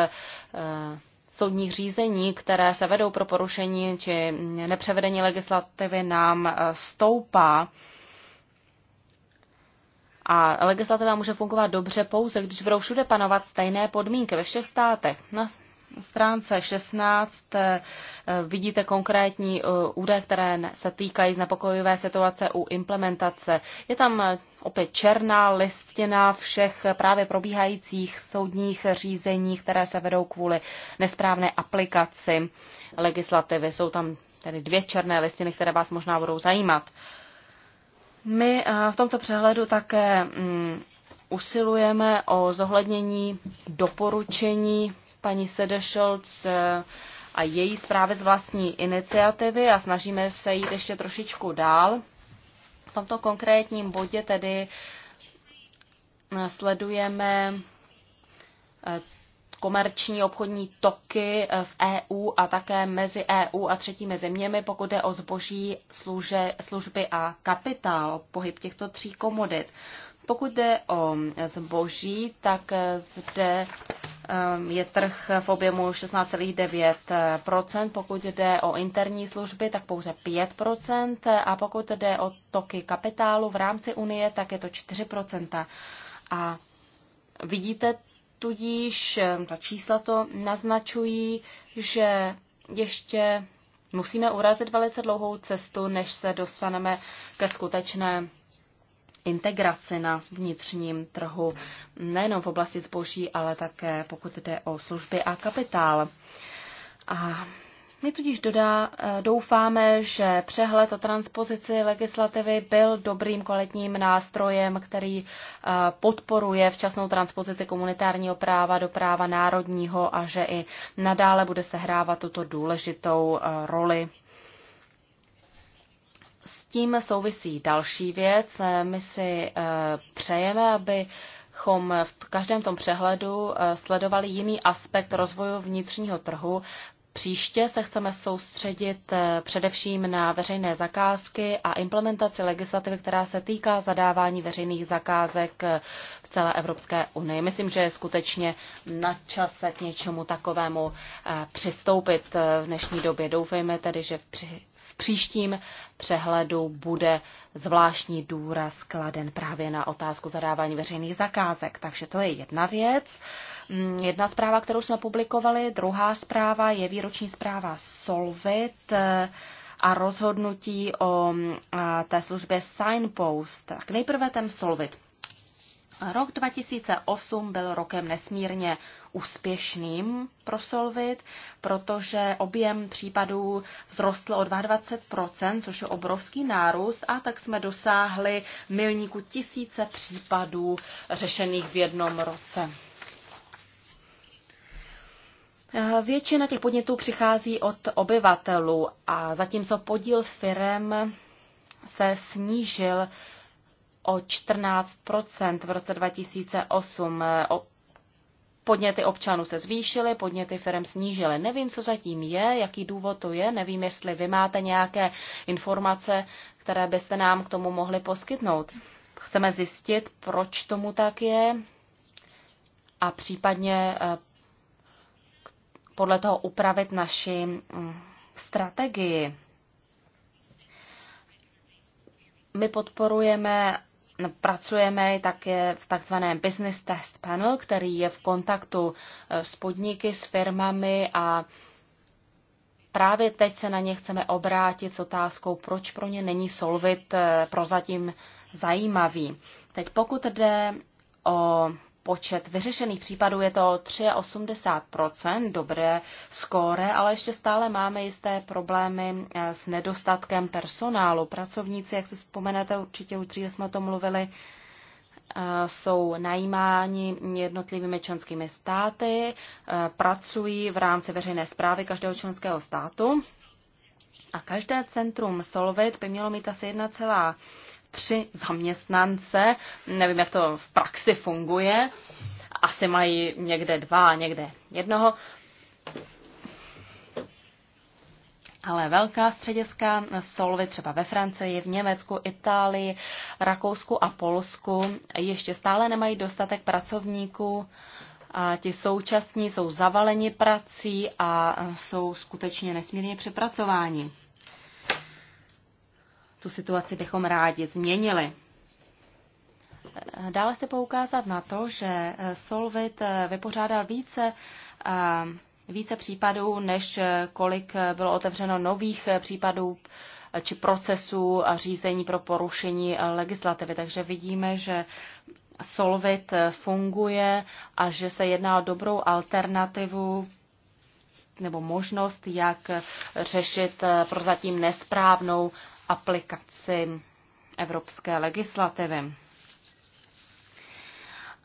soudních řízení, které se vedou pro porušení či nepřevedení legislativy, nám stoupá. A legislativa může fungovat dobře pouze, když budou všude panovat stejné podmínky ve všech státech. Na stránce 16 eh, eh, vidíte konkrétní eh, údaje, které se týkají znepokojivé situace u implementace. Je tam opět černá listina všech právě probíhajících soudních řízení, které se vedou kvůli nesprávné aplikaci legislativy. Jsou tam tedy dvě černé listiny, které vás možná budou zajímat. My eh, v tomto přehledu také mm, usilujeme o zohlednění doporučení paní Sedešolc eh, a její zprávy z vlastní iniciativy a snažíme se jít ještě trošičku dál. V tomto konkrétním bodě tedy eh, sledujeme komerční obchodní toky eh, v EU a také mezi EU a třetími zeměmi, pokud je o zboží, služe, služby a kapitál, pohyb těchto tří komodit. Pokud jde o eh, zboží, tak eh, zde ehm, je trh v objemu 16,9%, pokud jde o interní služby, tak pouze 5% a pokud jde o toky kapitálu v rámci Unie, tak je to 4%. A vidíte Tudíž ta čísla to naznačují, že ještě musíme urazit velice dlouhou cestu, než se dostaneme ke skutečné integraci na vnitřním trhu, nejenom v oblasti zboží, ale také pokud jde o služby a kapitál. A my tudíž dodá, eh, doufáme, že přehled o transpozici legislativy byl dobrým kvalitním nástrojem, který eh, podporuje včasnou transpozici komunitárního práva do práva národního a že i nadále bude sehrávat tuto důležitou eh, roli S tím souvisí další věc. My si přejeme, aby v každém tom přehledu sledovali jiný aspekt rozvoje vnitřního trhu Příště se chceme soustředit eh, především na veřejné zakázky a implementaci legislativy, která se týká zadávání veřejných zakázek eh, v celé Evropské unii. Myslím, že je skutečně na čase k něčemu takovému eh, přistoupit v dnešní době. Doufejme tedy, že v příštím přehledu bude zvláštní důraz kladen právě na otázku zadávání veřejných zakázek. Takže to je jedna věc. Mm, jedna zpráva, kterou jsme publikovali, druhá zpráva je výroční zpráva Solvit eh, a rozhodnutí o mm, té službě Signpost. Tak nejprve ten Solvit. Rok 2008 byl rokem nesmírně úspěšným pro Solvit, protože objem případů vzrostl o 22%, což je obrovský nárůst, a tak jsme dosáhli milníku tisíce případů řešených v jednom roce. Většina těch podnětů přichází od obyvatelů a zatímco podíl firem se snížil o 14 v roce 2008. E, podněty občanů se zvýšily, podněty firm snížily. Nevím, co zatím je, jaký důvod to je, nevím, jestli vy máte nějaké informace, které byste nám k tomu mohli poskytnout. Chceme zjistit, proč tomu tak je a případně e, podle toho upravit naši mm, strategii. My podporujeme Pracujeme také v takzvaném Business Test Panel, který je v kontaktu eh, s podniky, s firmami a právě teď se na ně chceme obrátit s otázkou, proč pro ně není Solvit eh, prozatím zajímavý. Teď pokud jde o počet vyřešených případů je to 83%, dobré skóre, ale ještě stále máme jisté problémy eh, s nedostatkem personálu. Pracovníci, jak si vzpomenete, určitě už dříve jsme o tom mluvili, eh, jsou najímáni jednotlivými členskými státy, eh, pracují v rámci veřejné zprávy každého členského státu a každé centrum Solvit by mělo mít asi 1, tři zaměstnance. Nevím, jak to v praxi funguje. Asi mají někde dva, někde jednoho. Ale velká střediska Solvy třeba ve Francii, v Německu, Itálii, Rakousku a Polsku ještě stále nemají dostatek pracovníků. A ti současní jsou zavaleni prací a jsou skutečně nesmírně přepracováni tu situaci bychom rádi změnili. Dále se poukázat na to, že Solvit vypořádal více více případů, než kolik bylo otevřeno nových případů či procesů a řízení pro porušení legislativy. Takže vidíme, že Solvit funguje a že se jedná o dobrou alternativu nebo možnost, jak řešit prozatím nesprávnou aplikaci evropské legislativy.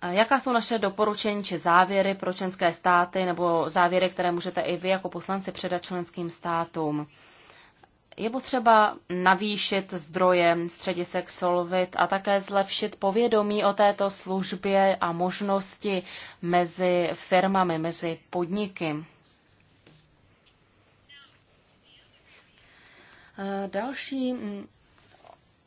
Jaká jsou naše doporučení či závěry pro členské státy nebo závěry, které můžete i vy jako poslanci předat členským státům? Je potřeba navýšit zdroje středisek Solvit a také zlepšit povědomí o této službě a možnosti mezi firmami, mezi podniky. Eh, další mm,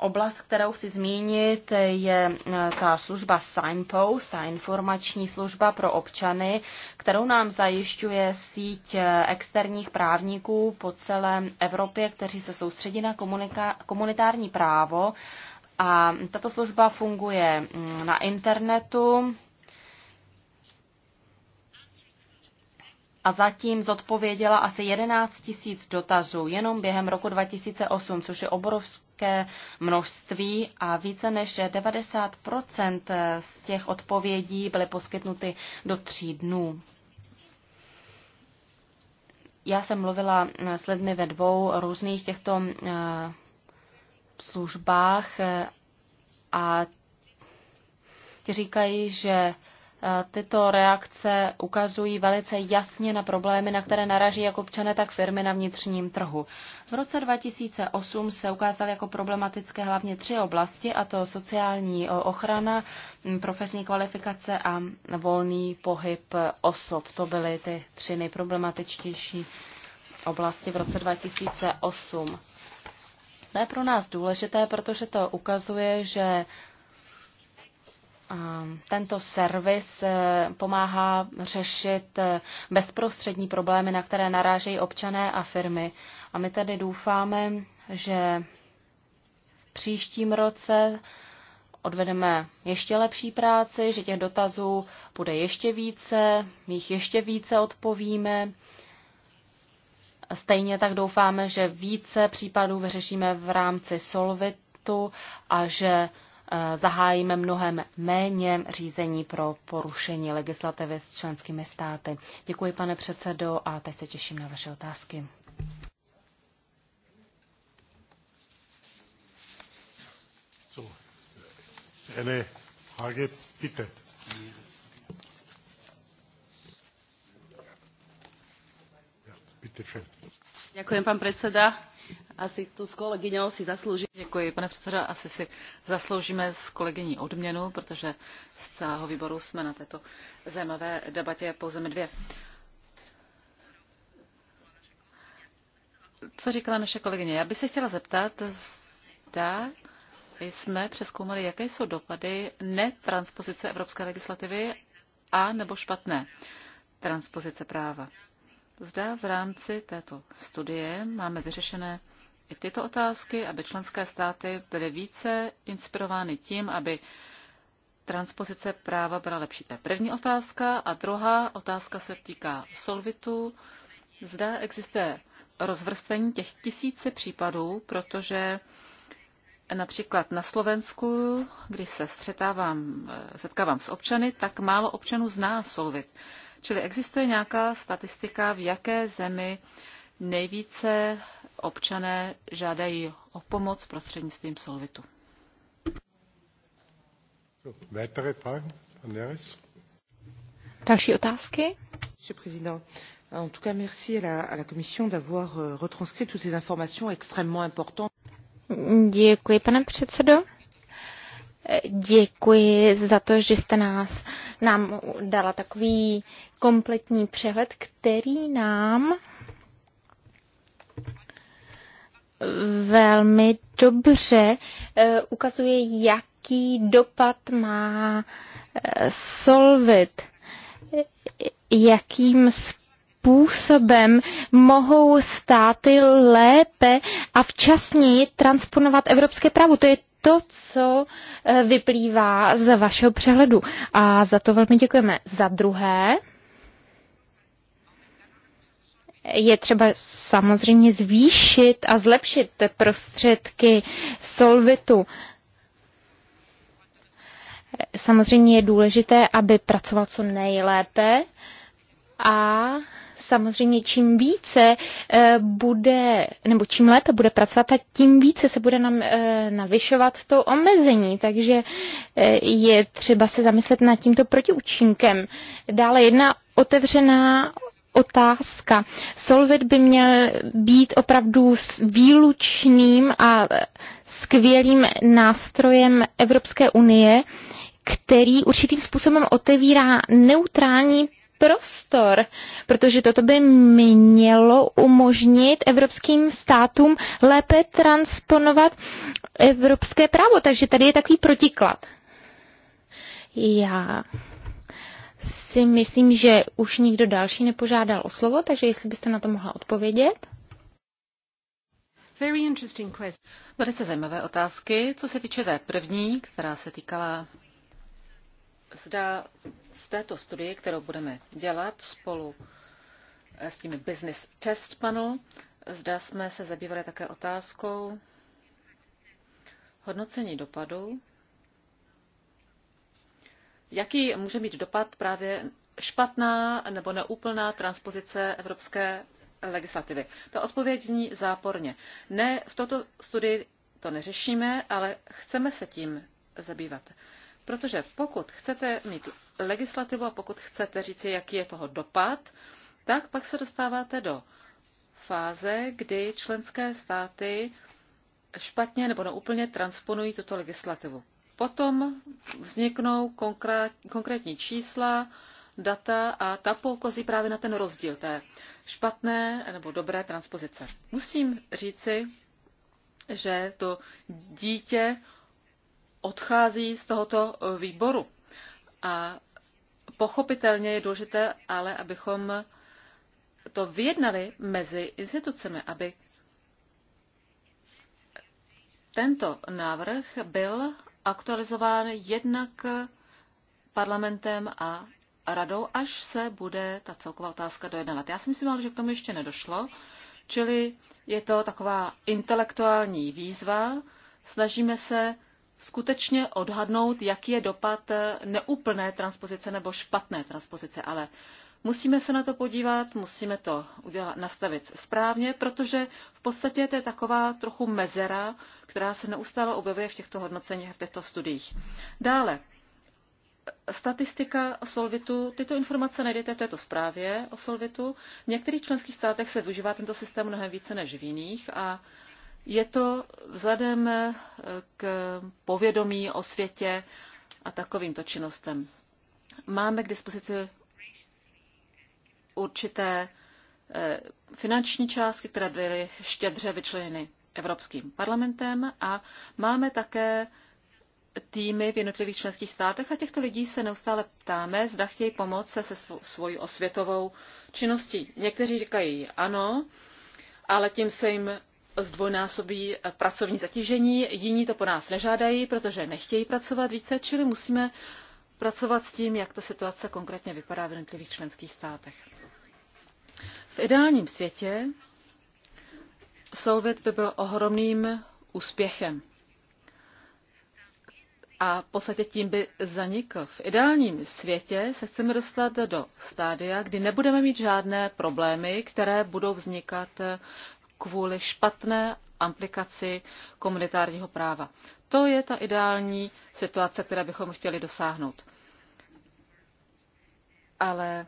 Oblast, kterou chci zmínit, je eh, ta služba Signpost, ta informační služba pro občany, kterou nám zajišťuje síť eh, externích právníků po celé Evropě, kteří se soustředí na komunitární právo. A tato služba funguje mm, na internetu, a zatím zodpověděla asi 11 tisíc dotazů jenom během roku 2008, což je obrovské množství a více než 90 z těch odpovědí byly poskytnuty do tří dnů. Já jsem mluvila eh, s lidmi ve dvou různých těchto eh, službách eh, a ti říkají, že tyto reakce ukazují velice jasně na problémy, na které naraží jak občané, tak firmy na vnitřním trhu. V roce 2008 se ukázaly jako problematické hlavně tři oblasti, a to sociální eh, ochrana, mm, profesní kvalifikace a volný pohyb osob. To byly ty tři nejproblematičtější oblasti v roce 2008. To je pro nás důležité, protože to ukazuje, že tento servis eh, pomáhá řešit eh, bezprostřední problémy, na které narážejí občané a firmy. A my tedy doufáme, že v příštím roce odvedeme ještě lepší práci, že těch dotazů bude ještě více, my jich ještě více odpovíme. Stejně tak doufáme, že více případů vyřešíme v rámci Solvitu a že zahájíme mnohem méně řízení pro porušení legislativy s členskými státy. Děkuji, pane předsedo, a teď se těším na vaše otázky. Děkuji, pan predseda asi tu s kolegyňou si zaslouží. Děkuji, pane předsedo, asi si zasloužíme s kolegyní odměnu, protože z celého výboru jsme na této zajímavé debatě pouze my dvě. Co říkala naše kolegyně? Já bych se chtěla zeptat, zda jsme přeskoumali, jaké jsou dopady netranspozice evropské legislativy a nebo špatné transpozice práva. Zda v rámci této studie máme vyřešené i tyto otázky, aby členské státy byly více inspirovány tím, aby transpozice práva byla lepší. To je první otázka. A druhá otázka se týká solvitu. Zda existuje rozvrstvení těch tisíce případů, protože například na Slovensku, když se střetávám, setkávám s občany, tak málo občanů zná solvit. Čili existuje nějaká statistika, v jaké zemi nejvíce občané žádají o pomoc prostřednictvím Solvitu. Další otázky? Euh, Děkuji, pane předsedo. Děkuji za to, že jste nás, nám dala takový kompletní přehled, který nám velmi dobře eh, ukazuje, jaký dopad má eh, solvit, jakým způsobem mohou státy lépe a včasněji transponovat evropské právo. To je to, co eh, vyplývá z vašeho přehledu. A za to velmi děkujeme. Za druhé, je třeba samozřejmě zvýšit a zlepšit prostředky solvitu. Samozřejmě je důležité, aby pracoval co nejlépe a samozřejmě čím více eh, bude, nebo čím lépe bude pracovat, tak tím více se bude nám eh, navyšovat to omezení. Takže eh, je třeba se zamyslet nad tímto protiúčinkem. Dále jedna otevřená otázka. Solvit by měl být opravdu výlučným a skvělým nástrojem Evropské unie, který určitým způsobem otevírá neutrální prostor, protože toto by mělo umožnit evropským státům lépe transponovat evropské právo. Takže tady je takový protiklad. Já si myslím, že už nikdo další nepožádal o slovo, takže jestli byste na to mohla odpovědět. Very interesting question. Velice zajímavé otázky. Co se týče té první, která se týkala, zda v této studii, kterou budeme dělat spolu eh, s tím Business Test Panel, zda jsme se zabývali také otázkou hodnocení dopadu jaký může mít dopad právě špatná nebo neúplná transpozice evropské legislativy. Ta odpověď zní záporně. Ne, v toto studii to neřešíme, ale chceme se tím zabývat. Protože pokud chcete mít legislativu a pokud chcete říci, jaký je toho dopad, tak pak se dostáváte do fáze, kdy členské státy špatně nebo neúplně transponují tuto legislativu. Potom vzniknou konkrétní čísla, data a ta poukazí právě na ten rozdíl té špatné nebo dobré transpozice. Musím říci, že to dítě odchází z tohoto výboru. A pochopitelně je důležité, ale abychom to vyjednali mezi institucemi, aby tento návrh byl aktualizován jednak parlamentem a radou, až se bude ta celková otázka dojednávat. Já si myslím, že k tomu ještě nedošlo, čili je to taková intelektuální výzva. Snažíme se skutečně odhadnout, jaký je dopad neúplné transpozice nebo špatné transpozice, ale Musíme se na to podívat, musíme to udělat, nastavit správně, protože v podstatě to je taková trochu mezera, která se neustále objevuje v těchto hodnoceních v těchto studiích. Dále, statistika Solvitu, tyto informace najdete v této zprávě o Solvitu. V některých členských státech se využívá tento systém mnohem více než v jiných a je to vzhledem eh, k povědomí o světě a takovýmto činnostem. Máme k dispozici určité eh, finanční částky, které byly štědře vyčleněny Evropským parlamentem a máme také týmy v jednotlivých členských státech a těchto lidí se neustále ptáme, zda chtějí pomoct se, se svojí osvětovou činností. Někteří říkají ano, ale tím se jim zdvojnásobí pracovní zatížení, jiní to po nás nežádají, protože nechtějí pracovat více, čili musíme pracovat s tím, jak ta situace konkrétně vypadá v jednotlivých členských státech ideálním světě Solvit by byl ohromným úspěchem. A v podstatě tím by zanikl. V ideálním světě se chceme dostat do stádia, kdy nebudeme mít žádné problémy, které budou vznikat kvůli špatné aplikaci komunitárního práva. To je ta ideální situace, které bychom chtěli dosáhnout. Ale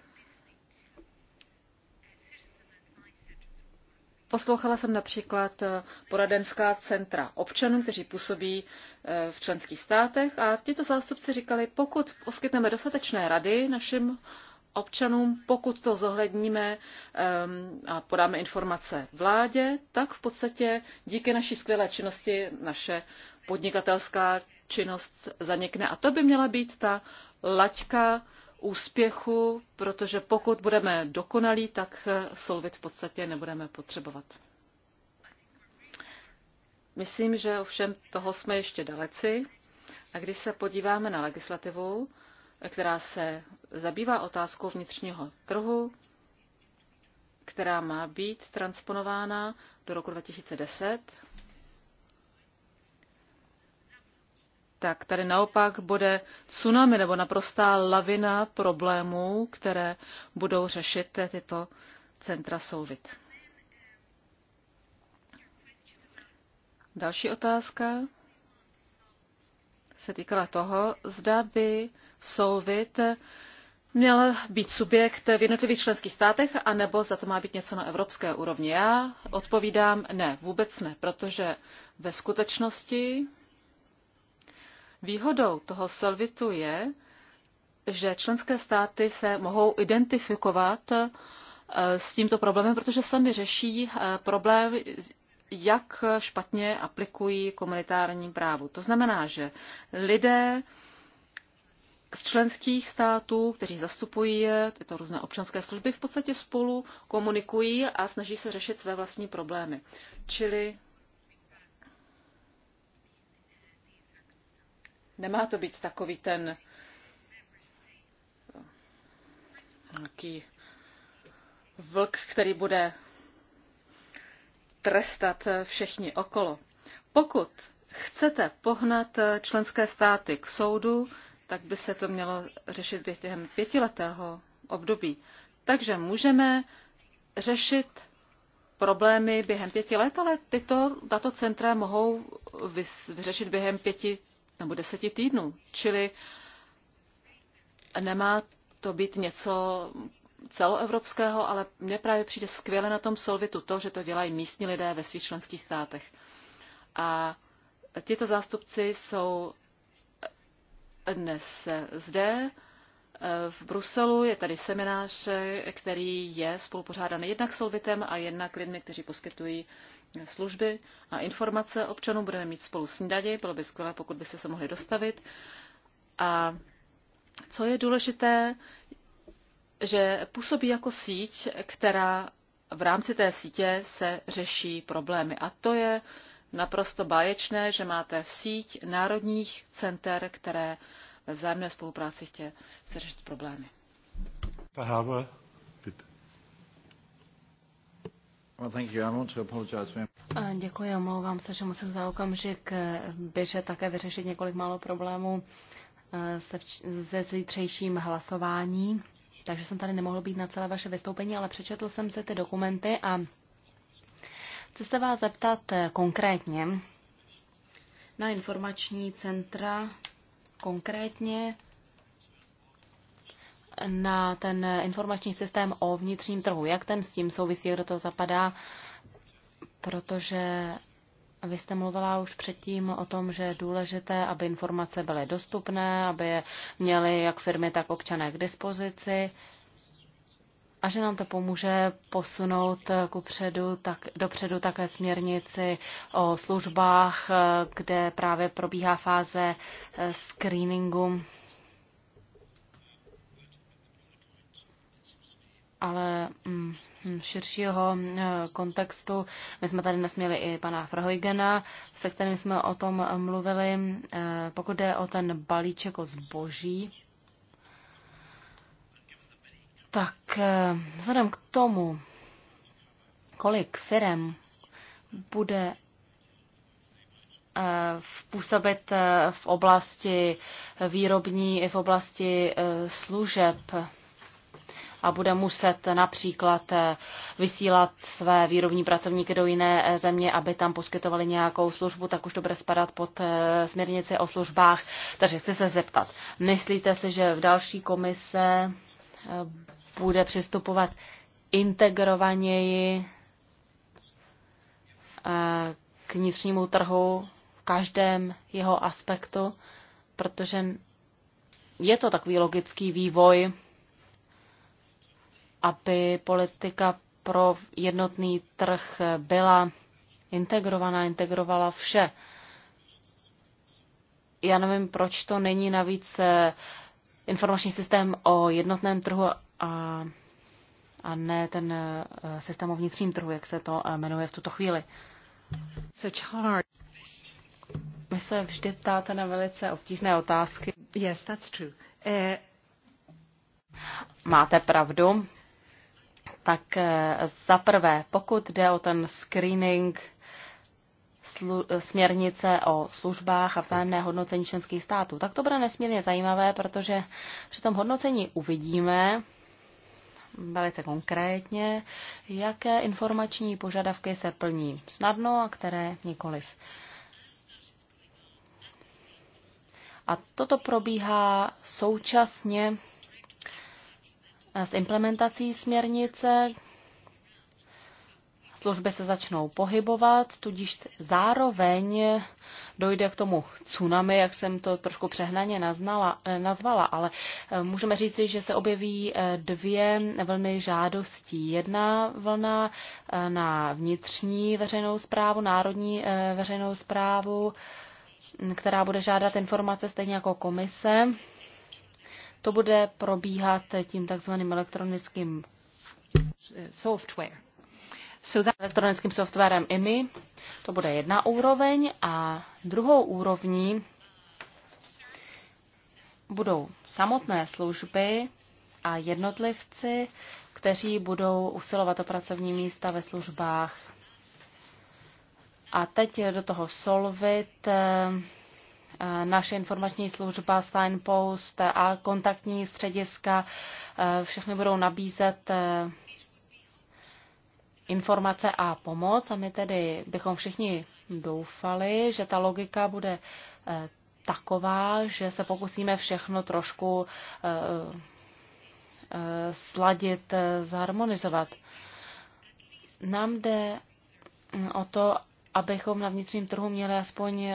Poslouchala jsem například eh, poradenská centra občanů, kteří působí eh, v členských státech a tito zástupci říkali, pokud poskytneme dostatečné rady našim občanům, pokud to zohledníme ehm, a podáme informace vládě, tak v podstatě díky naší skvělé činnosti naše podnikatelská činnost zanikne. A to by měla být ta laťka úspěchu, protože pokud budeme dokonalí, tak eh, solvit v podstatě nebudeme potřebovat. Myslím, že ovšem toho jsme ještě daleci. A když se podíváme na legislativu, která se zabývá otázkou vnitřního trhu, která má být transponována do roku 2010, tak tady naopak bude tsunami nebo naprostá lavina problémů, které budou řešit tyto centra Solvit. Další otázka se týkala toho, zda by Solvit měl být subjekt v jednotlivých členských státech, anebo za to má být něco na evropské úrovni. Já odpovídám ne, vůbec ne, protože ve skutečnosti Výhodou toho solvitu je, že členské státy se mohou identifikovat eh, s tímto problémem, protože sami řeší eh, problém, jak špatně aplikují komunitární právo. To znamená, že lidé z členských států, kteří zastupují eh, tyto různé občanské služby, v podstatě spolu komunikují a snaží se řešit své vlastní problémy. Čili Nemá to být takový ten nějaký vlk, který bude trestat všichni okolo. Pokud chcete pohnat členské státy k soudu, tak by se to mělo řešit během pětiletého období. Takže můžeme řešit problémy během pěti let, ale tyto, tato centra mohou vyřešit během pěti nebo deseti týdnů. Čili nemá to být něco celoevropského, ale mně právě přijde skvěle na tom solvitu to, že to dělají místní lidé ve svých členských státech. A tito zástupci jsou dnes zde, v Bruselu. Je tady seminář, který je spolupořádaný jednak Solvitem a jednak lidmi, kteří poskytují služby a informace občanům. Budeme mít spolu snídaně, bylo by skvělé, pokud by se se mohli dostavit. A co je důležité, že působí jako síť, která v rámci té sítě se řeší problémy. A to je naprosto báječné, že máte síť národních center, které ve vzájemné spolupráci chtě se řešit problémy. Paháva, Děkuji, omlouvám se, že musím za okamžik eh, běžet také vyřešit několik málo problémů eh, se, se zítřejším hlasování, takže jsem tady nemohl být na celé vaše vystoupení, ale přečetl jsem si ty dokumenty a chci se vás zeptat eh, konkrétně na informační centra konkrétně na ten informační systém o vnitřním trhu. Jak ten s tím souvisí, kdo to zapadá? Protože vy jste mluvila už předtím o tom, že je důležité, aby informace byly dostupné, aby je měly jak firmy, tak občané k dispozici a že nám to pomůže posunout eh, ku předu, tak, dopředu také směrnici o službách, eh, kde právě probíhá fáze eh, screeningu. Ale mm, hm, širšího kontextu, my jsme tady nesměli i pana Frhojgena, se kterým jsme o tom mluvili, pokud jde o ten balíček o zboží, tak eh, vzhledem k tomu, kolik firm bude eh, působit eh, v oblasti výrobní i v oblasti služeb a bude muset například vysílat své výrobní pracovníky do jiné země, aby tam poskytovali nějakou službu, tak už to bude spadat pod směrnici o službách. Takže chci se zeptat, myslíte si, že v další komise bude přistupovat integrovaněji eh, k vnitřnímu trhu v každém jeho aspektu, protože je to takový logický vývoj, aby politika pro jednotný trh byla integrovaná, integrovala vše. Já nevím, proč to není navíc eh, informační systém o jednotném trhu a, a ne ten e, systém o vnitřním trhu, jak se to e, jmenuje v tuto chvíli. Vy se vždy ptáte na velice obtížné otázky. Yes, that's true. Uh... Máte pravdu. Tak za prvé, pokud jde o ten screening slu- směrnice o službách a vzájemné hodnocení členských států, tak to bude nesmírně zajímavé, protože při tom hodnocení uvidíme, velice konkrétně, jaké informační požadavky se plní snadno a které nikoliv. A toto probíhá současně s implementací směrnice, služby se začnou pohybovat, tudíž zároveň dojde k tomu tsunami, jak jsem to trošku přehnaně naznala, eh, nazvala, ale eh, můžeme říci, že se objeví eh, dvě vlny žádostí. Jedna vlna na vnitřní veřejnou zprávu, národní veřejnou zprávu, mm, která bude žádat informace stejně jako komise. To bude probíhat tím takzvaným elektronickým software s elektronickým softwarem IMI. To bude jedna úroveň a druhou úrovní budou samotné služby a jednotlivci, kteří budou usilovat o pracovní místa ve službách. A teď do toho Solvit, eh, eh, naše informační služba Signpost a kontaktní střediska, eh, všechny budou nabízet informace a pomoc. A my tedy bychom všichni doufali, že ta logika bude eh, taková, že se pokusíme všechno trošku eh, eh, sladit, zharmonizovat. Nám jde hm, o to, abychom na vnitřním trhu měli aspoň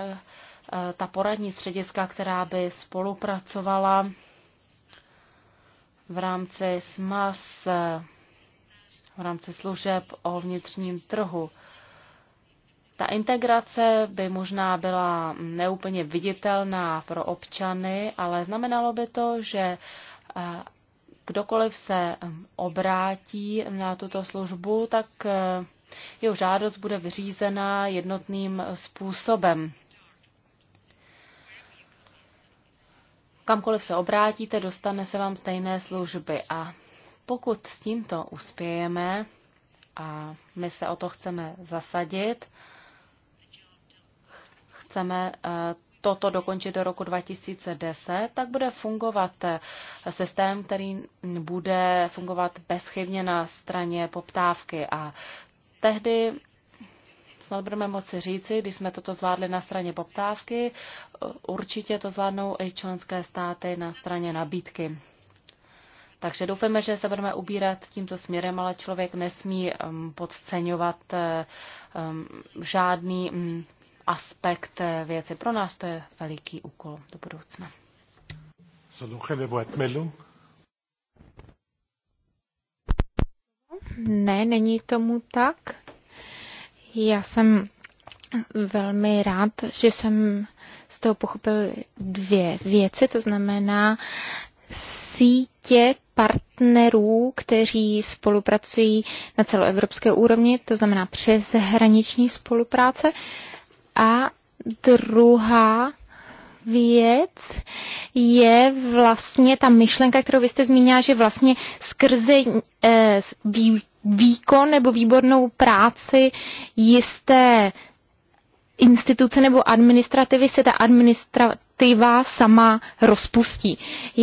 ta poradní střediska, která by spolupracovala v rámci SMAS, v rámci služeb o vnitřním trhu. Ta integrace by možná byla neúplně viditelná pro občany, ale znamenalo by to, že eh, kdokoliv se eh, obrátí na tuto službu, tak eh, jeho žádost bude vyřízená jednotným způsobem. Kamkoliv se obrátíte, dostane se vám stejné služby a pokud s tímto uspějeme, a my se o to chceme zasadit, chceme eh, toto dokončit do roku 2010, tak bude fungovat eh, systém, který bude fungovat bezchybně na straně poptávky. A tehdy snad budeme moci říci, když jsme toto zvládli na straně poptávky, eh, určitě to zvládnou i členské státy na straně nabídky. Takže doufáme, že se budeme ubírat tímto směrem, ale člověk nesmí um, podceňovat um, žádný um, aspekt eh, věci. Pro nás to je veliký úkol do budoucna. Ne, není tomu tak. Já jsem velmi rád, že jsem z toho pochopil dvě věci, to znamená sítě partnerů, kteří spolupracují na celoevropské úrovni, to znamená přes hraniční spolupráce. A druhá věc je vlastně ta myšlenka, kterou vy jste zmínila, že vlastně skrze eh, výkon nebo výbornou práci jisté instituce nebo administrativy se ta administrativa sama rozpustí.